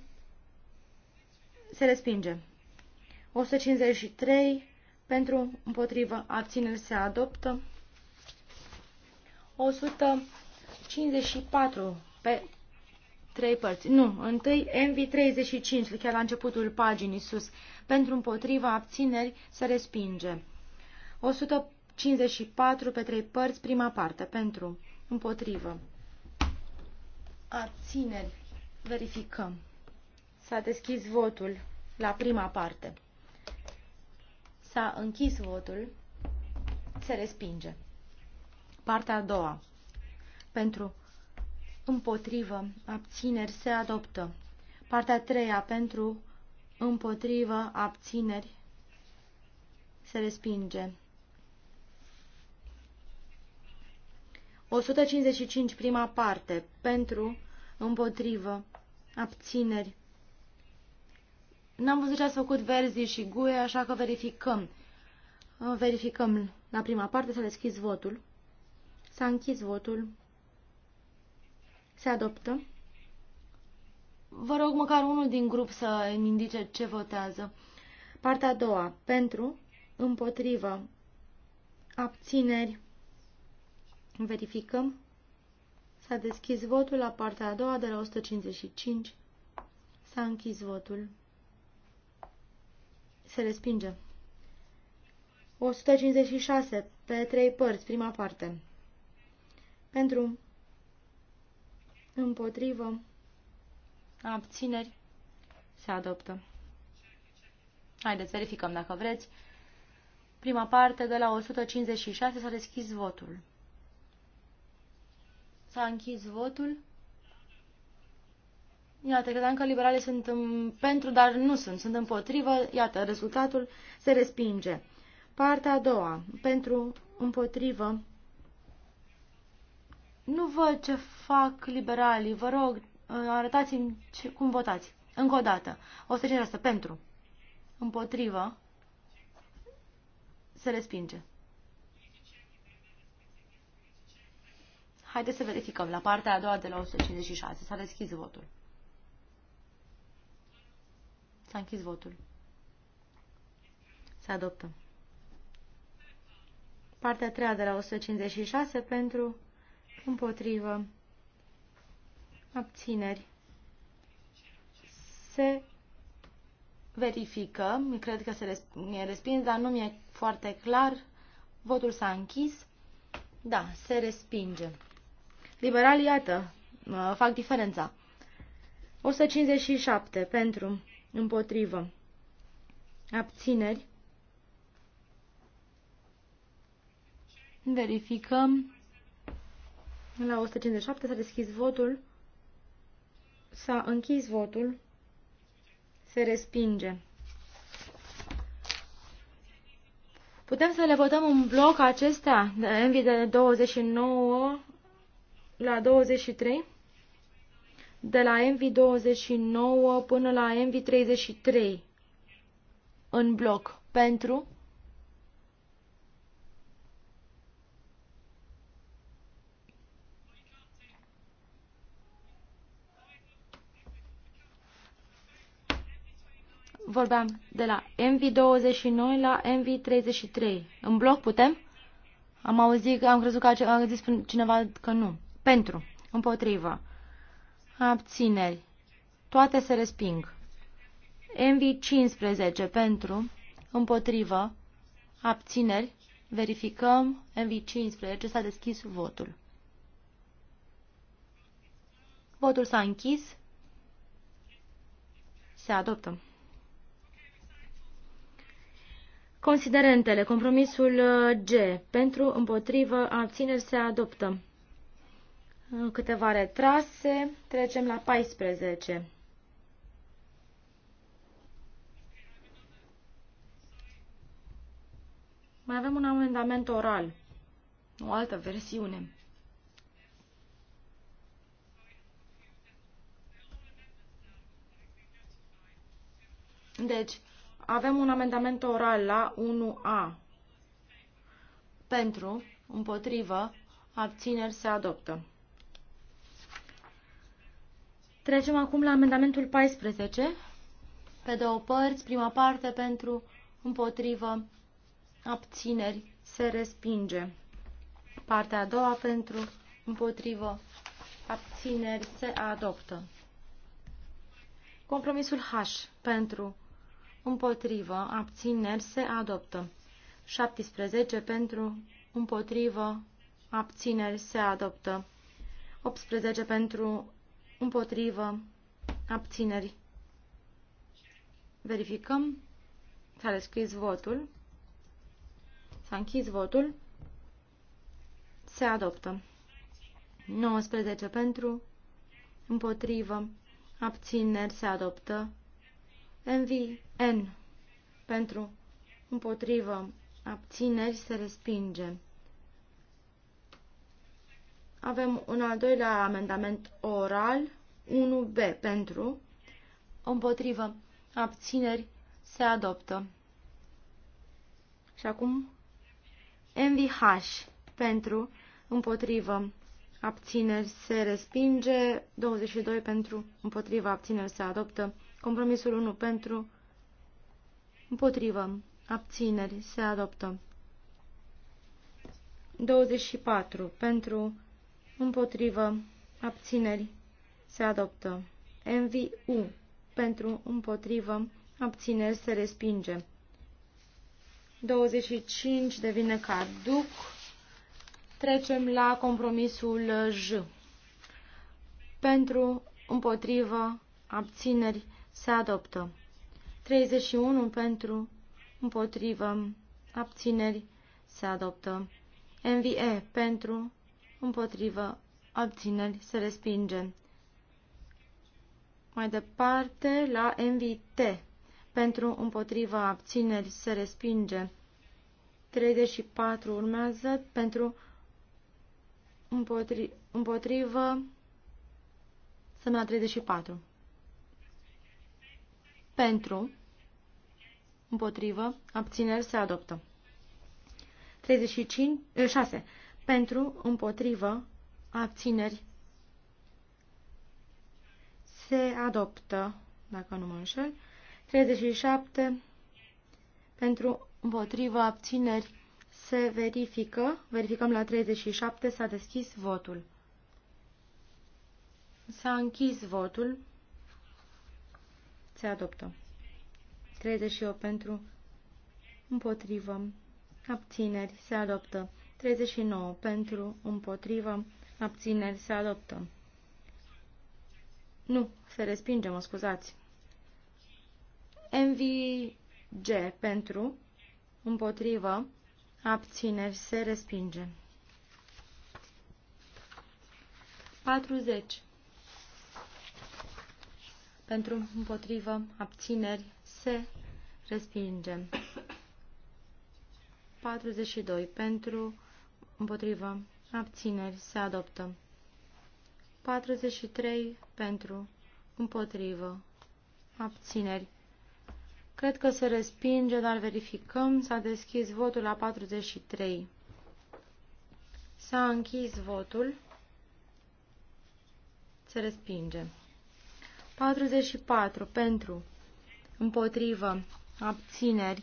Se respinge. 153 pentru, împotrivă, abțineri se adoptă. 154 pe trei părți. Nu, întâi MV35, chiar la începutul paginii sus, pentru împotriva abțineri se respinge. 154 pe trei părți, prima parte, pentru împotrivă. Abțineri. Verificăm. S-a deschis votul la prima parte. S-a închis votul. Se respinge. Partea a doua. Pentru. Împotrivă. Abțineri. Se adoptă. Partea a treia. Pentru. Împotrivă. Abțineri. Se respinge. 155. Prima parte. Pentru. Împotrivă. Abțineri. N-am văzut ce ați făcut verzi și guie, așa că verificăm. Verificăm la prima parte, să deschizi votul. S-a închis votul. Se adoptă. Vă rog măcar unul din grup să îmi indice ce votează. Partea a doua. Pentru, împotrivă, abțineri. Verificăm. S-a deschis votul la partea a doua de la 155. S-a închis votul. Se respinge. 156. Pe trei părți, prima parte pentru, împotrivă, abțineri, se adoptă. Haideți, verificăm dacă vreți. Prima parte, de la 156, s-a deschis votul. S-a închis votul. Iată, credeam că liberalii sunt în... pentru, dar nu sunt, sunt împotrivă. Iată, rezultatul se respinge. Partea a doua, pentru, împotrivă, nu văd ce fac liberalii. Vă rog, arătați-mi cum votați. Încă o dată. O să cer asta pentru. Împotrivă. Se respinge. Haideți să verificăm. La partea a doua de la 156 s-a deschis votul. S-a închis votul. Se adoptă. Partea a treia de la 156 pentru împotrivă, abțineri. Se verifică, cred că se e respins, dar nu mi-e foarte clar. Votul s-a închis. Da, se respinge. Liberal, iată, fac diferența. 157 pentru, împotrivă, abțineri. Verificăm. La 157 s-a deschis votul. S-a închis votul. Se respinge. Putem să le votăm în bloc acestea, da, envi de 29 la 23, de la MV 29 până la MV 33 în bloc pentru vorbeam de la MV29 la MV33. În bloc putem? Am auzit, am crezut că a zis cineva că nu. Pentru, împotrivă, abțineri, toate se resping. MV15 pentru, împotrivă, abțineri, verificăm, MV15 s-a deschis votul. Votul s-a închis. Se adoptă. Considerentele, compromisul uh, G, pentru, împotrivă, abțineri se adoptă. Uh, câteva retrase, trecem la 14. Mai avem un amendament oral, o altă versiune. Deci, avem un amendament oral la 1A. Pentru, împotrivă, abțineri se adoptă. Trecem acum la amendamentul 14. Pe două părți, prima parte pentru, împotrivă, abțineri se respinge. Partea a doua pentru, împotrivă, abțineri se adoptă. Compromisul H pentru împotrivă, abțineri, se adoptă. 17 pentru, împotrivă, abțineri, se adoptă. 18 pentru, împotrivă, abțineri. Verificăm. S-a descris votul. S-a închis votul. Se adoptă. 19 pentru, împotrivă, abțineri se adoptă. Envi N pentru împotrivă abțineri se respinge. Avem un al doilea amendament oral, 1B pentru împotrivă abțineri se adoptă. Și acum MVH pentru împotrivă abțineri se respinge, 22 pentru împotrivă abțineri se adoptă, compromisul 1 pentru Împotrivă. Abțineri. Se adoptă. 24. Pentru. Împotrivă. Abțineri. Se adoptă. MVU. Pentru. Împotrivă. Abțineri. Se respinge. 25 devine caduc. Trecem la compromisul J. Pentru, împotrivă, abțineri, se adoptă. 31 pentru, împotrivă, abțineri, se adoptă. MVE pentru, împotrivă, abțineri, se respinge. Mai departe, la MVT, pentru, împotrivă, abțineri, se respinge. 34 urmează, pentru, împotri, împotrivă, semna 34. Pentru, Împotrivă. Abțineri se adoptă. 35, 6. Eh, pentru, împotrivă, abțineri se adoptă, dacă nu mă înșel. 37. Pentru, împotrivă, abțineri se verifică. Verificăm la 37. S-a deschis votul. S-a închis votul. Se adoptă. 38 pentru, împotrivă, abțineri, se adoptă. 39 pentru, împotrivă, abțineri, se adoptă. Nu, se respinge, mă scuzați. MVG pentru, împotrivă, abțineri, se respinge. 40. Pentru împotrivă, abțineri, se respinge. 42 pentru, împotrivă, abțineri, se adoptă. 43 pentru, împotrivă, abțineri. Cred că se respinge, dar verificăm. S-a deschis votul la 43. S-a închis votul. Se respinge. 44 pentru, împotrivă, abțineri,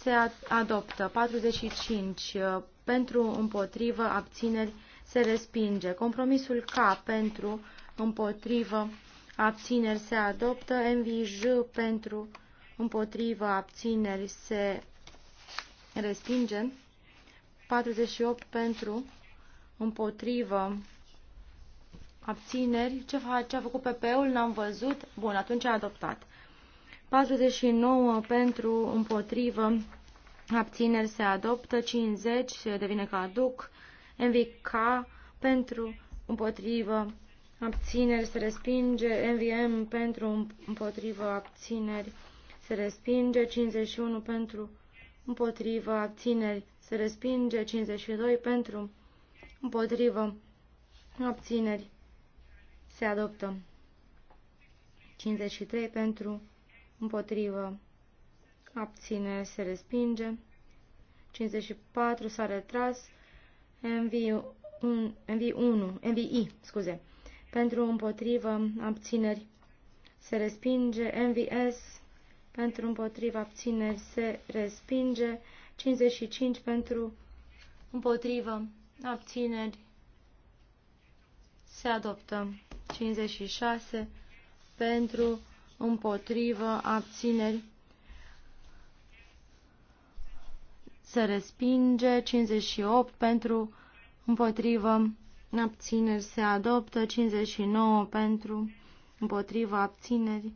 se adoptă. 45 pentru, împotrivă, abțineri, se respinge. Compromisul K pentru, împotrivă, abțineri, se adoptă. MVJ pentru, împotrivă, abțineri, se respinge. 48 pentru, împotrivă, abțineri. Ce, fa- ce a făcut PP-ul? N-am văzut. Bun, atunci a adoptat. 49 pentru, împotrivă, abțineri se adoptă, 50 se devine caduc, MVK pentru, împotrivă, abțineri se respinge, MVM pentru, împotrivă, abțineri se respinge, 51 pentru, împotrivă, abțineri se respinge, 52 pentru, împotrivă, abțineri se adoptă, 53 pentru, împotrivă, abține, se respinge. 54 s-a retras. MV1, mv MVI, scuze, pentru împotrivă, abțineri, se respinge. MVS pentru împotrivă, abțineri se respinge. 55 pentru împotrivă abțineri se adoptă. 56 pentru împotrivă, abțineri, se respinge, 58 pentru, împotrivă, abțineri, se adoptă, 59 pentru, împotrivă, abțineri,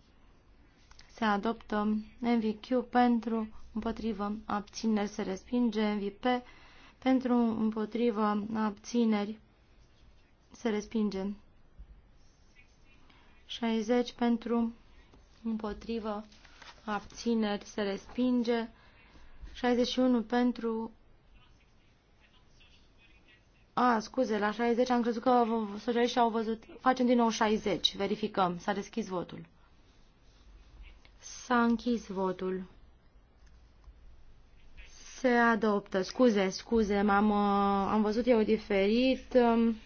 se adoptă, MVQ pentru, împotrivă, abțineri, se respinge, MVP pentru, împotrivă, abțineri, se respinge. 60 pentru împotrivă, abțineri, se respinge. 61 pentru... A, scuze, la 60 am crezut că socialiștii au văzut... Facem din nou 60, verificăm, s-a deschis votul. S-a închis votul. Se adoptă. Scuze, scuze, m-am uh, am văzut eu diferit. Um,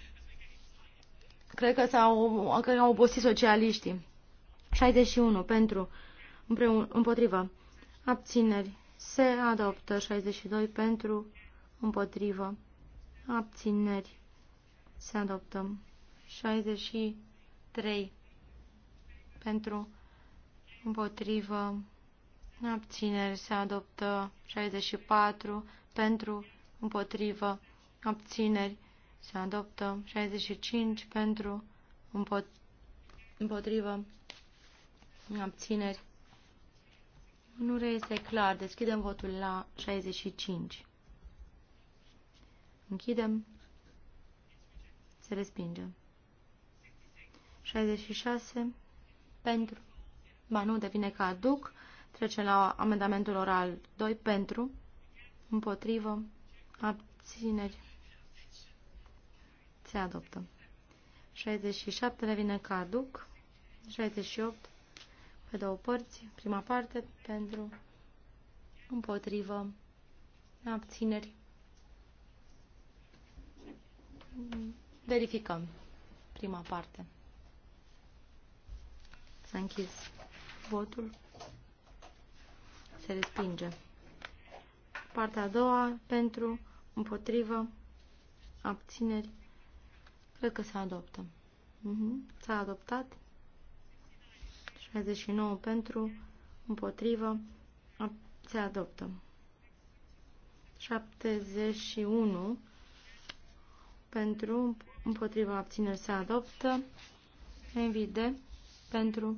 cred că s-au că au obosit socialiștii. 61 pentru împreun, împotriva abțineri se adoptă 62 pentru împotrivă abțineri se adoptă 63 pentru împotrivă abțineri se adoptă 64 pentru împotrivă abțineri se adoptă 65 pentru împotrivă Abțineri. Nu reiese clar. Deschidem votul la 65. Închidem. Se respinge. 66. Pentru. Ba nu, devine caduc. Trece la amendamentul oral 2. Pentru. Împotrivă. Abțineri. Se adoptă. 67 devine caduc. 68 pe două părți. Prima parte pentru împotrivă abțineri. Verificăm prima parte. S-a închis votul. Se respinge. Partea a doua pentru împotrivă abțineri. Cred că se adoptă. Mhm. S-a adoptat. 69 pentru, împotrivă, se adoptă. 71 pentru, împotrivă, abțineri se adoptă. Envide pentru,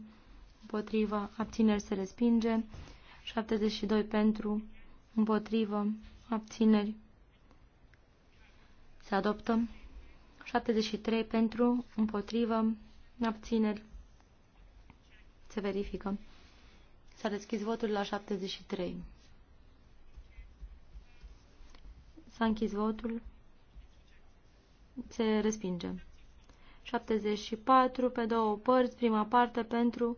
împotrivă, abțineri se respinge. 72 pentru, împotrivă, abțineri se adoptă. 73 pentru, împotrivă, abțineri se verifică. S-a deschis votul la 73. S-a închis votul. Se respinge. 74 pe două părți, prima parte pentru,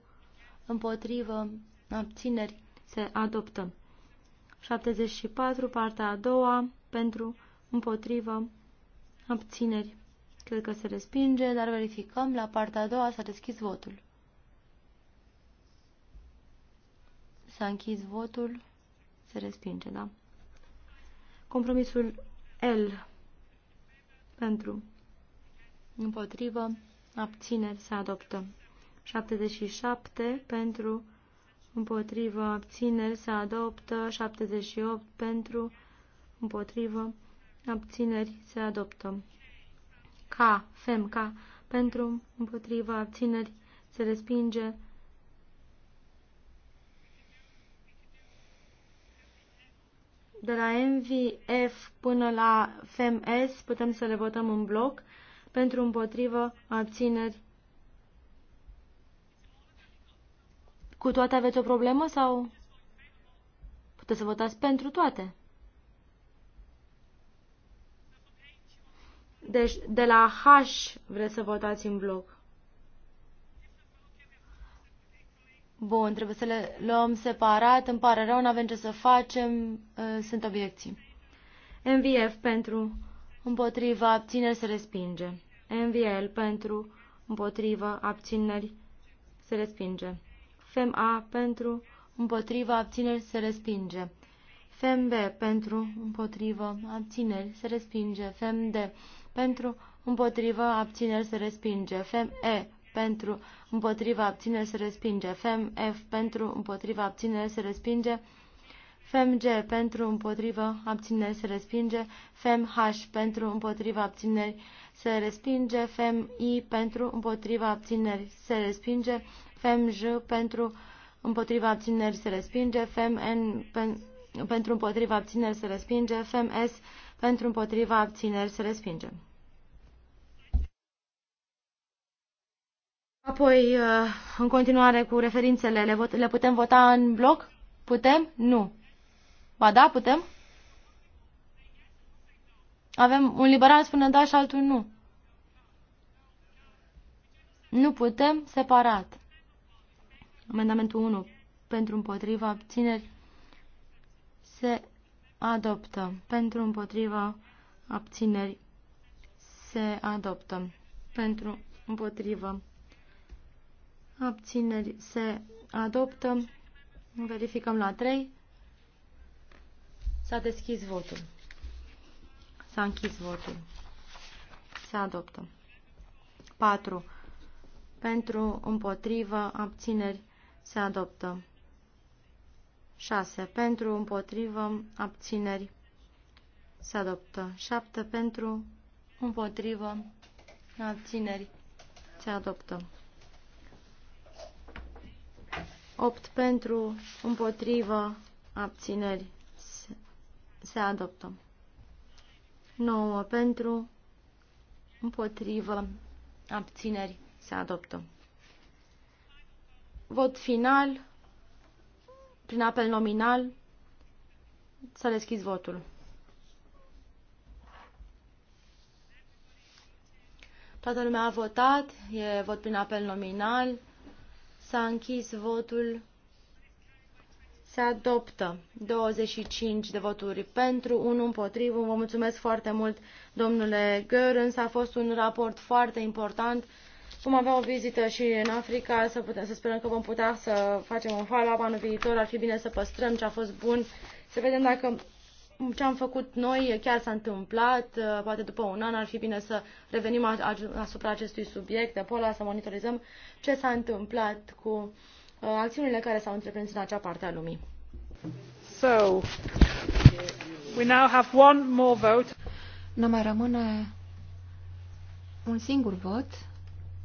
împotrivă, abțineri, se adoptă. 74, partea a doua, pentru, împotrivă, abțineri. Cred că se respinge, dar verificăm. La partea a doua s-a deschis votul. S-a închis votul. Se respinge, da? Compromisul L pentru împotrivă abțineri se adoptă. 77 pentru împotrivă abțineri se adoptă. 78 pentru împotrivă abțineri se adoptă. K, fem, K pentru împotrivă abțineri se respinge. de la MVF până la FMS putem să le votăm în bloc pentru împotrivă abțineri. Cu toate aveți o problemă sau puteți să votați pentru toate? Deci de la H vreți să votați în bloc. Bun, trebuie să le luăm separat. Îmi pare rău, nu avem ce să facem. Uh, sunt obiecții. MVF pentru împotriva abțineri se respinge. MVL pentru împotriva abțineri se respinge. FEMA pentru împotriva abțineri se respinge. FEMB pentru împotriva abțineri se respinge. FEMD pentru împotriva abțineri se respinge. FEME pentru împotriva abțineri se respinge. Fem F pentru împotriva abțineri se respinge. Fem G pentru împotriva abțineri se respinge. Fem H pentru împotriva abțineri se respinge. Fem I pentru împotriva abțineri se respinge. Fem J pentru împotriva abțineri se respinge. Fem N pen, pentru împotriva abțineri se respinge. Fem S pentru împotriva abțineri se respinge. Apoi, uh, în continuare cu referințele, le, vot, le putem vota în bloc? Putem? Nu. Ba da, putem? Avem un liberal spune da și altul nu. Nu putem separat. Amendamentul 1 pentru împotriva abțineri se adoptă. Pentru împotriva abțineri se adoptă. Pentru împotriva abțineri se adoptă. Verificăm la 3. S-a deschis votul. S-a închis votul. Se adoptă. 4. Pentru, împotrivă, abțineri se adoptă. 6. Pentru, împotrivă, abțineri se adoptă. 7. Pentru, împotrivă, abțineri se adoptă. 8 pentru, împotrivă, abțineri, se adoptă. 9 pentru, împotrivă, abțineri, se adoptă. Vot final, prin apel nominal, să deschizi votul. Toată lumea a votat, e vot prin apel nominal, S-a închis votul. Se adoptă 25 de voturi pentru, 1 împotrivă. Vă mulțumesc foarte mult, domnule Görens. A fost un raport foarte important. Cum avea o vizită și în Africa, să, putem, să sperăm că vom putea să facem un follow-up anul viitor. Ar fi bine să păstrăm ce a fost bun, să vedem dacă ce am făcut noi chiar s-a întâmplat, uh, poate după un an ar fi bine să revenim asupra acestui subiect, de pola să monitorizăm ce s-a întâmplat cu uh, acțiunile care s-au întreprins în acea parte a lumii. So, we now have one more vote. Ne mai rămâne un singur vot,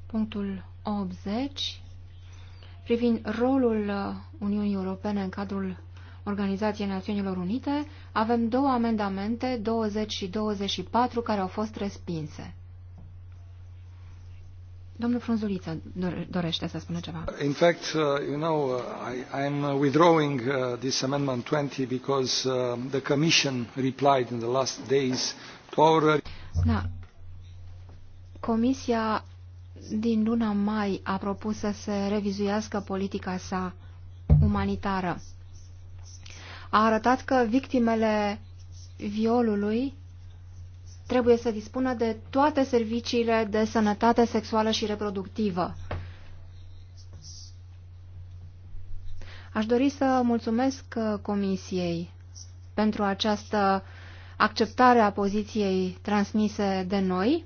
punctul 80, privind rolul Uniunii Europene în cadrul Organizației Națiunilor Unite, avem două amendamente, 20 și 24, care au fost respinse. Domnul Frunzuliță dorește să spună ceva. In fact, uh, you know, uh, I, I'm uh, withdrawing uh, this amendment 20 because uh, the Commission replied in the last days to our... Da. Comisia din luna mai a propus să se revizuiască politica sa umanitară a arătat că victimele violului trebuie să dispună de toate serviciile de sănătate sexuală și reproductivă. Aș dori să mulțumesc uh, Comisiei pentru această acceptare a poziției transmise de noi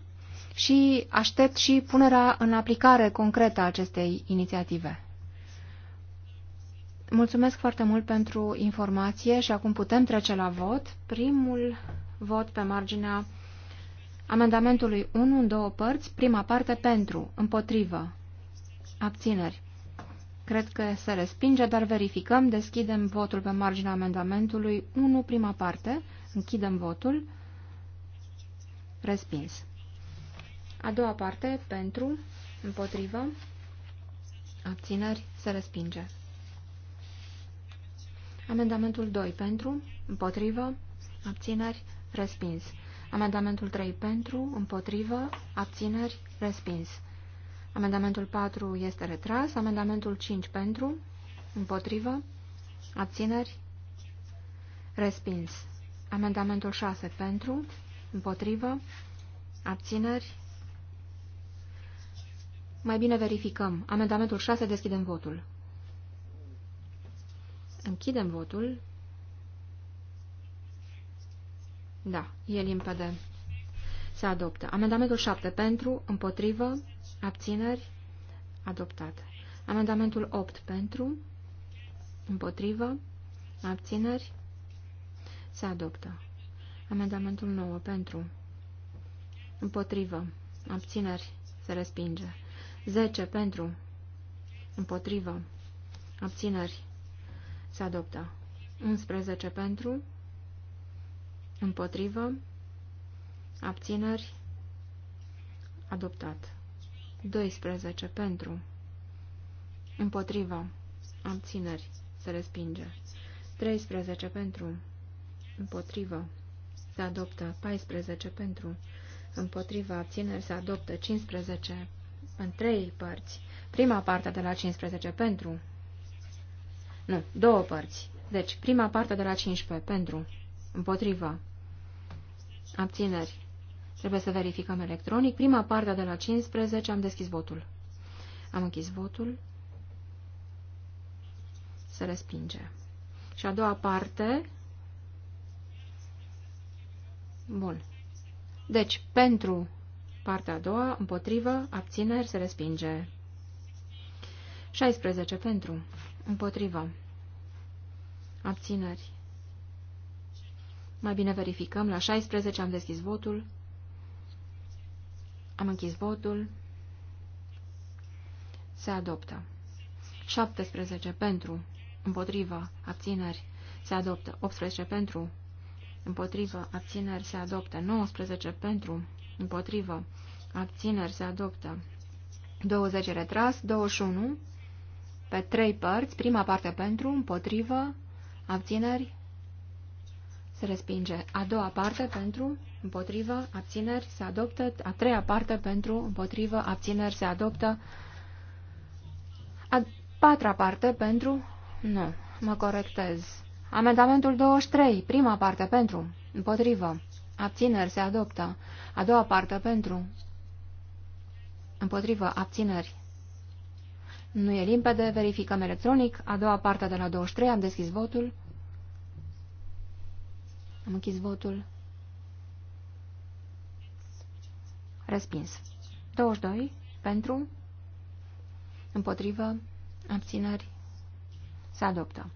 și aștept și punerea în aplicare concretă a acestei inițiative. Mulțumesc foarte mult pentru informație și acum putem trece la vot. Primul vot pe marginea amendamentului 1 în două părți, prima parte pentru, împotrivă, abțineri. Cred că se respinge, dar verificăm, deschidem votul pe marginea amendamentului 1, prima parte, închidem votul, respins. A doua parte, pentru, împotrivă, abțineri, se respinge. Amendamentul 2 pentru, împotrivă, abțineri, respins. Amendamentul 3 pentru, împotrivă, abțineri, respins. Amendamentul 4 este retras. Amendamentul 5 pentru, împotrivă, abțineri, respins. Amendamentul 6 pentru, împotrivă, abțineri. Mai bine verificăm. Amendamentul 6 deschidem votul. Închidem votul. Da, e limpede. Se adoptă. Amendamentul 7 pentru, împotrivă, abțineri, adoptat. Amendamentul 8 pentru, împotrivă, abțineri, se adoptă. Amendamentul 9 pentru, împotrivă, abțineri, se respinge. 10 pentru, împotrivă, abțineri, se adoptă. 11 pentru, împotrivă, abțineri, adoptat. 12 pentru, împotrivă, abțineri, se respinge. 13 pentru, împotrivă, se adoptă. 14 pentru, împotrivă, abțineri, se adoptă. 15 în trei părți. Prima parte de la 15 pentru, nu, două părți. Deci, prima parte de la 15. Pentru. Împotriva. Abțineri. Trebuie să verificăm electronic. Prima parte de la 15. Am deschis votul. Am închis votul. Se respinge. Și a doua parte... Bun. Deci, pentru partea a doua, împotrivă, abțineri, se respinge. 16 pentru, Împotrivă. Abțineri. Mai bine verificăm. La 16 am deschis votul. Am închis votul. Se adoptă. 17 pentru. Împotrivă. Abțineri. Se adoptă. 18 pentru. Împotrivă. Abțineri. Se adoptă. 19 pentru. Împotrivă. Abțineri. Se adoptă. 20 retras. 21 pe trei părți, prima parte pentru, împotrivă, abțineri, se respinge. A doua parte pentru, împotrivă, abțineri, se adoptă. A treia parte pentru, împotrivă, abțineri, se adoptă. A patra parte pentru, nu, mă corectez. Amendamentul 23, prima parte pentru, împotrivă, abțineri, se adoptă. A doua parte pentru, împotrivă, abțineri, nu e limpede, verificăm electronic. A doua parte de la 23, am deschis votul. Am închis votul. Respins. 22, pentru, împotrivă, abțineri, se adoptă.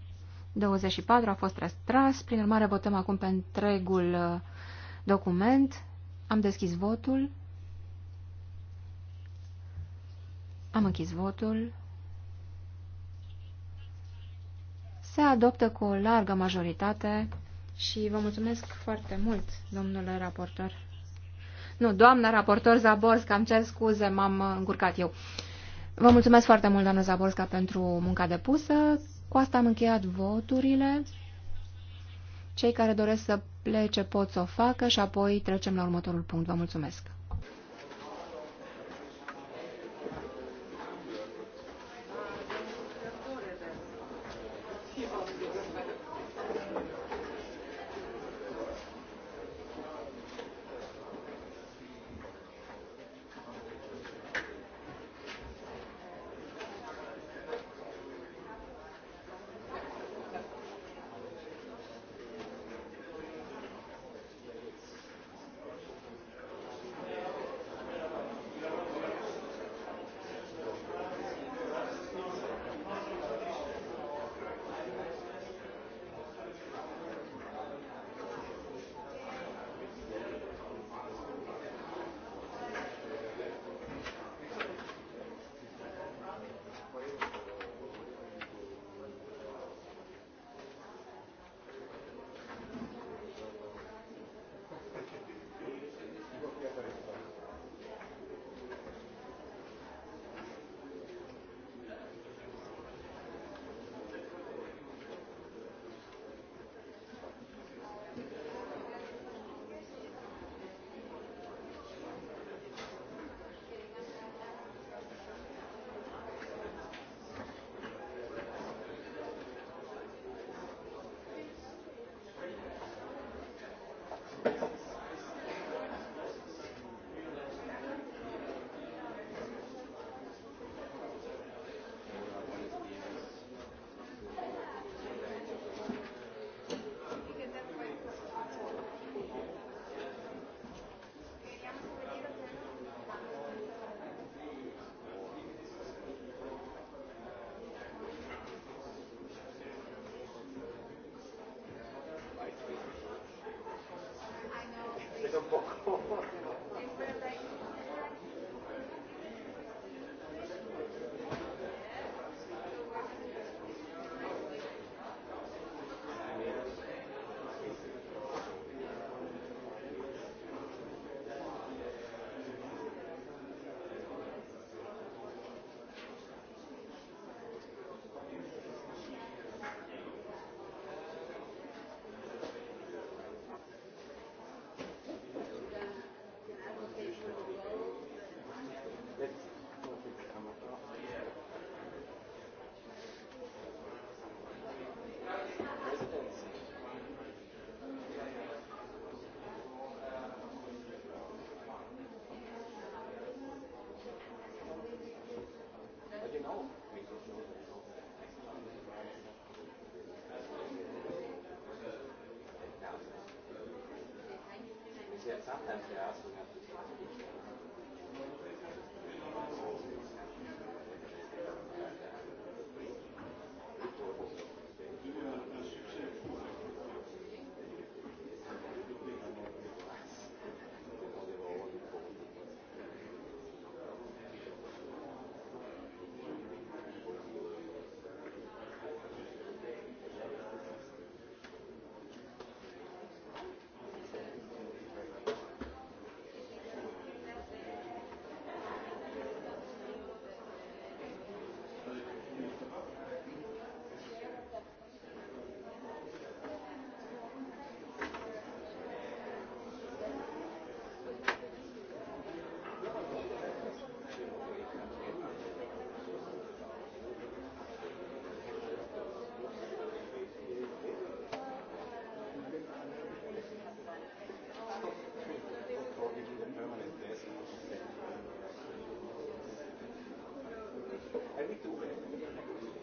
24 a fost retras, prin urmare votăm acum pe întregul uh, document. Am deschis votul. Am închis votul. se adoptă cu o largă majoritate și vă mulțumesc foarte mult, domnule raportor. Nu, doamna raportor Zaborska, am cer scuze, m-am încurcat eu. Vă mulțumesc foarte mult, doamna Zaborska, pentru munca depusă. Cu asta am încheiat voturile. Cei care doresc să plece pot să o facă și apoi trecem la următorul punct. Vă mulțumesc! Thank you. Genau. Jetzt sagt er es Hai, uite, uite.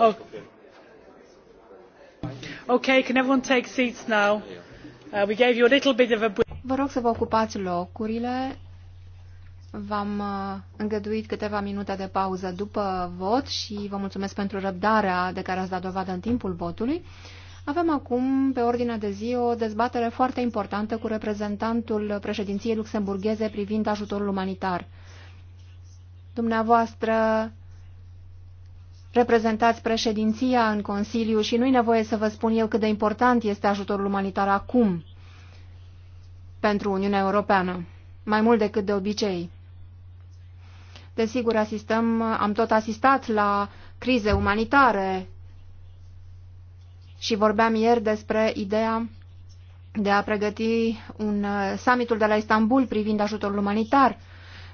Oh. Okay, can everyone take seats now? Uh, we gave you a little bit of a Vă rog să vă ocupați locurile. V-am uh, îngăduit câteva minute de pauză după vot și vă mulțumesc pentru răbdarea de care ați dat dovadă în timpul votului. Avem acum pe ordinea de zi o dezbatere foarte importantă cu reprezentantul președinției luxemburgheze privind ajutorul umanitar. Dumneavoastră reprezentați președinția în Consiliu și nu-i nevoie să vă spun eu cât de important este ajutorul umanitar acum pentru Uniunea Europeană, mai mult decât de obicei. Desigur, asistăm, am tot asistat la crize umanitare și vorbeam ieri despre ideea de a pregăti un uh, summitul de la Istanbul privind ajutorul umanitar.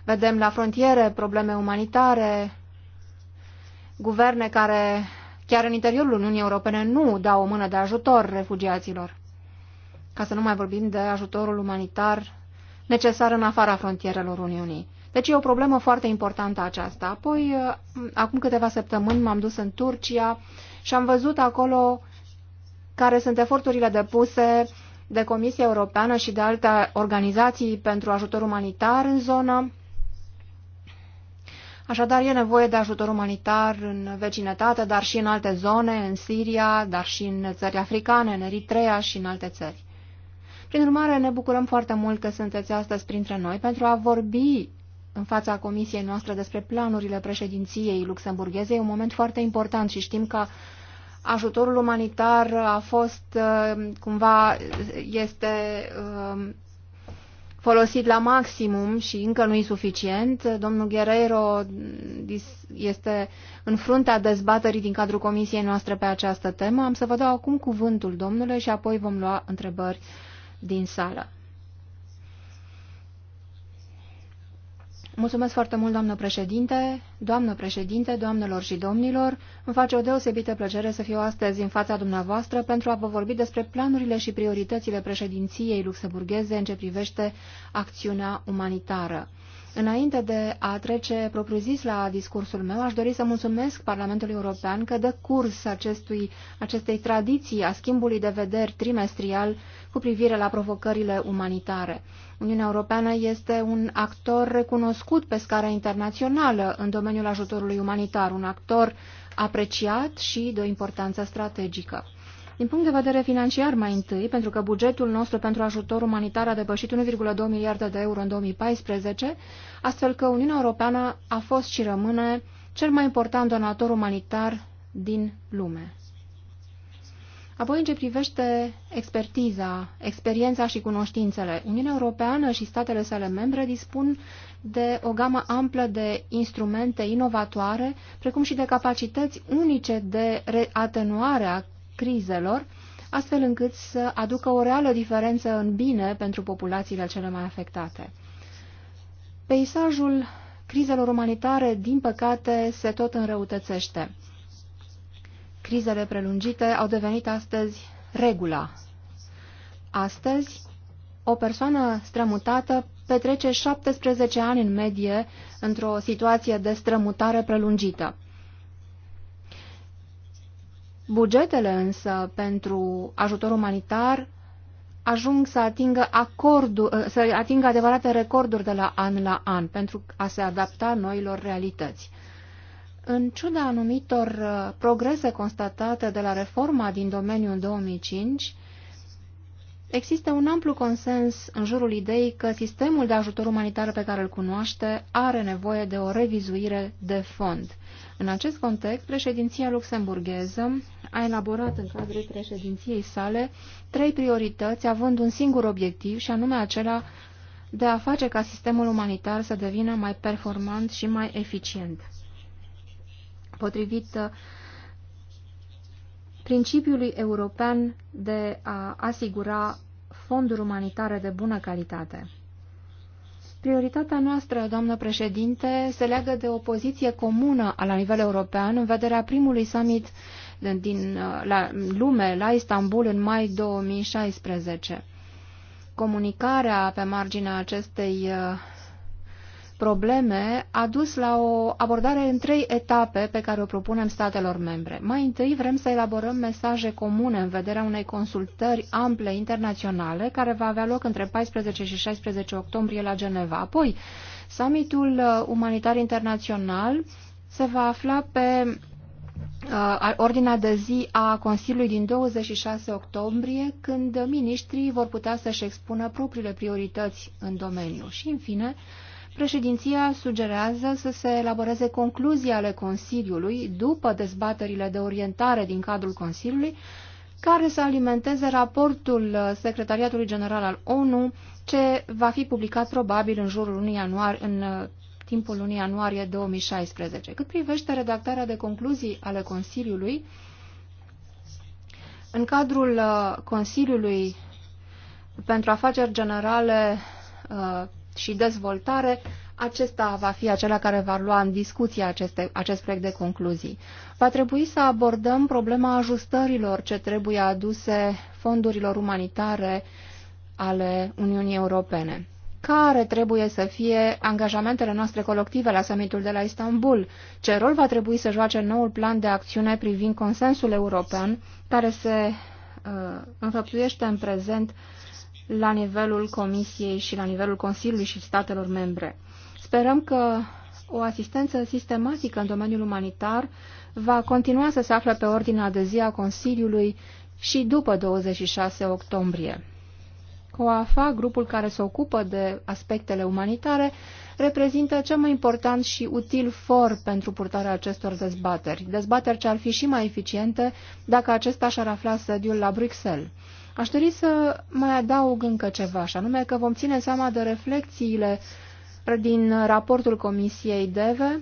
Vedem la frontiere probleme umanitare, guverne care, chiar în interiorul Uniunii Europene, nu dau o mână de ajutor refugiaților. Ca să nu mai vorbim de ajutorul umanitar necesar în afara frontierelor Uniunii. Deci e o problemă foarte importantă aceasta. Apoi, eh, acum câteva săptămâni m-am dus în Turcia și am văzut acolo care sunt eforturile depuse de Comisia Europeană și de alte organizații pentru ajutor umanitar în zonă. Așadar, e nevoie de ajutor umanitar în vecinătate, dar și în alte zone, în Siria, dar și în țări africane, în Eritrea și în alte țări. Prin urmare, ne bucurăm foarte mult că sunteți astăzi printre noi pentru a vorbi în fața comisiei noastre despre planurile președinției luxemburgheze. E un moment foarte important și știm că ajutorul umanitar a fost uh, cumva, este uh, folosit la maximum și încă nu e suficient. Domnul Guerreiro este în fruntea dezbaterii din cadrul comisiei noastre pe această temă. Am să vă dau acum cuvântul, domnule, și apoi vom lua întrebări din sală. Mulțumesc foarte mult, doamnă președinte, doamnă președinte, doamnelor și domnilor. Îmi face o deosebită plăcere să fiu astăzi în fața dumneavoastră pentru a vă vorbi despre planurile și prioritățile președinției luxemburgheze în ce privește acțiunea umanitară. Înainte de a trece propriu-zis la discursul meu, aș dori să mulțumesc Parlamentului European că dă curs acestui, acestei tradiții a schimbului de vederi trimestrial cu privire la provocările umanitare. Uniunea Europeană este un actor recunoscut pe scară internațională în domeniul ajutorului umanitar, un actor apreciat și de o importanță strategică. Din punct de vedere financiar mai întâi, pentru că bugetul nostru pentru ajutor umanitar a depășit 1,2 miliarde de euro în 2014, astfel că Uniunea Europeană a fost și rămâne cel mai important donator umanitar din lume. Apoi, în ce privește expertiza, experiența și cunoștințele, Uniunea Europeană și statele sale membre dispun de o gamă amplă de instrumente inovatoare, precum și de capacități unice de atenuare a crizelor, astfel încât să aducă o reală diferență în bine pentru populațiile cele mai afectate. Peisajul crizelor umanitare, din păcate, se tot înrăutățește crizele prelungite au devenit astăzi regula. Astăzi, o persoană strămutată petrece 17 ani în medie într-o situație de strămutare prelungită. Bugetele însă pentru ajutor umanitar ajung să atingă, acordul, să atingă adevărate recorduri de la an la an pentru a se adapta noilor realități. În ciuda anumitor uh, progrese constatate de la reforma din domeniul 2005, există un amplu consens în jurul ideii că sistemul de ajutor umanitar pe care îl cunoaște are nevoie de o revizuire de fond. În acest context, președinția luxemburgheză a elaborat în cadrul președinției sale trei priorități, având un singur obiectiv și anume acela de a face ca sistemul umanitar să devină mai performant și mai eficient potrivit uh, principiului european de a asigura fonduri umanitare de bună calitate. Prioritatea noastră, doamnă președinte, se leagă de o poziție comună la nivel european în vederea primului summit din uh, la, lume la Istanbul în mai 2016. Comunicarea pe marginea acestei uh, probleme a dus la o abordare în trei etape pe care o propunem statelor membre. Mai întâi vrem să elaborăm mesaje comune în vederea unei consultări ample internaționale care va avea loc între 14 și 16 octombrie la Geneva. Apoi, summitul uh, umanitar internațional se va afla pe uh, ordinea de zi a Consiliului din 26 octombrie, când miniștrii vor putea să-și expună propriile priorități în domeniu. Și, în fine, Președinția sugerează să se elaboreze concluzii ale Consiliului după dezbaterile de orientare din cadrul Consiliului, care să alimenteze raportul Secretariatului General al ONU, ce va fi publicat probabil în jurul lunii ianuarie, în uh, timpul lunii ianuarie 2016. Cât privește redactarea de concluzii ale Consiliului, în cadrul uh, Consiliului pentru Afaceri Generale uh, și dezvoltare, acesta va fi acela care va lua în discuție aceste, acest proiect de concluzii. Va trebui să abordăm problema ajustărilor ce trebuie aduse fondurilor umanitare ale Uniunii Europene. Care trebuie să fie angajamentele noastre colective la summitul de la Istanbul? Ce rol va trebui să joace noul plan de acțiune privind consensul european, care se uh, înfăptuiește în prezent la nivelul Comisiei și la nivelul Consiliului și statelor membre. Sperăm că o asistență sistematică în domeniul umanitar va continua să se afle pe ordinea de zi a Consiliului și după 26 octombrie. COAFA, grupul care se ocupă de aspectele umanitare, reprezintă cel mai important și util for pentru purtarea acestor dezbateri, dezbateri ce ar fi și mai eficiente dacă acesta și-ar afla sediul la Bruxelles. Aș dori să mai adaug încă ceva, și anume că vom ține seama de reflexiile din raportul Comisiei DEVE,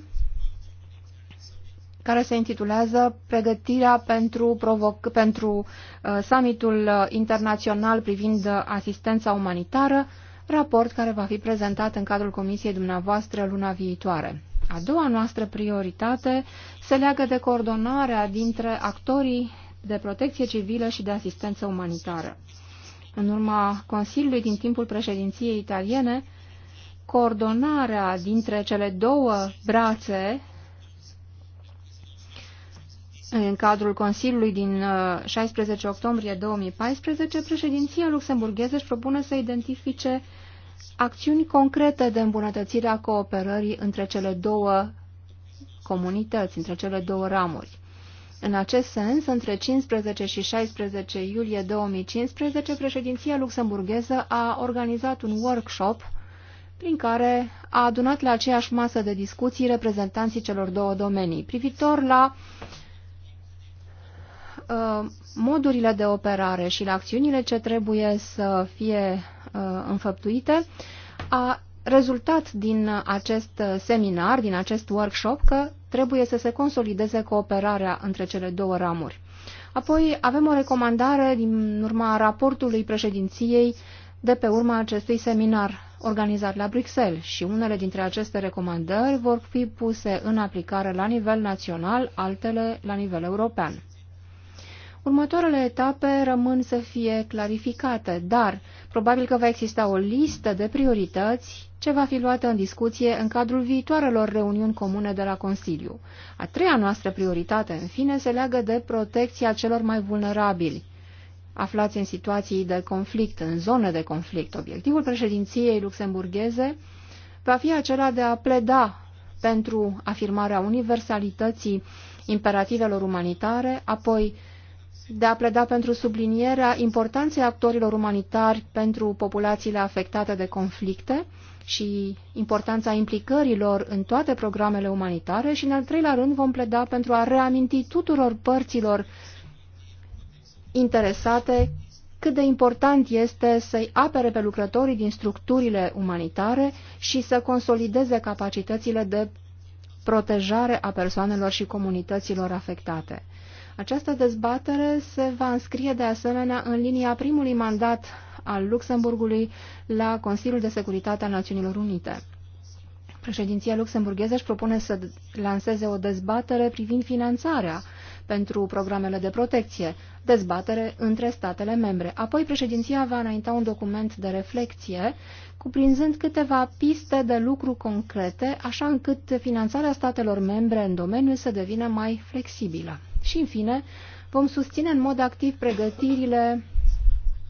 care se intitulează Pregătirea pentru, provoc- pentru uh, summitul internațional privind asistența umanitară, raport care va fi prezentat în cadrul Comisiei dumneavoastră luna viitoare. A doua noastră prioritate se leagă de coordonarea dintre actorii de protecție civilă și de asistență umanitară. În urma Consiliului din timpul președinției italiene, coordonarea dintre cele două brațe în cadrul Consiliului din 16 uh, octombrie 2014, președinția luxemburgheză își propune să identifice acțiuni concrete de îmbunătățire a cooperării între cele două comunități, între cele două ramuri. În acest sens, între 15 și 16 iulie 2015, președinția luxemburgheză a organizat un workshop prin care a adunat la aceeași masă de discuții reprezentanții celor două domenii, privitor la uh, modurile de operare și la acțiunile ce trebuie să fie uh, înfăptuite, a rezultat din acest seminar, din acest workshop, că trebuie să se consolideze cooperarea între cele două ramuri. Apoi avem o recomandare din urma raportului președinției de pe urma acestui seminar organizat la Bruxelles și unele dintre aceste recomandări vor fi puse în aplicare la nivel național, altele la nivel european. Următoarele etape rămân să fie clarificate, dar probabil că va exista o listă de priorități ce va fi luată în discuție în cadrul viitoarelor reuniuni comune de la Consiliu. A treia noastră prioritate, în fine, se leagă de protecția celor mai vulnerabili, aflați în situații de conflict, în zone de conflict. Obiectivul președinției luxemburgheze va fi acela de a pleda pentru afirmarea universalității imperativelor umanitare, apoi de a pleda pentru sublinierea importanței actorilor umanitari pentru populațiile afectate de conflicte, și importanța implicărilor în toate programele umanitare și, în al treilea rând, vom pleda pentru a reaminti tuturor părților interesate cât de important este să-i apere pe lucrătorii din structurile umanitare și să consolideze capacitățile de protejare a persoanelor și comunităților afectate. Această dezbatere se va înscrie de asemenea în linia primului mandat al Luxemburgului la Consiliul de Securitate al Națiunilor Unite. Președinția luxemburgheză își propune să lanseze o dezbatere privind finanțarea pentru programele de protecție, dezbatere între statele membre. Apoi președinția va înainta un document de reflexie cuprinzând câteva piste de lucru concrete, așa încât finanțarea statelor membre în domeniu să devină mai flexibilă. Și, în fine, vom susține în mod activ pregătirile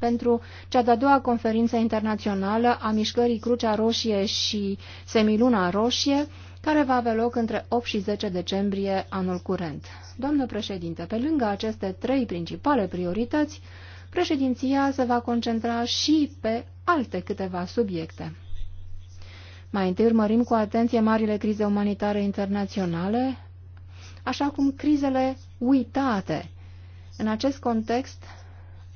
pentru cea de-a doua conferință internațională a mișcării Crucea Roșie și Semiluna Roșie, care va avea loc între 8 și 10 decembrie anul curent. Doamnă președinte, pe lângă aceste trei principale priorități, președinția se va concentra și pe alte câteva subiecte. Mai întâi urmărim cu atenție marile crize umanitare internaționale, așa cum crizele uitate. În acest context,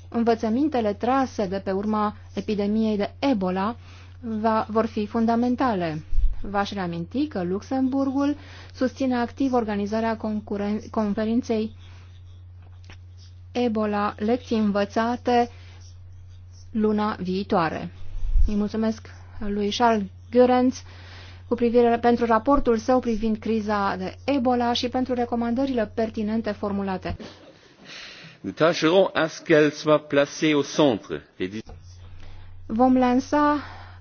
învățămintele trase de pe urma epidemiei de Ebola va, vor fi fundamentale. V-aș reaminti că Luxemburgul susține activ organizarea conferinței Ebola, lecții învățate luna viitoare. Îi mulțumesc lui Charles Gurenz cu privire pentru raportul său privind criza de Ebola și pentru recomandările pertinente formulate. Nous tâcherons à ce qu'elle soit placée au centre des Vom lansa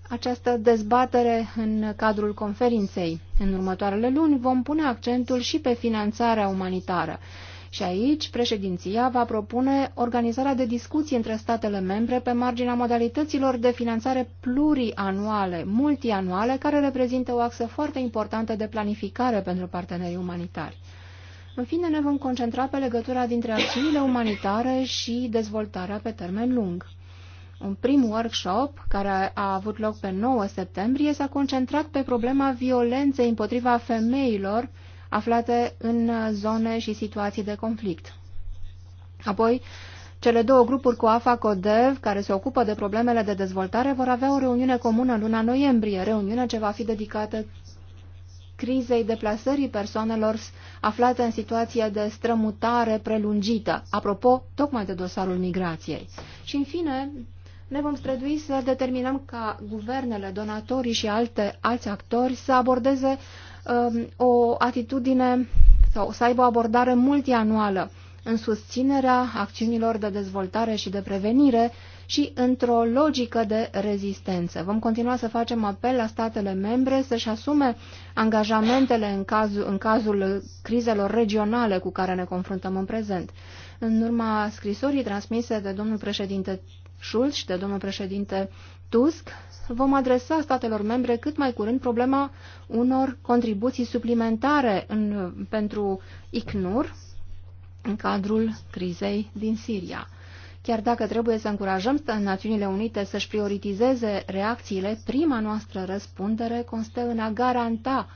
această dezbatere în cadrul conferinței. În următoarele luni vom pune accentul și pe finanțarea umanitară. Și aici, președinția va propune organizarea de discuții între statele membre pe marginea modalităților de finanțare plurianuale, multianuale, care reprezintă o axă foarte importantă de planificare pentru partenerii umanitari. În fine, ne vom concentra pe legătura dintre acțiunile umanitare și dezvoltarea pe termen lung. Un prim workshop, care a avut loc pe 9 septembrie, s-a concentrat pe problema violenței împotriva femeilor aflate în zone și situații de conflict. Apoi, cele două grupuri cu AFA Codev, care se ocupă de problemele de dezvoltare, vor avea o reuniune comună în luna noiembrie, reuniune ce va fi dedicată crizei deplasării persoanelor aflate în situație de strămutare prelungită, apropo, tocmai de dosarul migrației. Și, în fine, ne vom strădui să determinăm ca guvernele, donatorii și alte, alți actori să abordeze um, o atitudine sau să aibă o abordare multianuală în susținerea acțiunilor de dezvoltare și de prevenire și într-o logică de rezistență. Vom continua să facem apel la statele membre să-și asume angajamentele în cazul, în cazul crizelor regionale cu care ne confruntăm în prezent. În urma scrisorii transmise de domnul președinte Schulz și de domnul președinte Tusk, vom adresa statelor membre cât mai curând problema unor contribuții suplimentare în, pentru ICNUR în cadrul crizei din Siria. Chiar dacă trebuie să încurajăm Națiunile Unite să-și prioritizeze reacțiile, prima noastră răspundere constă în a garanta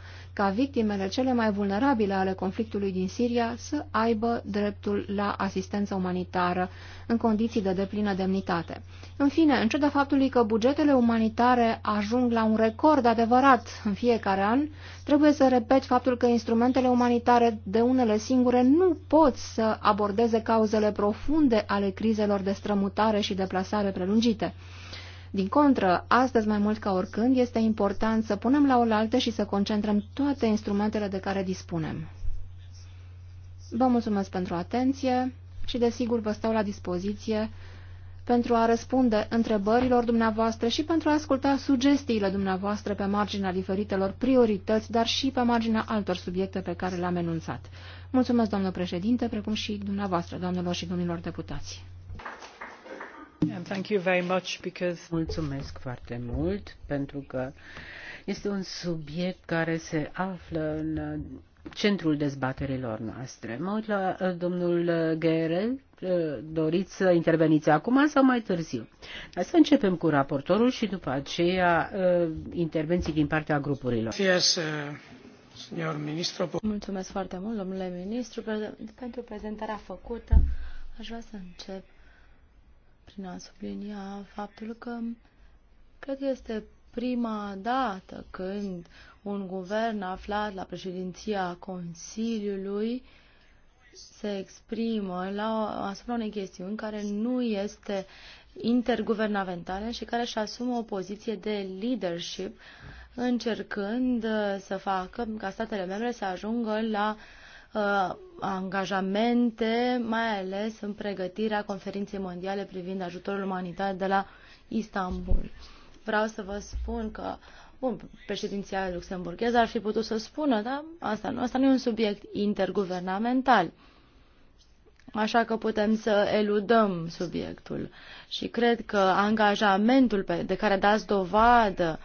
ca victimele cele mai vulnerabile ale conflictului din Siria să aibă dreptul la asistență umanitară în condiții de deplină demnitate. În fine, în ciuda faptului că bugetele umanitare ajung la un record adevărat în fiecare an, trebuie să repet faptul că instrumentele umanitare de unele singure nu pot să abordeze cauzele profunde ale crizelor de strămutare și deplasare prelungite. Din contră, astăzi mai mult ca oricând este important să punem la oaltă și să concentrăm toate instrumentele de care dispunem. Vă mulțumesc pentru atenție și desigur vă stau la dispoziție pentru a răspunde întrebărilor dumneavoastră și pentru a asculta sugestiile dumneavoastră pe marginea diferitelor priorități, dar și pe marginea altor subiecte pe care le-am enunțat. Mulțumesc, doamnă președinte, precum și dumneavoastră, doamnelor și domnilor deputați. Mulțumesc foarte mult pentru că este un subiect care se află în uh, centrul dezbaterilor noastre. Mă uit la uh, domnul Gherel. Uh, doriți să interveniți acum sau mai târziu? Hai să începem cu raportorul și după aceea intervenții din partea grupurilor. Mulțumesc foarte mult, domnule ministru, pentru prezentarea făcută. Aș vrea să încep prin a sublinia faptul că cred că este prima dată când un guvern aflat la președinția Consiliului se exprimă la, asupra unei chestiuni care nu este interguvernamentală și care își asumă o poziție de leadership, încercând să facă ca statele membre să ajungă la uh, Uh, angajamente, mai ales în pregătirea conferinței mondiale privind ajutorul umanitar de la Istanbul. Vreau să vă spun că bun, președinția luxemburgheză ar fi putut să spună, dar asta nu, asta nu e un subiect interguvernamental. Așa că putem să eludăm subiectul. Și cred că angajamentul pe, de care dați dovadă,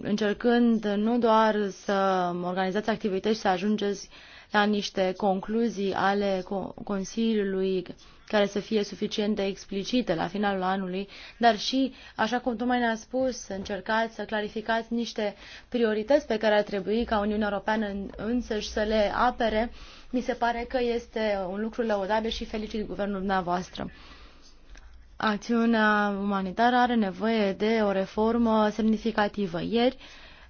încercând nu doar să organizați activități și să ajungeți uh, la da niște concluzii ale Consiliului care să fie suficient de explicite la finalul anului, dar și, așa cum tocmai ne-a spus, să încercați să clarificați niște priorități pe care ar trebui ca Uniunea Europeană însăși să le apere. Mi se pare că este un lucru lăudabil și felicit guvernul dumneavoastră. Acțiunea umanitară are nevoie de o reformă semnificativă. Ieri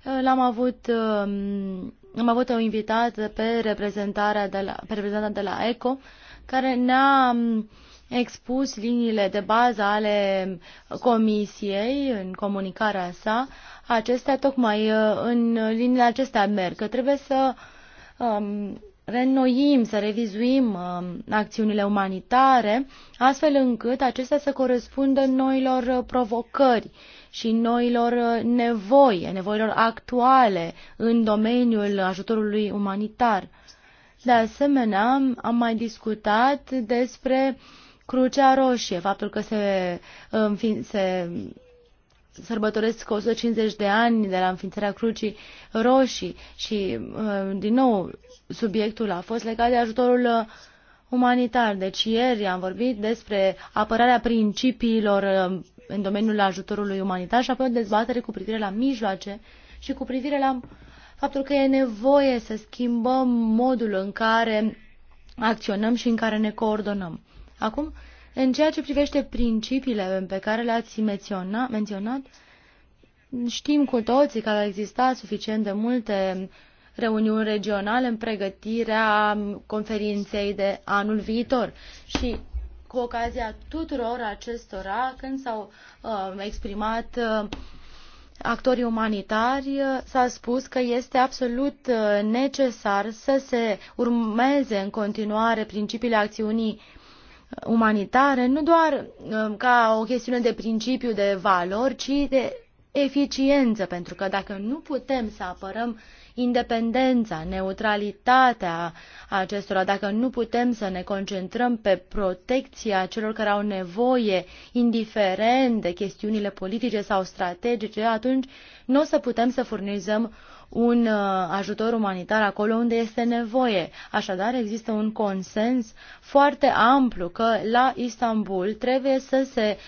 eh, l-am avut eh, am avut o invitată pe reprezentarea de la, pe reprezentanta de la ECO, care ne-a expus liniile de bază ale Comisiei în comunicarea sa. Acestea, tocmai uh, în liniile acestea merg, că trebuie să um, renoim, să revizuim um, acțiunile umanitare, astfel încât acestea să corespundă noilor uh, provocări și noilor uh, nevoi, nevoilor actuale în domeniul ajutorului umanitar. De asemenea, am mai discutat despre Crucea Roșie, faptul că se, uh, înfin, se sărbătoresc 150 de ani de la înființarea Crucii Roșii și, uh, din nou, subiectul a fost legat de ajutorul umanitar. Deci ieri am vorbit despre apărarea principiilor în domeniul ajutorului umanitar și apoi o dezbatere cu privire la mijloace și cu privire la faptul că e nevoie să schimbăm modul în care acționăm și în care ne coordonăm. Acum, în ceea ce privește principiile pe care le-ați menționat, menționat, știm cu toții că au existat suficient de multe reuniuni regionale în pregătirea conferinței de anul viitor și cu ocazia tuturor acestora când s-au uh, exprimat uh, actorii umanitari, uh, s-a spus că este absolut uh, necesar să se urmeze în continuare principiile acțiunii umanitare, nu doar uh, ca o chestiune de principiu, de valori, ci de eficiență, pentru că dacă nu putem să apărăm uh, independența, neutralitatea acestora, dacă nu putem să ne concentrăm pe protecția celor care au nevoie, indiferent de chestiunile politice sau strategice, atunci nu o să putem să furnizăm un uh, ajutor umanitar acolo unde este nevoie. Așadar, există un consens foarte amplu că la Istanbul trebuie să se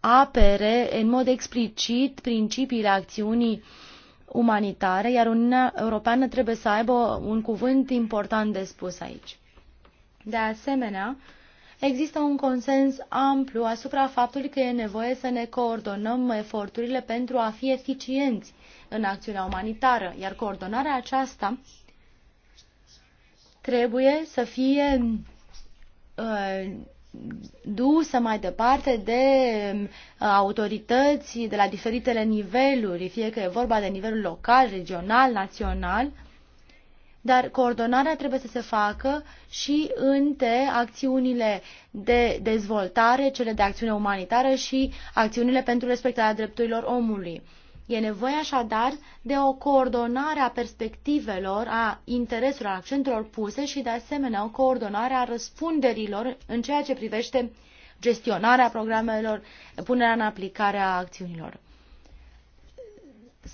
apere în mod explicit principiile acțiunii uh, umanitare, iar Uniunea Europeană trebuie să aibă un cuvânt important de spus aici. De asemenea, există un consens amplu asupra faptului că e nevoie să ne coordonăm eforturile pentru a fi eficienți în acțiunea umanitară, iar coordonarea aceasta trebuie să fie uh, dusă mai departe de uh, autorități de la diferitele niveluri, fie că e vorba de nivelul local, regional, național, dar coordonarea trebuie să se facă și între acțiunile de dezvoltare, cele de acțiune umanitară și acțiunile pentru respectarea drepturilor omului. E nevoie așadar de o coordonare a perspectivelor, a intereselor, a accentelor puse și de asemenea o coordonare a răspunderilor în ceea ce privește gestionarea programelor, punerea în aplicare a acțiunilor.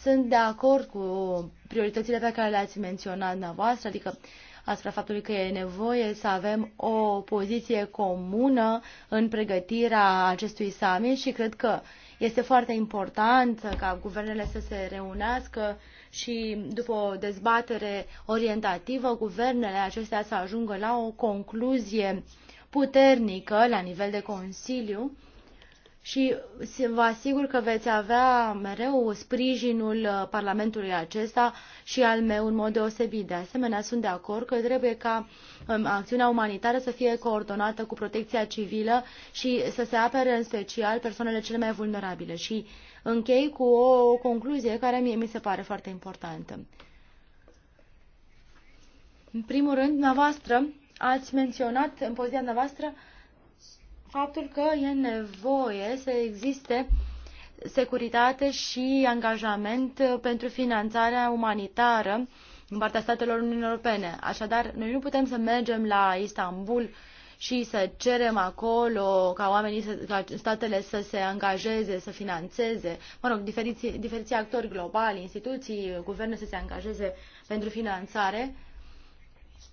Sunt de acord cu prioritățile pe care le-ați menționat dumneavoastră, adică asupra faptului că e nevoie să avem o poziție comună în pregătirea acestui summit și cred că este foarte important ca guvernele să se reunească și după o dezbatere orientativă, guvernele acestea să ajungă la o concluzie puternică la nivel de Consiliu și vă asigur că veți avea mereu sprijinul uh, Parlamentului acesta și al meu în mod deosebit. De asemenea, sunt de acord că trebuie ca um, acțiunea umanitară să fie coordonată cu protecția civilă și să se apere în special persoanele cele mai vulnerabile. Și închei cu o concluzie care mie mi se pare foarte importantă. În primul rând, dumneavoastră ați menționat în poziția dumneavoastră faptul că e nevoie să existe securitate și angajament pentru finanțarea umanitară din partea statelor Uniunii Europene. Așadar, noi nu putem să mergem la Istanbul și să cerem acolo ca oamenii, să, ca statele să se angajeze, să financeze, mă rog, diferiți, diferiți actori globali, instituții, guverne să se angajeze pentru finanțare,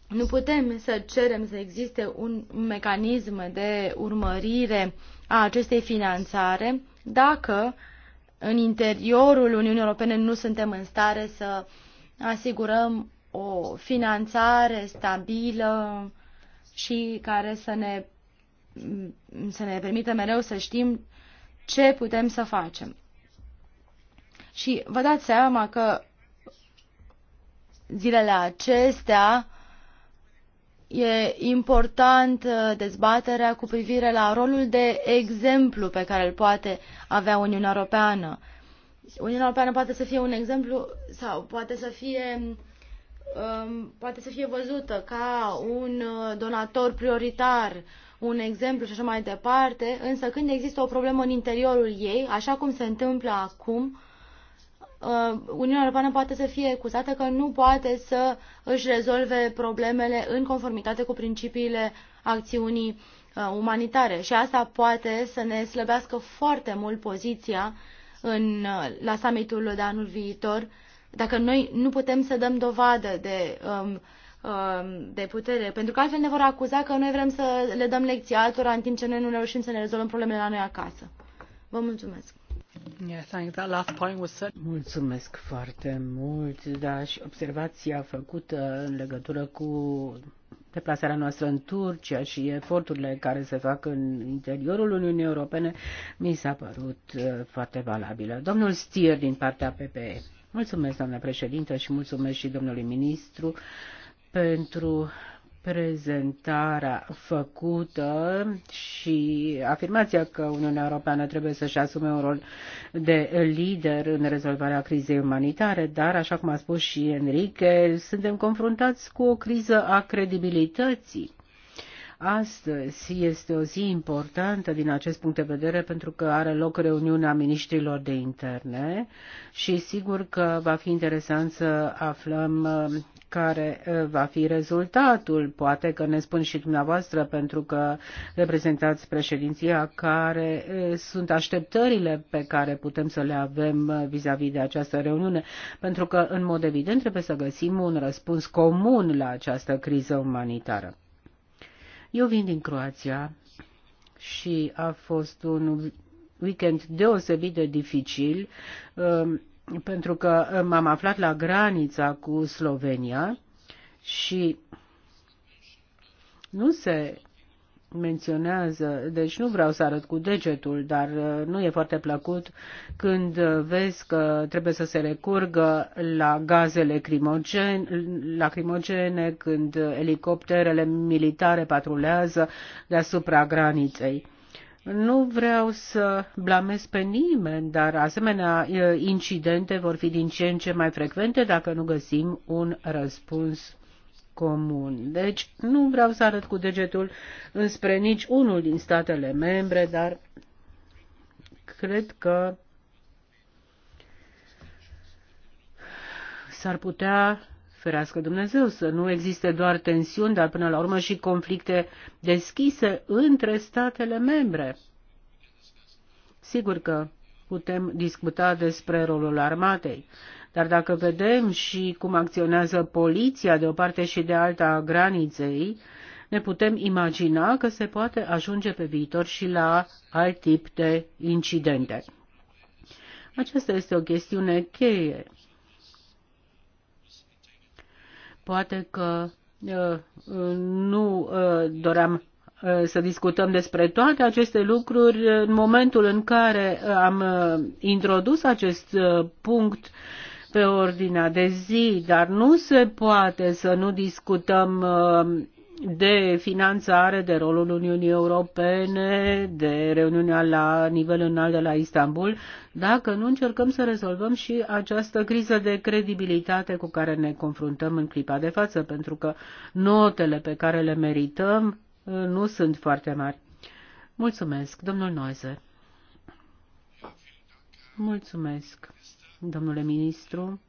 nu putem să cerem să existe un mecanism de urmărire a acestei finanțare dacă în interiorul Uniunii Europene nu suntem în stare să asigurăm o finanțare stabilă și care să ne, să ne permită mereu să știm ce putem să facem. Și vă dați seama că zilele acestea e important uh, dezbaterea cu privire la rolul de exemplu pe care îl poate avea Uniunea Europeană. Uniunea Europeană poate să fie un exemplu sau poate să fie um, poate să fie văzută ca un uh, donator prioritar, un exemplu și așa mai departe, însă când există o problemă în interiorul ei, așa cum se întâmplă acum, Uh, Uniunea Europeană poate să fie acuzată că nu poate să își rezolve problemele în conformitate cu principiile acțiunii uh, umanitare și asta poate să ne slăbească foarte mult poziția în, uh, la summitul de anul viitor dacă noi nu putem să dăm dovadă de, um, um, de putere, pentru că altfel ne vor acuza că noi vrem să le dăm lecții altora în timp ce noi nu reușim să ne rezolvăm problemele la noi acasă. Vă mulțumesc! Mulțumesc foarte mult, da, și observația făcută în legătură cu deplasarea noastră în Turcia și eforturile care se fac în interiorul Uniunii Europene mi s-a părut uh, foarte valabilă. Domnul Stier din partea PPE. Mulțumesc, doamna președintă, și mulțumesc și domnului ministru pentru prezentarea făcută și afirmația că Uniunea Europeană trebuie să-și asume un rol de lider în rezolvarea crizei umanitare, dar, așa cum a spus și Enrique, suntem confruntați cu o criză a credibilității. Astăzi este o zi importantă din acest punct de vedere pentru că are loc reuniunea ministrilor de interne și sigur că va fi interesant să aflăm care va fi rezultatul. Poate că ne spun și dumneavoastră, pentru că reprezentați președinția, care sunt așteptările pe care putem să le avem vis-a-vis -vis de această reuniune, pentru că, în mod evident, trebuie să găsim un răspuns comun la această criză umanitară. Eu vin din Croația și a fost un weekend deosebit de dificil pentru că uh, m-am aflat la granița cu Slovenia și nu se menționează, deci nu vreau să arăt cu degetul, dar uh, nu e foarte plăcut când uh, vezi că trebuie să se recurgă la gazele lacrimogene, când elicopterele militare patrulează deasupra graniței. Nu vreau să blamez pe nimeni, dar asemenea incidente vor fi din ce în ce mai frecvente dacă nu găsim un răspuns comun. Deci nu vreau să arăt cu degetul înspre nici unul din statele membre, dar cred că s-ar putea ferească Dumnezeu să nu existe doar tensiuni, dar până la urmă și conflicte deschise între statele membre. Sigur că putem discuta despre rolul armatei, dar dacă vedem și cum acționează poliția de o parte și de alta a graniței, ne putem imagina că se poate ajunge pe viitor și la alt tip de incidente. Aceasta este o chestiune cheie Poate că uh, uh, nu uh, doream să discutăm despre toate aceste lucruri în momentul în care am introdus acest punct pe ordinea de zi, dar nu se poate să nu discutăm de finanțare, de rolul Uniunii Europene, de reuniunea la nivel înalt de la Istanbul, dacă nu încercăm să rezolvăm și această criză de credibilitate cu care ne confruntăm în clipa de față, pentru că notele pe care le merităm uh, nu sunt foarte mari. Mulțumesc, domnul Noize. Mulțumesc, domnule ministru,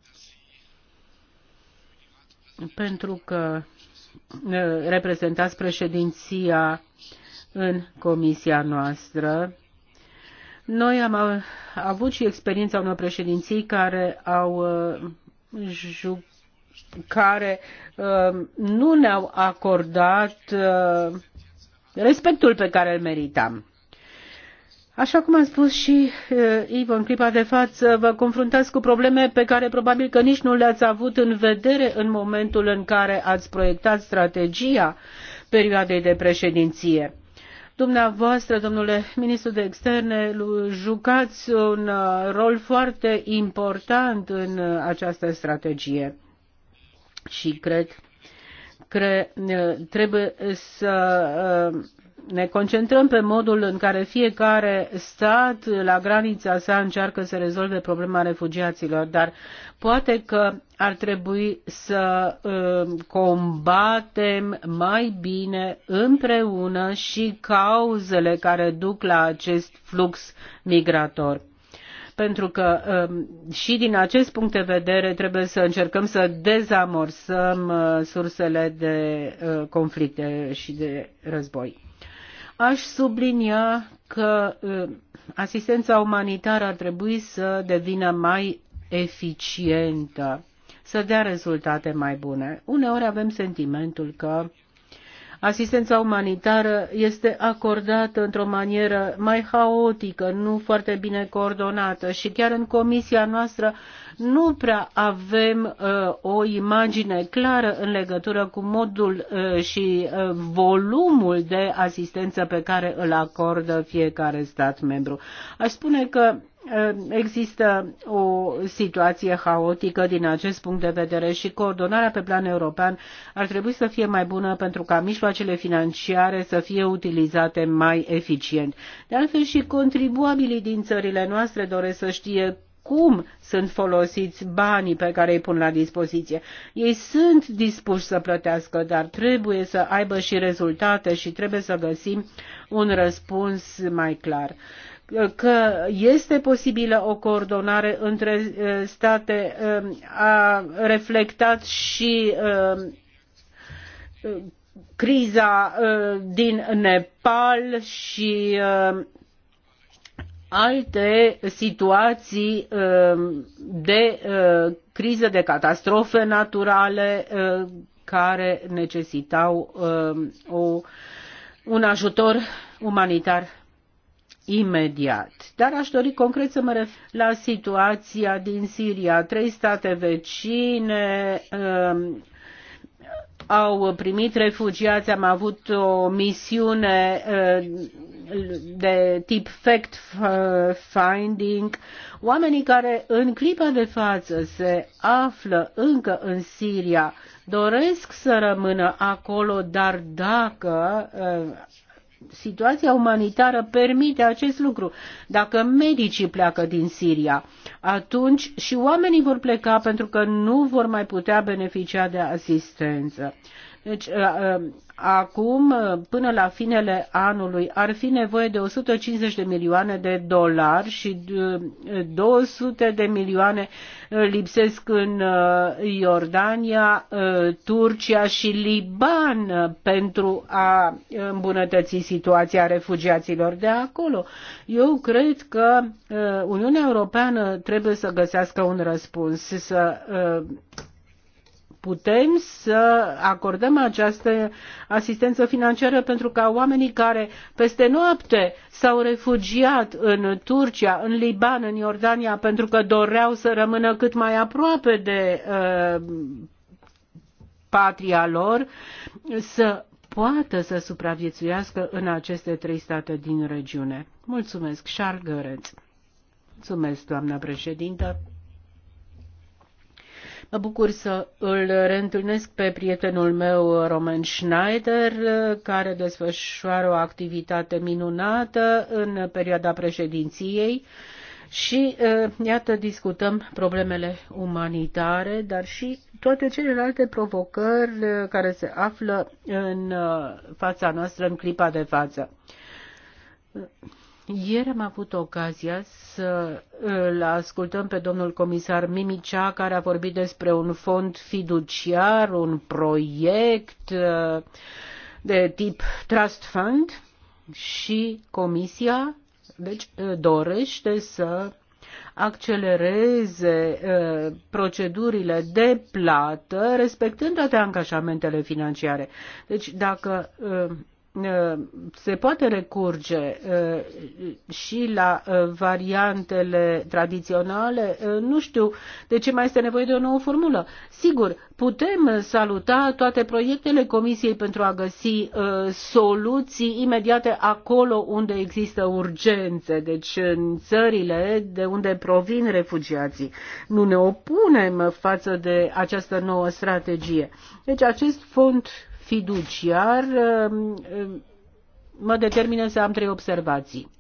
pentru că reprezentați președinția în comisia noastră. Noi am avut și experiența unor președinții care au care nu ne-au acordat respectul pe care îl meritam. Așa cum a spus și Ivo în clipa de față, vă confruntați cu probleme pe care probabil că nici nu le-ați avut în vedere în momentul în care ați proiectat strategia perioadei de președinție. Dumneavoastră, domnule ministru de externe, jucați un uh, rol foarte important în uh, această strategie și cred că uh, trebuie să ne concentrăm pe modul în care fiecare stat la granița sa încearcă să rezolve problema refugiaților, dar poate că ar trebui să uh, combatem mai bine împreună și cauzele care duc la acest flux migrator pentru că uh, și din acest punct de vedere trebuie să încercăm să dezamorsăm uh, sursele de conflicte și de război. Aș sublinia că asistența umanitară ar trebui să devină mai eficientă, să dea rezultate mai bune. Uneori avem sentimentul că asistența umanitară este acordată într-o manieră mai haotică, nu foarte bine coordonată și chiar în comisia noastră nu prea avem uh, o imagine clară în legătură cu modul uh, și uh, volumul de asistență pe care îl acordă fiecare stat membru. Aș spune că există o situație haotică din acest punct de vedere și coordonarea pe plan european ar trebui să fie mai bună pentru ca mijloacele financiare să fie utilizate mai eficient. De altfel și contribuabilii din țările noastre doresc să știe cum sunt folosiți banii pe care îi pun la dispoziție. Ei sunt dispuși să plătească, dar trebuie să aibă și rezultate și trebuie să găsim un răspuns mai clar că este posibilă o coordonare între eh, state eh, a reflectat și eh, criza din Nepal și alte situații uh, de uh, criză, de catastrofe naturale uh, care necesitau o, un ajutor umanitar imediat. Dar aș dori concret să mă refer la situația din Siria. Trei state vecine au primit refugiați. Am avut o misiune eh, de tip fact-finding. Oamenii care în clipa de față se află încă în Siria doresc să rămână acolo, dar dacă eh, situația umanitară permite acest lucru. Dacă medicii pleacă din Siria, atunci și oamenii vor pleca pentru că nu vor mai putea beneficia de asistență. Deci uh, uh, acum, până la finele anului, ar fi nevoie de 150 de milioane de dolari și 200 uh, de milioane uh, lipsesc în uh, Iordania, Turcia și Liban pentru a îmbunătăți situația refugiaților de acolo. Eu cred că Uniunea Europeană trebuie să găsească un răspuns, să putem să acordăm această asistență financiară pentru ca oamenii care peste noapte s-au refugiat în Turcia, în Liban, în Iordania, pentru că doreau să rămână cât mai aproape de uh, patria lor, să poată să supraviețuiască în aceste trei state din regiune. Mulțumesc, Charles Găreț. Mulțumesc, doamna președintă. Mă bucur să îl reîntâlnesc pe prietenul meu, Roman Schneider, care desfășoară o activitate minunată în perioada președinției și, uh, iată, discutăm problemele umanitare, dar și toate celelalte provocări uh, care se află în uh, fața noastră în clipa de față. Ieri am avut ocazia să îl ascultăm pe domnul comisar Mimicea, care a vorbit despre un fond fiduciar, un proiect uh, de tip trust fund și comisia deci, uh, dorește să accelereze uh, procedurile de plată, respectând toate angajamentele financiare. Deci, dacă uh, Uh, se poate recurge uh, și la uh, variantele tradiționale, nu știu de ce mai este nevoie de o nouă formulă. Sigur, putem saluta toate proiectele Comisiei pentru a găsi soluții imediate acolo unde există urgențe, deci în țările de unde provin refugiații. Nu ne opunem față de această nouă strategie. Deci acest fond fiduciar um, um, mă determină să am trei observații.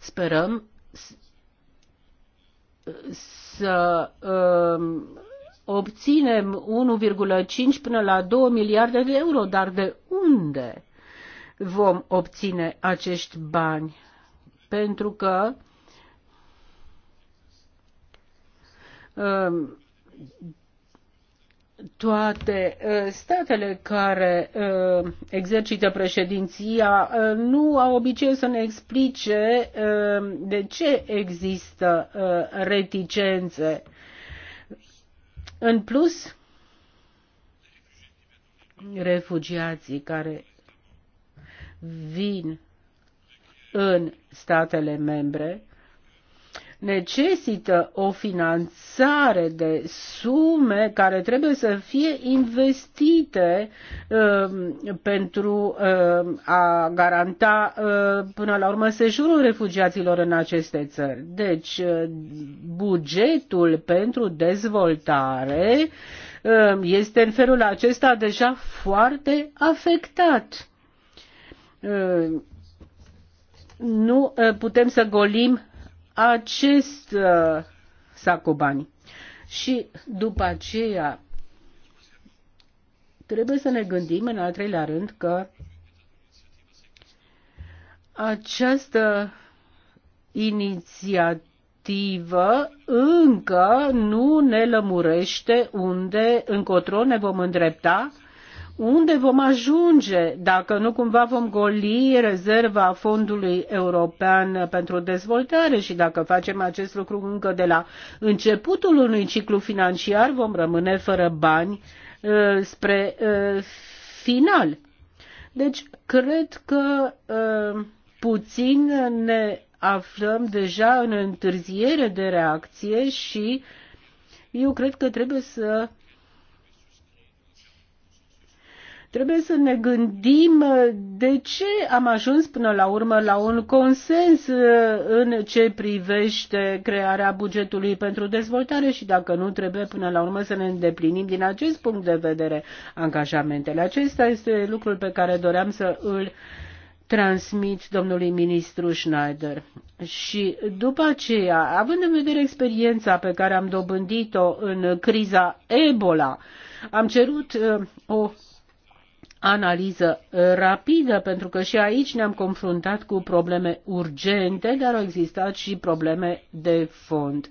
Sperăm să um, obținem 1,5 până la 2 miliarde de euro, dar de unde vom obține acești bani? Pentru că toate uh, statele care uh, exercită președinția uh, nu au obiceiul să ne explice de ce există reticențe. În plus, refugiații care vin în statele membre necesită o finanțare de sume care trebuie să fie investite uh, pentru uh, a garanta uh, până la urmă sejurul refugiaților în aceste țări. Deci, uh, bugetul pentru dezvoltare uh, este în felul acesta deja foarte afectat. Uh, nu putem să golim acest uh, sac cu bani. Și după aceea trebuie să ne gândim în al treilea rând că această inițiativă încă nu ne lămurește unde încotro ne vom îndrepta unde vom ajunge dacă nu cumva vom goli rezerva Fondului European pentru Dezvoltare și dacă facem acest lucru încă de la începutul unui ciclu financiar, vom rămâne fără bani uh, spre uh, final. Deci, cred că uh, puțin ne aflăm deja în întârziere de reacție și eu cred că trebuie să Trebuie să ne gândim uh, de ce am ajuns până la urmă la un consens uh, în ce privește crearea bugetului pentru dezvoltare și dacă nu trebuie până la urmă să ne îndeplinim din acest punct de vedere angajamentele. Acesta este lucrul pe care doream să îl transmit domnului ministru Schneider. Și după aceea, având în vedere experiența pe care am dobândit-o în criza Ebola, am cerut uh, o analiză rapidă, pentru că și aici ne-am confruntat cu probleme urgente, dar au existat și probleme de fond.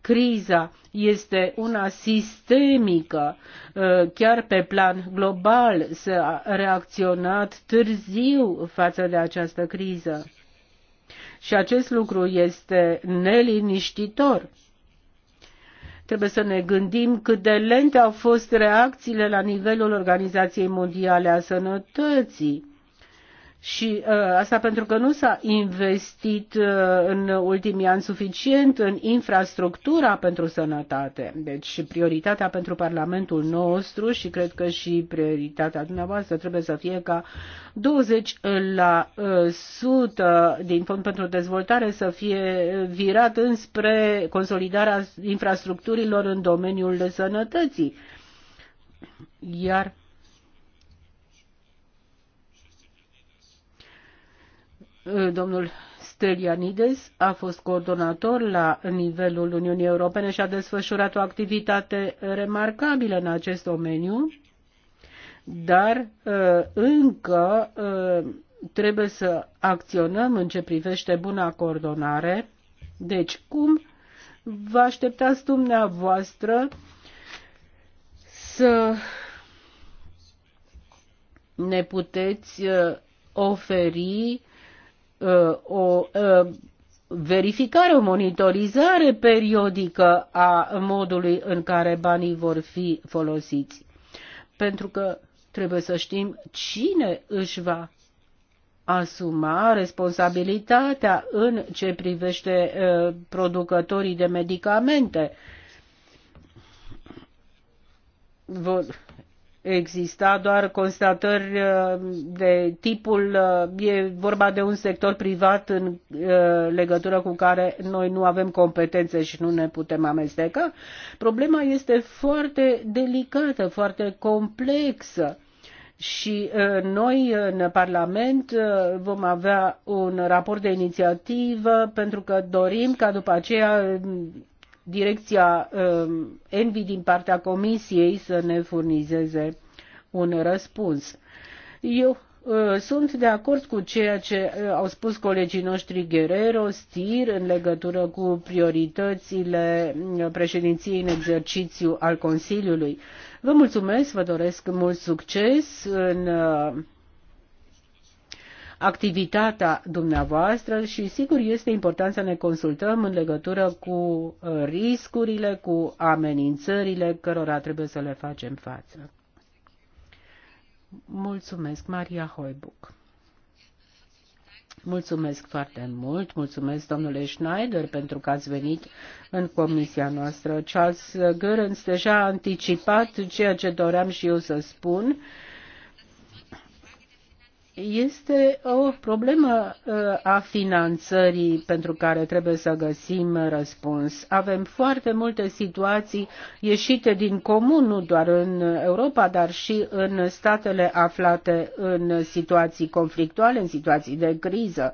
Criza este una sistemică, uh, chiar pe plan global s-a reacționat târziu față de această criză. Și acest lucru este neliniștitor Trebuie să ne gândim cât de lente au fost reacțiile la nivelul Organizației Mondiale a Sănătății și uh, asta pentru că nu s-a investit uh, în ultimii ani suficient în infrastructura pentru sănătate. Deci prioritatea pentru Parlamentul nostru și cred că și prioritatea dumneavoastră trebuie să fie ca 20% din fond pentru dezvoltare să fie virat înspre consolidarea infrastructurilor în domeniul de sănătății. Iar Ă, domnul Stelianides a fost coordonator la nivelul Uniunii Europene și a desfășurat o activitate remarcabilă în acest domeniu, dar ă, încă ă, trebuie să acționăm în ce privește buna coordonare. Deci, cum vă așteptați dumneavoastră să ne puteți oferi o verificare, o monitorizare periodică a modului în care banii vor fi folosiți. Pentru că trebuie să știm cine își va asuma responsabilitatea în ce privește uh, producătorii de medicamente. Vor exista doar constatări uh, de tipul uh, e vorba de un sector privat în uh, legătură cu care noi nu avem competențe și nu ne putem amesteca. Problema este foarte delicată, foarte complexă și noi în Parlament vom avea un raport de inițiativă pentru că dorim ca după aceea direcția um, Envi din partea Comisiei să ne furnizeze un răspuns. Eu uh, sunt de acord cu ceea ce uh, au spus colegii noștri Guerrero, Stir, în legătură cu prioritățile uh, președinției în exercițiu al Consiliului. Vă mulțumesc, vă doresc mult succes în activitatea dumneavoastră și sigur este important să ne consultăm în legătură cu uh, riscurile, cu amenințările cărora trebuie să le facem față. Mulțumesc, Maria Hoibuc. Mulțumesc foarte mult, mulțumesc domnule Schneider pentru că ați venit în comisia noastră. Charles Gurens deja a anticipat ceea ce doream și eu să spun. Uh, este o problemă uh, a finanțării pentru care trebuie să găsim răspuns. Avem foarte multe situații ieșite din comun, nu doar în Europa, dar și în statele aflate în situații conflictuale, în situații de criză.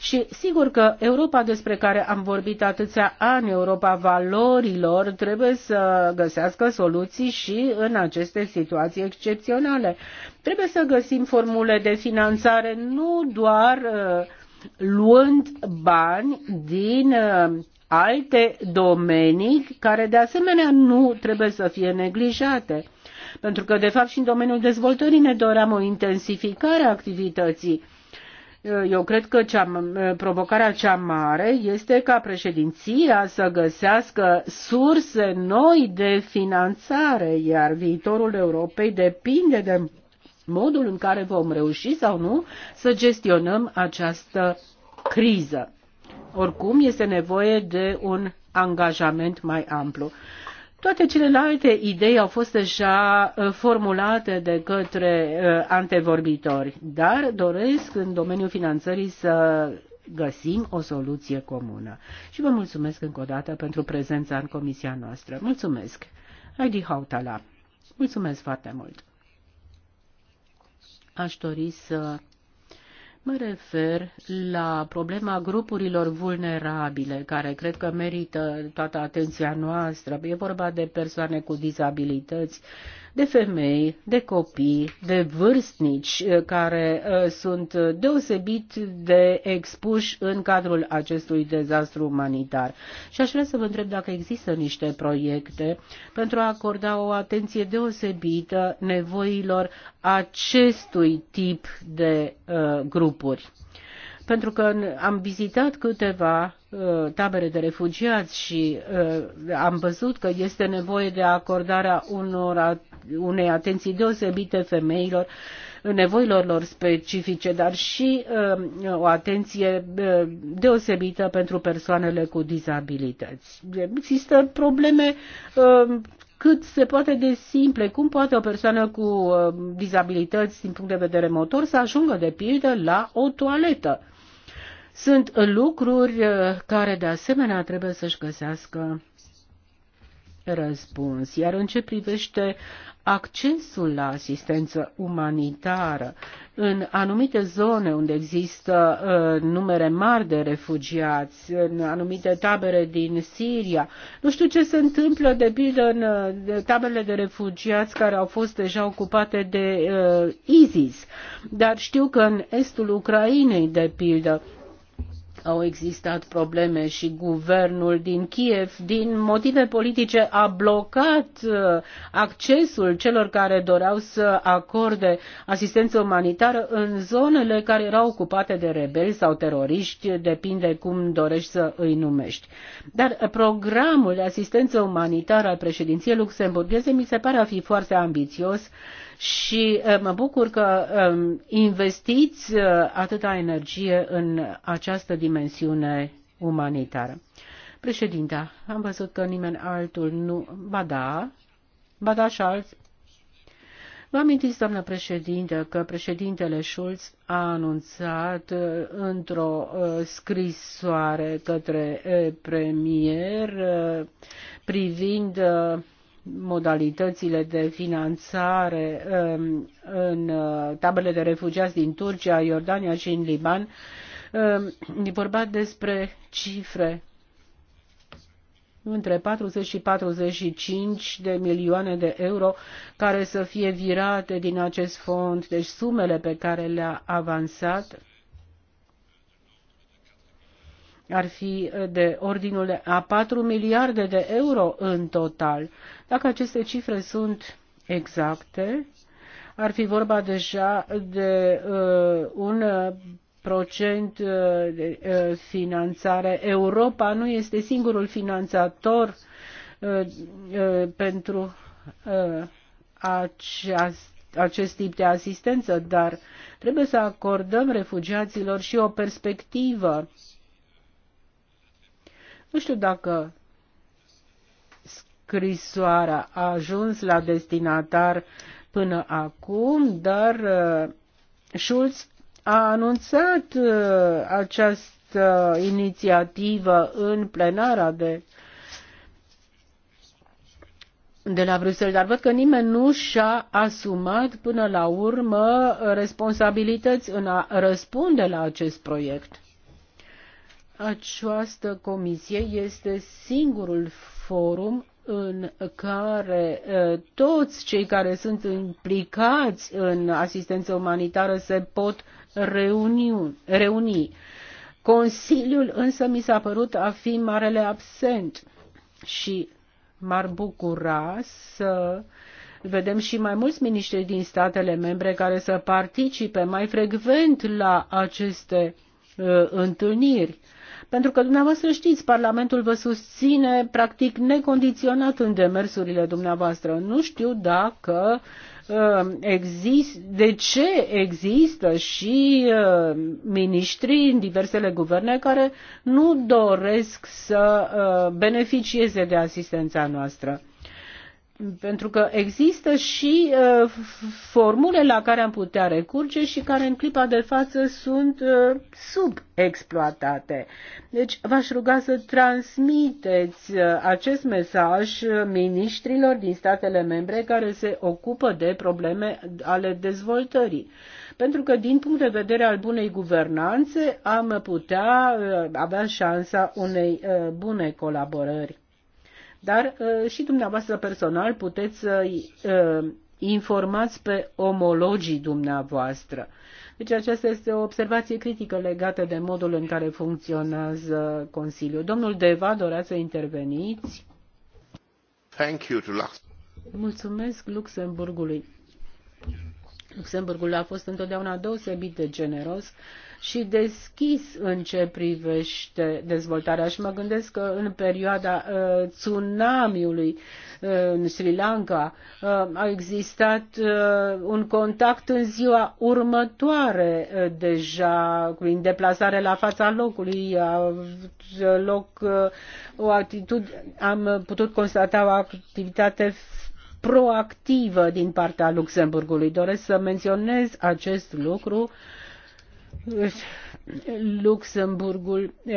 Și sigur că Europa despre care am vorbit atâția ani, Europa valorilor, trebuie să găsească soluții și în aceste situații excepționale. Trebuie să găsim formule de finanțare nu doar uh, luând bani din uh, alte domenii care de asemenea nu trebuie să fie neglijate. Pentru că, de fapt, și în domeniul dezvoltării ne doream o intensificare a activității eu cred că cea, provocarea cea mare este ca președinția să găsească surse noi de finanțare, iar viitorul Europei depinde de modul în care vom reuși sau nu să gestionăm această criză. Oricum, este nevoie de un angajament mai amplu. Toate celelalte idei au fost deja ă, formulate de către ă, antevorbitori, dar doresc în domeniul finanțării să găsim o soluție comună. Și vă mulțumesc încă o dată pentru prezența în comisia noastră. Mulțumesc! Heidi Hautala, mulțumesc foarte mult! Aș dori să Mă refer la problema grupurilor vulnerabile, care cred că merită toată atenția noastră. E vorba de persoane cu dizabilități, de femei, de copii, de vârstnici eh, care eh, sunt deosebit de expuși în cadrul acestui dezastru umanitar. Și aș vrea să vă întreb dacă există niște proiecte pentru a acorda o atenție deosebită nevoilor acestui tip de uh, grupuri pentru că am vizitat câteva uh, tabere de refugiați și uh, am văzut că este nevoie de acordarea unor, unei atenții deosebite femeilor, nevoilor lor specifice, dar și uh, o atenție deosebită pentru persoanele cu dizabilități. Există probleme cât se poate de simple, cum poate o persoană cu dizabilități din punct de vedere motor să ajungă de pildă la o toaletă. Sunt lucruri uh, care de asemenea trebuie să-și găsească răspuns. Iar în ce privește accesul la asistență umanitară, în anumite zone unde există uh, numere mari de refugiați, în anumite tabere din Siria, nu știu ce se întâmplă de pildă în uh, taberele de refugiați care au fost deja ocupate de uh, ISIS, dar știu că în estul Ucrainei, de pildă, au existat probleme și guvernul din Kiev, din motive politice, a blocat uh, accesul celor care doreau să acorde asistență umanitară în zonele care erau ocupate de rebeli sau teroriști, depinde cum dorești să îi numești. Dar programul de asistență umanitară al președinției luxemburgheze mi se pare a fi foarte ambițios și eh, mă bucur că eh, investiți eh, atâta energie în această dimensiune umanitară. Președinta, am văzut că nimeni altul nu... Ba da, ba da și alți. Vă amintiți, doamnă președinte, că președintele Schulz a anunțat într-o scrisoare către premier privind modalitățile de finanțare um, în uh, tabele de refugiați din Turcia, Iordania și în Liban, um, e vorba despre cifre între 40 și 45 de milioane de euro care să fie virate din acest fond. Deci sumele pe care le-a avansat ar fi eh, de ordinul a 4 miliarde de euro în total. Dacă aceste cifre sunt exacte, ar fi vorba deja de uh, un procent eh, de uh, finanțare. Europa nu este singurul finanțator uh, uh, pentru uh, această acest tip de asistență, dar trebuie să acordăm refugiaților și o perspectivă nu știu dacă scrisoarea a ajuns la destinatar până acum, dar uh, Schulz a anunțat uh, această inițiativă în plenara de de la Bruxelles, dar văd că nimeni nu și-a asumat până la urmă responsabilități în a răspunde la acest proiect. Această comisie este singurul forum în care toți cei care sunt implicați în asistență umanitară se pot reuni. reuni. Consiliul însă mi s-a părut a fi marele absent și m-ar bucura să vedem și mai mulți miniștri din statele membre care să participe mai frecvent la aceste uh, întâlniri pentru că dumneavoastră știți, Parlamentul vă susține practic necondiționat în demersurile dumneavoastră. Nu știu dacă uh, Exist, de ce există și uh, miniștri în diversele guverne care nu doresc să uh, beneficieze de asistența noastră pentru că există și uh, formule la care am putea recurge și care în clipa de față sunt uh, subexploatate. Deci v-aș ruga să transmiteți uh, acest mesaj ministrilor din statele membre care se ocupă de probleme ale dezvoltării. Pentru că din punct de vedere al bunei guvernanțe am putea uh, avea șansa unei uh, bune colaborări dar uh, și dumneavoastră personal puteți să uh, uh, informați pe omologii dumneavoastră. Deci aceasta este o observație critică legată de modul în care funcționează Consiliul. Domnul Deva, doreați să interveniți? Thank you to Mulțumesc Luxemburgului. Luxemburgul a fost întotdeauna deosebit de generos și deschis în ce privește dezvoltarea. Și mă gândesc că în perioada uh, tsunamiului uh, în Sri Lanka uh, a existat uh, un contact în ziua următoare uh, deja, prin deplasare la fața locului, a avut loc uh, o atitudine, am putut constata o activitate proactivă din partea Luxemburgului. Doresc să menționez acest lucru uh, Luxemburgul uh,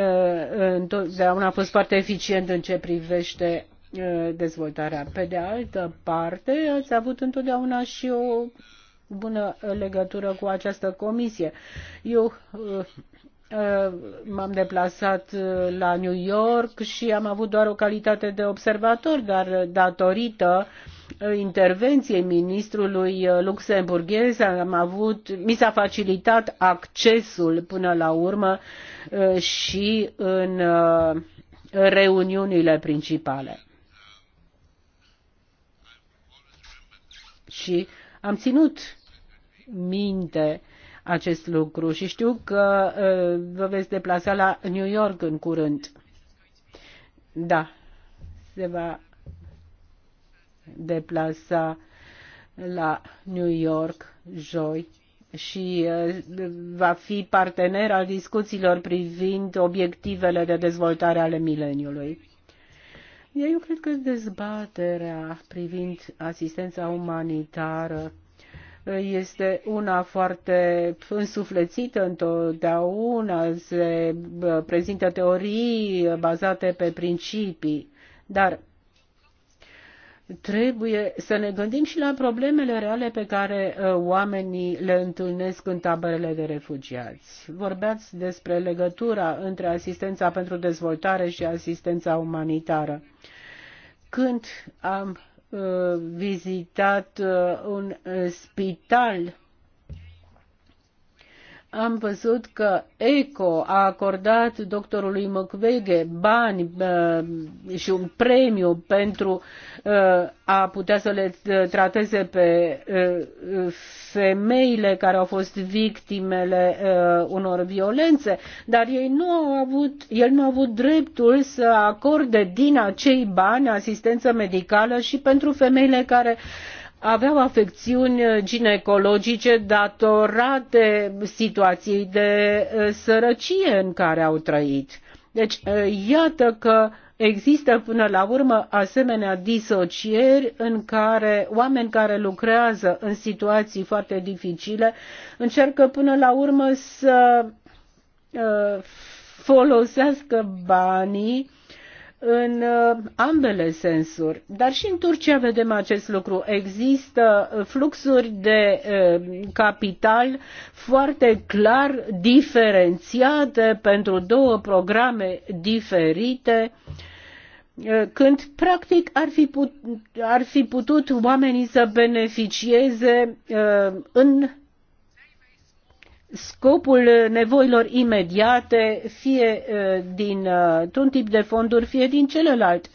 întotdeauna a fost foarte eficient în ce privește uh, dezvoltarea. Pe de altă parte, ați avut întotdeauna și o bună legătură cu această comisie. Eu uh, Uh, m-am deplasat uh, la New York și am avut doar o calitate de observator, dar uh, datorită intervenției ministrului luxemburghez am avut, mi s-a facilitat accesul până la urmă și în reuniunile principale. Și am ținut minte acest lucru și știu că vă veți deplasa la New York în curând. Da, se va deplasa la New York joi și va fi partener al discuțiilor privind obiectivele de dezvoltare ale mileniului. Eu cred că dezbaterea privind asistența umanitară este una foarte însuflețită întotdeauna, se prezintă teorii bazate pe principii, dar trebuie să ne gândim și la problemele reale pe care ă, oamenii le întâlnesc în taberele de refugiați. Vorbeați despre legătura între asistența pentru dezvoltare și asistența umanitară. Când am Uh, vizitat uh, un uh, spital am văzut că ECO a acordat doctorului Măcvege bani uh, și un premiu pentru uh, a putea să le uh, trateze pe uh, femeile care au fost victimele uh, unor violențe, dar ei nu au avut, el nu a avut dreptul să acorde din acei bani asistență medicală și pentru femeile care uh, aveau afecțiuni uh, ginecologice datorate situației de uh, sărăcie în care au trăit. Deci, uh, iată că există până la urmă asemenea disocieri în care oameni care lucrează în situații foarte dificile încearcă până la urmă să folosească banii în uh, ambele sensuri. Dar și în Turcia vedem acest lucru. Există fluxuri de uh, capital foarte clar diferențiate pentru două programe diferite uh, când practic ar fi, put, ar fi putut oamenii să beneficieze în scopul nevoilor imediate, fie dintr-un tip de fonduri, fie din celălalt.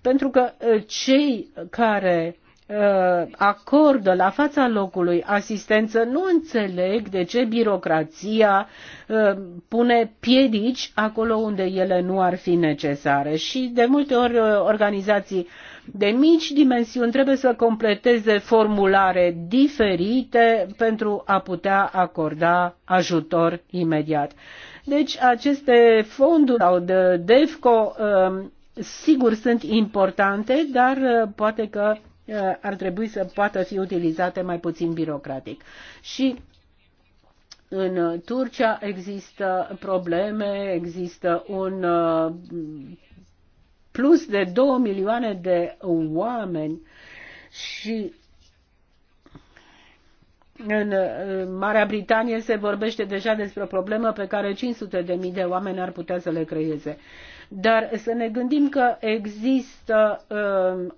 Pentru că cei care acordă la fața locului asistență, nu înțeleg de ce birocrația pune piedici acolo unde ele nu ar fi necesare. Și de multe ori organizații de mici dimensiuni trebuie să completeze formulare diferite pentru a putea acorda ajutor imediat. Deci aceste fonduri sau de DEFCO um, sigur sunt importante, dar uh, poate că uh, ar trebui să poată fi utilizate mai puțin birocratic. Și în Turcia există probleme, există un uh, plus de 2 milioane de oameni și în Marea Britanie se vorbește deja despre o problemă pe care 500 de mii de oameni ar putea să le creeze dar să ne gândim că există 85%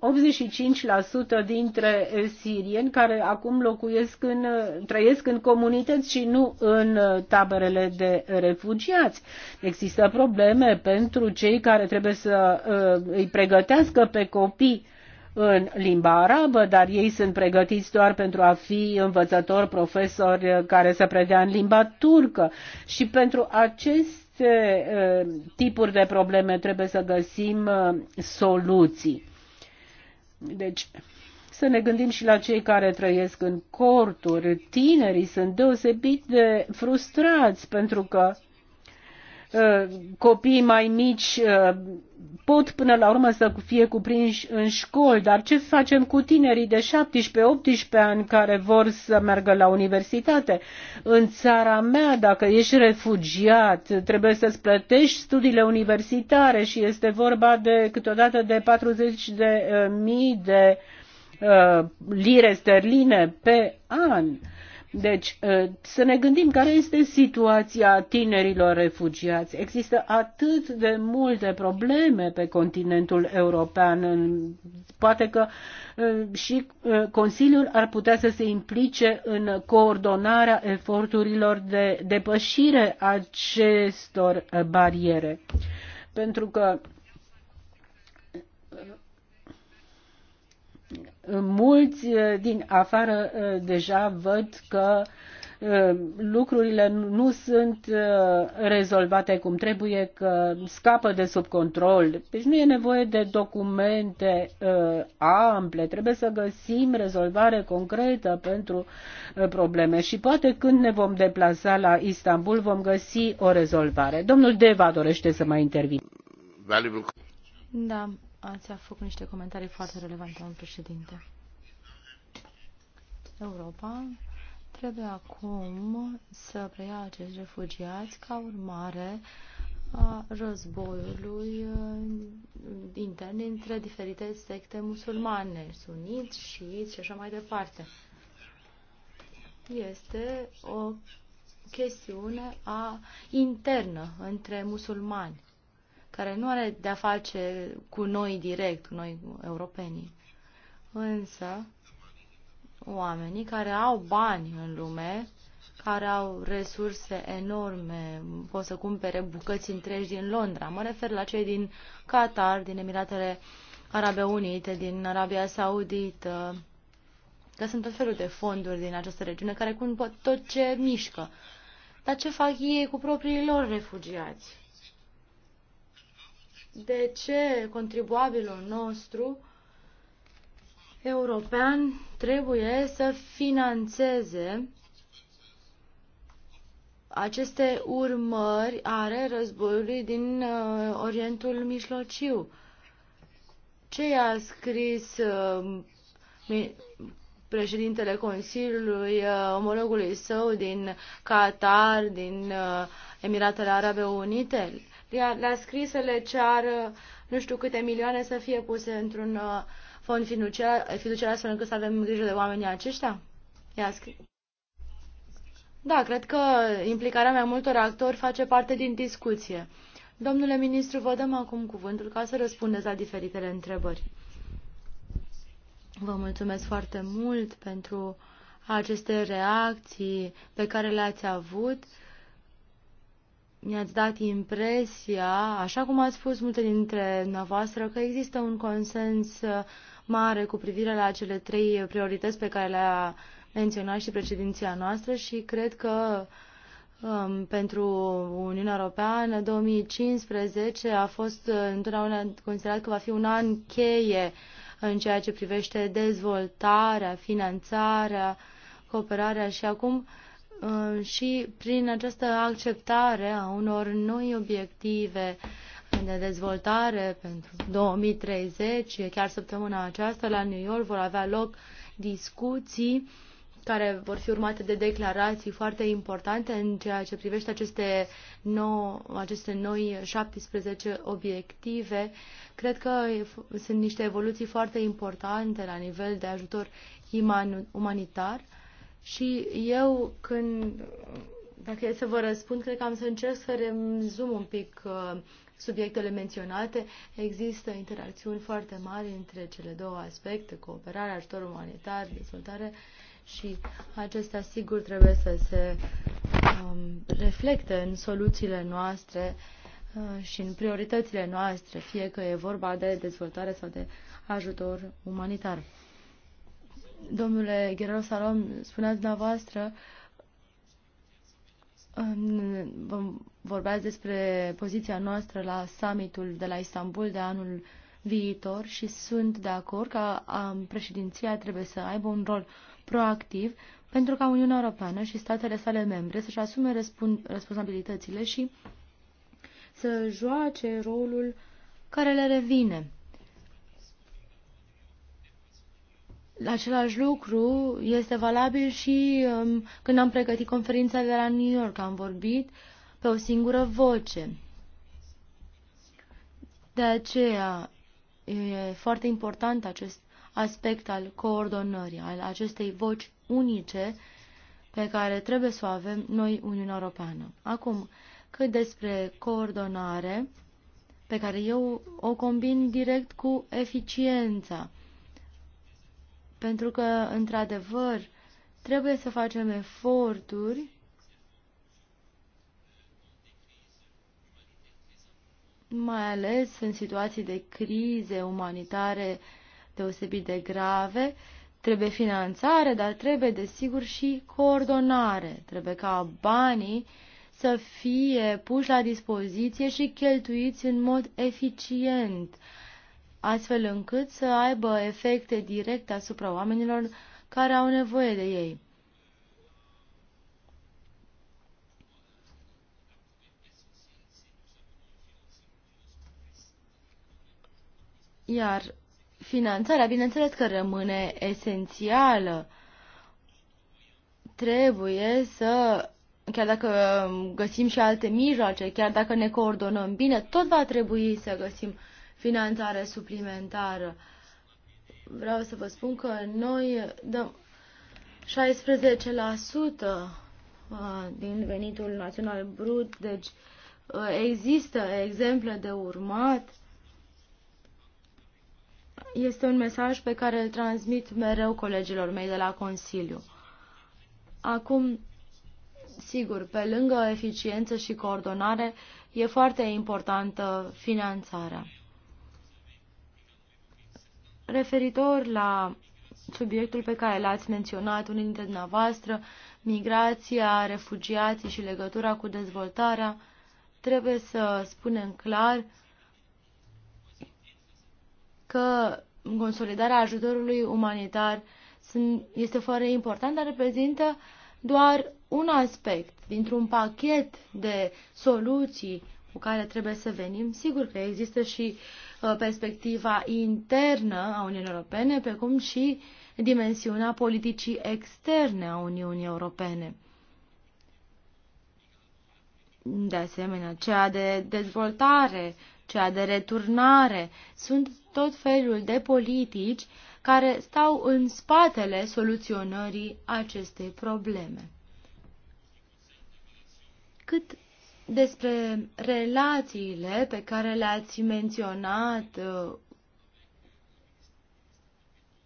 um, dintre uh, sirieni care acum locuiesc în, uh, trăiesc în comunități și nu în uh, taberele de refugiați. Există probleme pentru cei care trebuie să îi pregătească pe copii în limba arabă, dar ei sunt pregătiți doar pentru a fi învățători, profesori care să predea în limba turcă. Și pentru acest aceste uh, tipuri de probleme trebuie să găsim uh, soluții. Deci, să ne gândim și la cei care trăiesc în corturi. Tinerii sunt deosebit de frustrați pentru că uh, copiii mai mici pot până la urmă să fie cuprinși în școli, dar ce facem cu tinerii de 17-18 ani care vor să meargă la universitate? În țara mea, dacă ești refugiat, trebuie să-ți plătești studiile universitare și este vorba de câteodată de 40 de uh, mii de uh, lire sterline pe an. Uh, deci, ă, să ne gândim care este situația tinerilor refugiați. Există atât de multe probleme pe continentul european. Poate că ă, și ă, Consiliul ar putea să se implice în coordonarea eforturilor de depășire acestor bariere. Pentru că mulți uh, din afară uh, deja văd că uh, lucrurile nu sunt rezolvate cum trebuie, că scapă de sub control. Deci nu e nevoie de documente ample, trebuie să găsim rezolvare concretă pentru probleme și poate când ne vom deplasa la Istanbul vom găsi o rezolvare. Domnul Deva dorește să mai intervin. Da, Ați făcut niște comentarii foarte relevante, domnul președinte. Europa trebuie acum să preia acești refugiați ca urmare a războiului uh, intern dintre diferite secte musulmane, suniți, șiiți și așa mai departe. Este o chestiune a, internă între musulmani care nu are de-a face cu noi direct, cu noi europenii. Însă, oamenii care au bani în lume, care au resurse enorme, pot să cumpere bucăți întregi din Londra. Mă refer la cei din Qatar, din Emiratele Arabe Unite, din Arabia Saudită, că sunt tot felul de fonduri din această regiune care cumpă tot ce mișcă. Dar ce fac ei cu propriilor refugiați? de ce contribuabilul nostru european trebuie să financeze aceste urmări are războiului din uh, Orientul Mijlociu. Ce i-a scris uh, președintele Consiliului uh, omologului său din Qatar, din uh, Emiratele Arabe Unite? la scris să le ceară nu știu câte milioane să fie puse într-un uh, fond fiduciar, fiduciar astfel încât să avem grijă de oamenii aceștia? Ia scris. Da, cred că implicarea mai multor actori face parte din discuție. Domnule ministru, vă dăm acum cuvântul ca să răspundeți la diferitele întrebări. Vă mulțumesc foarte mult pentru aceste reacții pe care le-ați avut mi-ați dat impresia, așa cum ați spus multe dintre dumneavoastră, că există un consens uh, mare cu privire la cele trei priorități pe care le-a menționat și președinția noastră și cred că um, pentru Uniunea Europeană 2015 a fost uh, întotdeauna considerat că va fi un an cheie în ceea ce privește dezvoltarea, finanțarea, cooperarea și acum uh, Uh, și prin această acceptare a unor noi obiective de dezvoltare pentru 2030, chiar săptămâna aceasta la New York vor avea loc discuții care vor fi urmate de declarații foarte importante în ceea ce privește aceste, nou, aceste noi 17 obiective. Cred că sunt niște evoluții foarte importante la nivel de ajutor iman, umanitar și eu când, dacă e să vă răspund, cred că am să încerc să rezum un pic uh, subiectele menționate. Există interacțiuni foarte mari între cele două aspecte, cooperare, ajutor umanitar, dezvoltare și acestea sigur trebuie să se um, reflecte în soluțiile noastre uh, și în prioritățile noastre, fie că e vorba de dezvoltare sau de ajutor umanitar. Domnule Guerrero Salom, spuneați dumneavoastră, vorbeați despre poziția noastră la summitul de la Istanbul de anul viitor și sunt de acord că președinția trebuie să aibă un rol proactiv pentru ca Uniunea Europeană și statele sale membre să-și asume responsabilitățile și să joace rolul care le revine. Același lucru este valabil și um, când am pregătit conferința de la New York. Am vorbit pe o singură voce. De aceea e foarte important acest aspect al coordonării, al acestei voci unice pe care trebuie să o avem noi, Uniunea Europeană. Acum, cât despre coordonare, pe care eu o combin direct cu eficiența. Pentru că, într-adevăr, trebuie să facem eforturi mai ales în situații de crize umanitare deosebit de grave, trebuie finanțare, dar trebuie, desigur, și coordonare. Trebuie ca banii să fie puși la dispoziție și cheltuiți în mod eficient, astfel încât să aibă efecte directe asupra oamenilor care au nevoie de ei. Iar finanțarea, bineînțeles că rămâne esențială. Trebuie să, chiar dacă găsim și alte mijloace, chiar dacă ne coordonăm bine, tot va trebui să găsim uh, finanțare suplimentară. Vreau să vă spun că noi dăm 16% uh, din venitul național brut, deci uh, există exemple de urmat. Este un mesaj pe care îl transmit mereu colegilor mei de la Consiliu. Acum, sigur, pe lângă eficiență și coordonare, e foarte importantă finanțarea. Referitor la subiectul pe care l-ați menționat unii dintre dumneavoastră, migrația, refugiații și legătura cu dezvoltarea, trebuie să spunem clar că consolidarea ajutorului umanitar este foarte importantă, dar reprezintă doar un aspect dintr-un pachet de soluții cu care trebuie să venim. Sigur că există și Uh, perspectiva internă a Uniunii Europene, precum și dimensiunea politicii externe a Uniunii Europene. De asemenea, cea de dezvoltare, cea de returnare, sunt tot felul de politici care stau în spatele soluționării acestei probleme. Cât despre relațiile pe care le-ați menționat uh,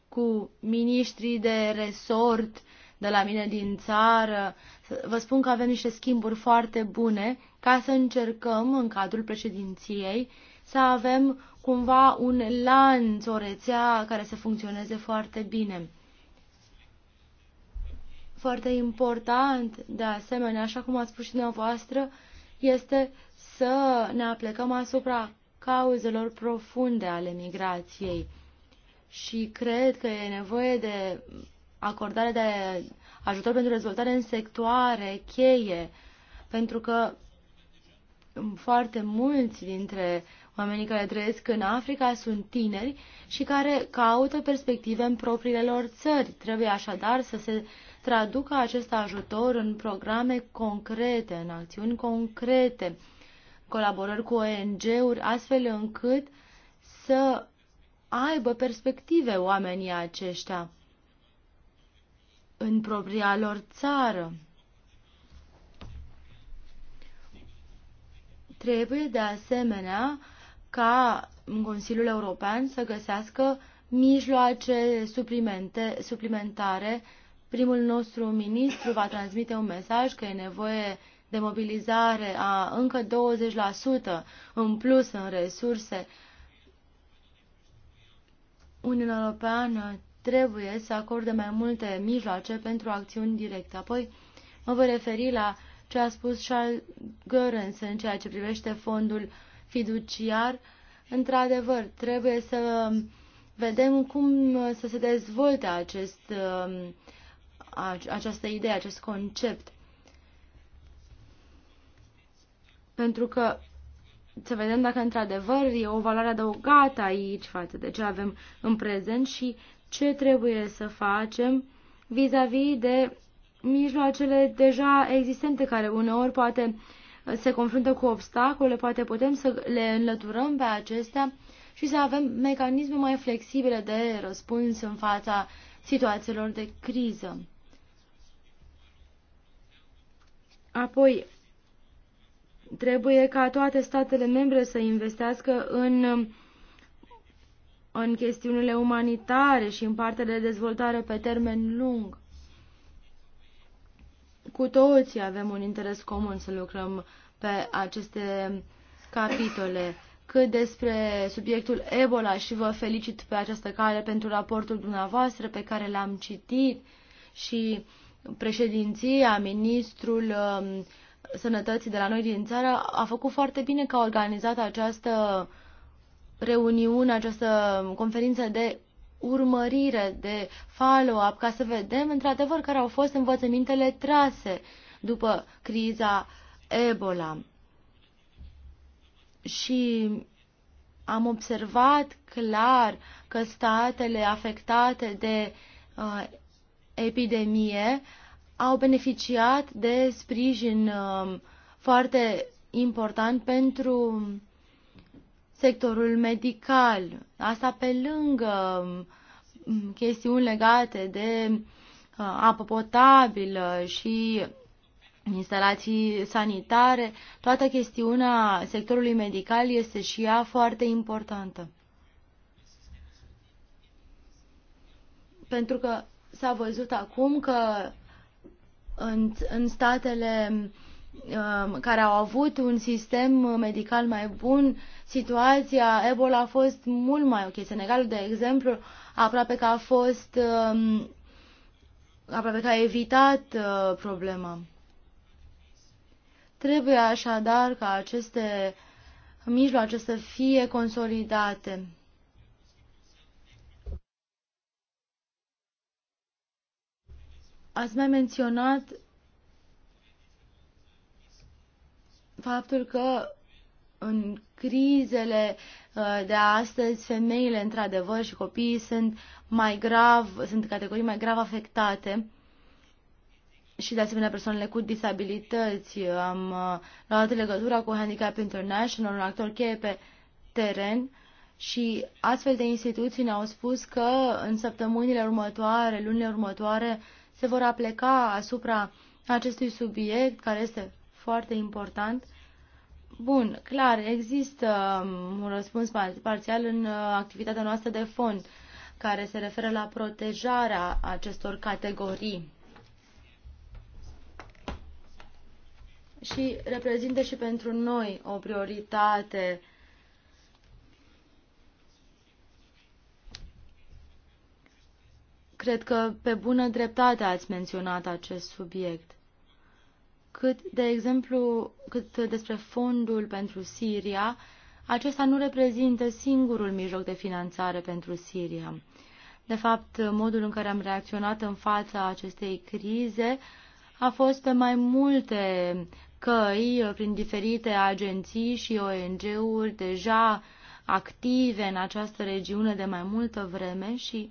cu miniștrii de resort de la mine din țară. Vă spun că avem niște schimburi foarte bune ca să încercăm în cadrul președinției să avem cumva un lanț, o rețea care să funcționeze foarte bine. Foarte important, de asemenea, așa cum ați spus și dumneavoastră, este să ne aplecăm asupra cauzelor profunde ale migrației. Și cred că e nevoie de acordare de ajutor pentru dezvoltare în sectoare cheie, pentru că foarte mulți dintre oamenii care trăiesc în Africa sunt tineri și care caută perspective în propriile lor țări. Trebuie așadar să se traducă acest ajutor în programe concrete, în acțiuni concrete, colaborări cu ONG-uri, astfel încât să aibă perspective oamenii aceștia în propria lor țară. Trebuie de asemenea ca Consiliul European să găsească mijloace suplimente, suplimentare primul nostru ministru va transmite un mesaj că e nevoie de mobilizare a încă 20% în plus în resurse. Uniunea Europeană trebuie să acorde mai multe mijloace pentru acțiuni directe. Apoi mă voi referi la ce a spus Charles Görens în ceea ce privește fondul fiduciar. Într-adevăr, trebuie să vedem cum să se dezvolte acest um, această idee, acest concept. Pentru că să vedem dacă într-adevăr e o valoare adăugată aici față de ce avem în prezent și ce trebuie să facem vis-a-vis -vis de mijloacele deja existente care uneori poate se confruntă cu obstacole, poate putem să le înlăturăm pe acestea și să avem mecanisme mai flexibile de răspuns în fața situațiilor de criză. Apoi, trebuie ca toate statele membre să investească în, în chestiunile umanitare și în partea de dezvoltare pe termen lung. Cu toții avem un interes comun să lucrăm pe aceste capitole. Cât despre subiectul Ebola și vă felicit pe această cale pentru raportul dumneavoastră pe care l-am citit și președinția, ministrul um, sănătății de la noi din țară a făcut foarte bine că a organizat această reuniune, această conferință de urmărire, de follow-up, ca să vedem într-adevăr care au fost învățămintele trase după criza Ebola. Și am observat clar că statele afectate de uh, epidemie au beneficiat de sprijin um, foarte important pentru sectorul medical. Asta pe lângă um, chestiuni legate de uh, apă potabilă și instalații sanitare, toată chestiunea sectorului medical este și ea foarte importantă. Pentru că S-a văzut acum că în, în statele um, care au avut un sistem medical mai bun, situația Ebola a fost mult mai ok. Senegalul, de exemplu, aproape că a fost um, aproape că a evitat uh, problema. Trebuie așadar ca aceste mijloace să fie consolidate. Ați mai menționat faptul că în crizele uh, de astăzi, femeile, într-adevăr, și copiii sunt mai grav, sunt categorii mai grav afectate și, de asemenea, persoanele cu disabilități. Am uh, luat legătura cu Handicap International, un actor cheie pe teren și astfel de instituții ne-au spus că în săptămânile următoare, lunile următoare, se vor apleca asupra acestui subiect, care este foarte important. Bun, clar, există um, un răspuns parțial în uh, activitatea noastră de fond, care se referă la protejarea acestor categorii. Și reprezintă și pentru noi o prioritate uh, Cred că pe bună dreptate ați menționat acest subiect. Cât, de exemplu, cât despre fondul pentru Siria, acesta nu reprezintă singurul mijloc de finanțare pentru Siria. De fapt, modul în care am reacționat în fața acestei crize a fost pe mai multe căi, prin diferite agenții și ONG-uri deja active în această regiune de mai multă vreme și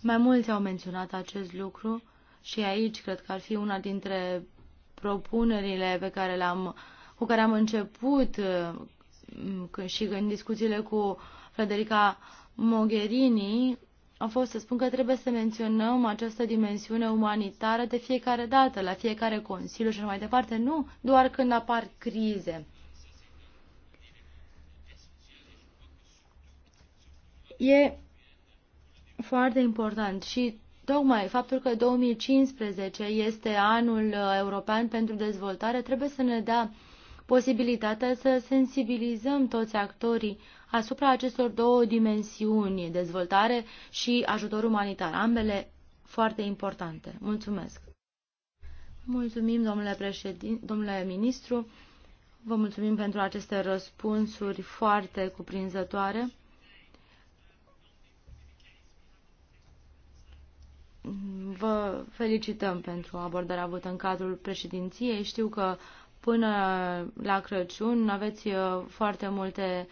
mai mulți au menționat acest lucru și aici cred că ar fi una dintre propunerile pe care le-am, cu care am început uh, și în discuțiile cu Frederica Mogherini a fost să spun că trebuie să menționăm această dimensiune umanitară de fiecare dată, la fiecare consiliu și mai departe, nu doar când apar crize. E foarte important și tocmai faptul că 2015 este anul uh, european pentru dezvoltare trebuie să ne dea posibilitatea să sensibilizăm toți actorii asupra acestor două dimensiuni, dezvoltare și ajutor umanitar, ambele foarte importante. Mulțumesc! Mulțumim, domnule, președin, domnule ministru, vă mulțumim pentru aceste răspunsuri foarte cuprinzătoare. Vă felicităm pentru abordarea avută în cadrul președinției. Știu că până la Crăciun aveți uh, foarte multe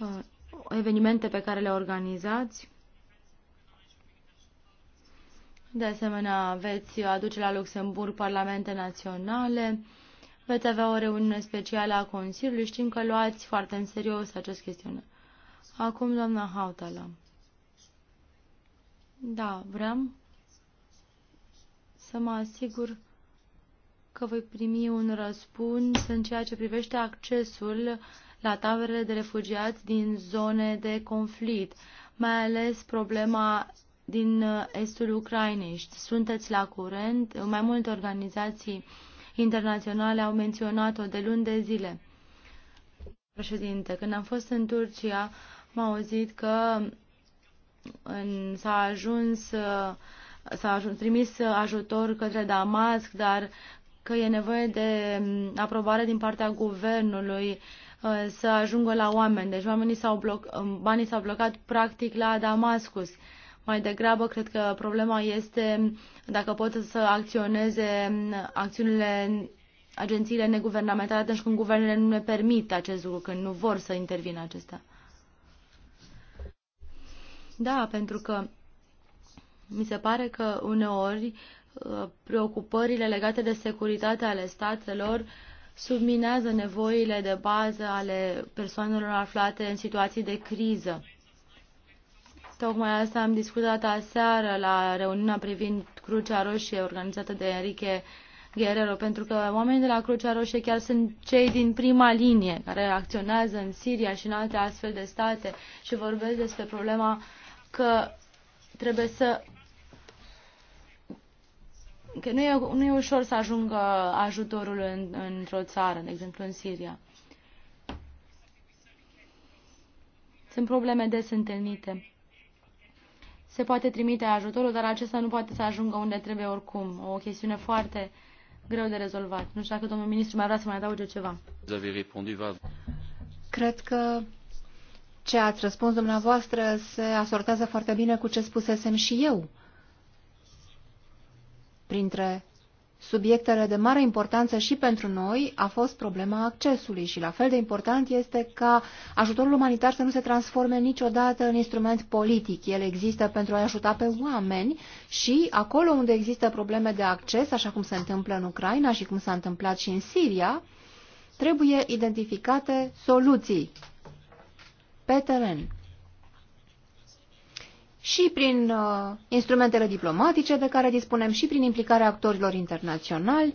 uh, evenimente pe care le organizați. De asemenea, veți aduce la Luxemburg parlamente naționale, veți avea o reuniune specială a Consiliului. Știm că luați foarte în serios această chestiune. Acum, doamna Hautala. Da, vreau să mă asigur că voi primi un răspuns în ceea ce privește accesul la taberele de refugiați din zone de conflict, mai ales problema din uh, estul Ucrainei. Sunteți la curent? Mai multe organizații internaționale au menționat-o de luni de zile. Președinte, când am fost în Turcia, m-au auzit că uh, s-a ajuns uh, s-a trimis ajutor către Damasc, dar că e nevoie de aprobare din partea guvernului uh, să ajungă la oameni. Deci oamenii s-au bloc- um, banii s-au blocat practic la Damascus. Mai degrabă, cred că problema este dacă pot să acționeze acțiunile agențiile neguvernamentale atunci când guvernele nu ne permit acest lucru, când nu vor să intervină acestea. Da, pentru că mi se pare că uneori uh, preocupările legate de securitatea ale statelor subminează nevoile de bază ale persoanelor aflate în situații de criză. Tocmai asta am discutat aseară la reuniunea privind Crucea Roșie organizată de Enrique Guerrero, pentru că oamenii de la Crucea Roșie chiar sunt cei din prima linie care acționează în Siria și în alte astfel de state și vorbesc despre problema că trebuie să că nu e, nu e ușor să ajungă ajutorul în, într-o țară, de exemplu în Siria. Sunt probleme des întâlnite. Se poate trimite ajutorul, dar acesta nu poate să ajungă unde trebuie oricum. O chestiune foarte greu de rezolvat. Nu știu dacă domnul ministru mai vrea să mai adauge ceva. Cred că ce ați răspuns dumneavoastră se asortează foarte bine cu ce spusesem și eu. Printre subiectele de mare importanță și pentru noi a fost problema accesului și la fel de important este ca ajutorul umanitar să nu se transforme niciodată în instrument politic. El există pentru a ajuta pe oameni și acolo unde există probleme de acces, așa cum se întâmplă în Ucraina și cum s-a întâmplat și în Siria, trebuie identificate soluții pe teren și prin uh, instrumentele diplomatice de care dispunem și prin implicarea actorilor internaționali.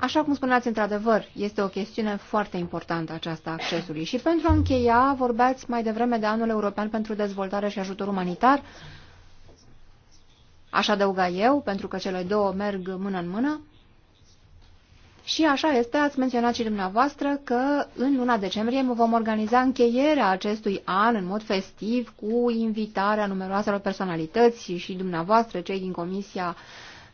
Așa cum spuneați, într-adevăr, este o chestiune foarte importantă aceasta accesului. Și pentru a încheia, vorbeați mai devreme de Anul European pentru Dezvoltare și Ajutor Umanitar. Așa adăuga eu, pentru că cele două merg mână în mână. Și așa este, ați menționat și dumneavoastră că în luna decembrie vom organiza încheierea acestui an în mod festiv cu invitarea numeroaselor personalități și dumneavoastră, cei din Comisia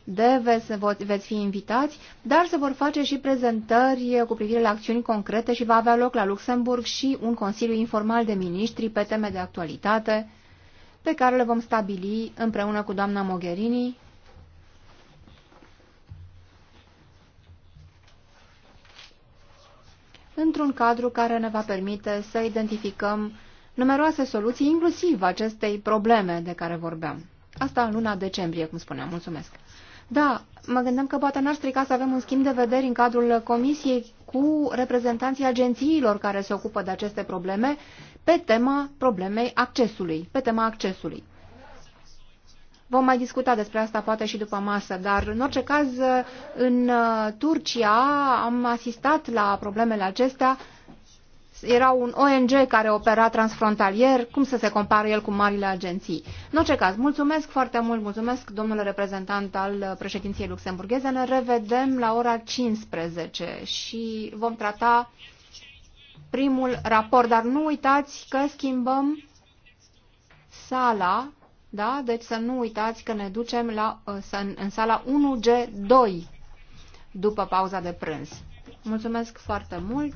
DEVE, veți fi invitați, dar se vor face și prezentări cu privire la acțiuni concrete și va avea loc la Luxemburg și un Consiliu informal de Ministri pe teme de actualitate pe care le vom stabili împreună cu doamna Mogherini într-un cadru care ne va permite să identificăm numeroase soluții, inclusiv acestei probleme de care vorbeam. Asta în luna decembrie, cum spuneam. Mulțumesc. Da, mă gândeam că poate n-ar strica să avem un schimb de vederi în cadrul comisiei cu reprezentanții agențiilor care se ocupă de aceste probleme pe tema problemei accesului, pe tema accesului. Vom mai discuta despre asta poate și după masă, dar în orice caz în uh, Turcia am asistat la problemele acestea. Era un ONG care opera transfrontalier, cum să se compare el cu marile agenții. În orice caz, mulțumesc foarte mult, mulțumesc domnule reprezentant al președinției luxemburgheze. Ne revedem la ora 15 și vom trata primul raport, dar nu uitați că schimbăm sala da? Deci să nu uitați că ne ducem la, uh, în, sala 1G2 după pauza de prânz. Mulțumesc foarte mult!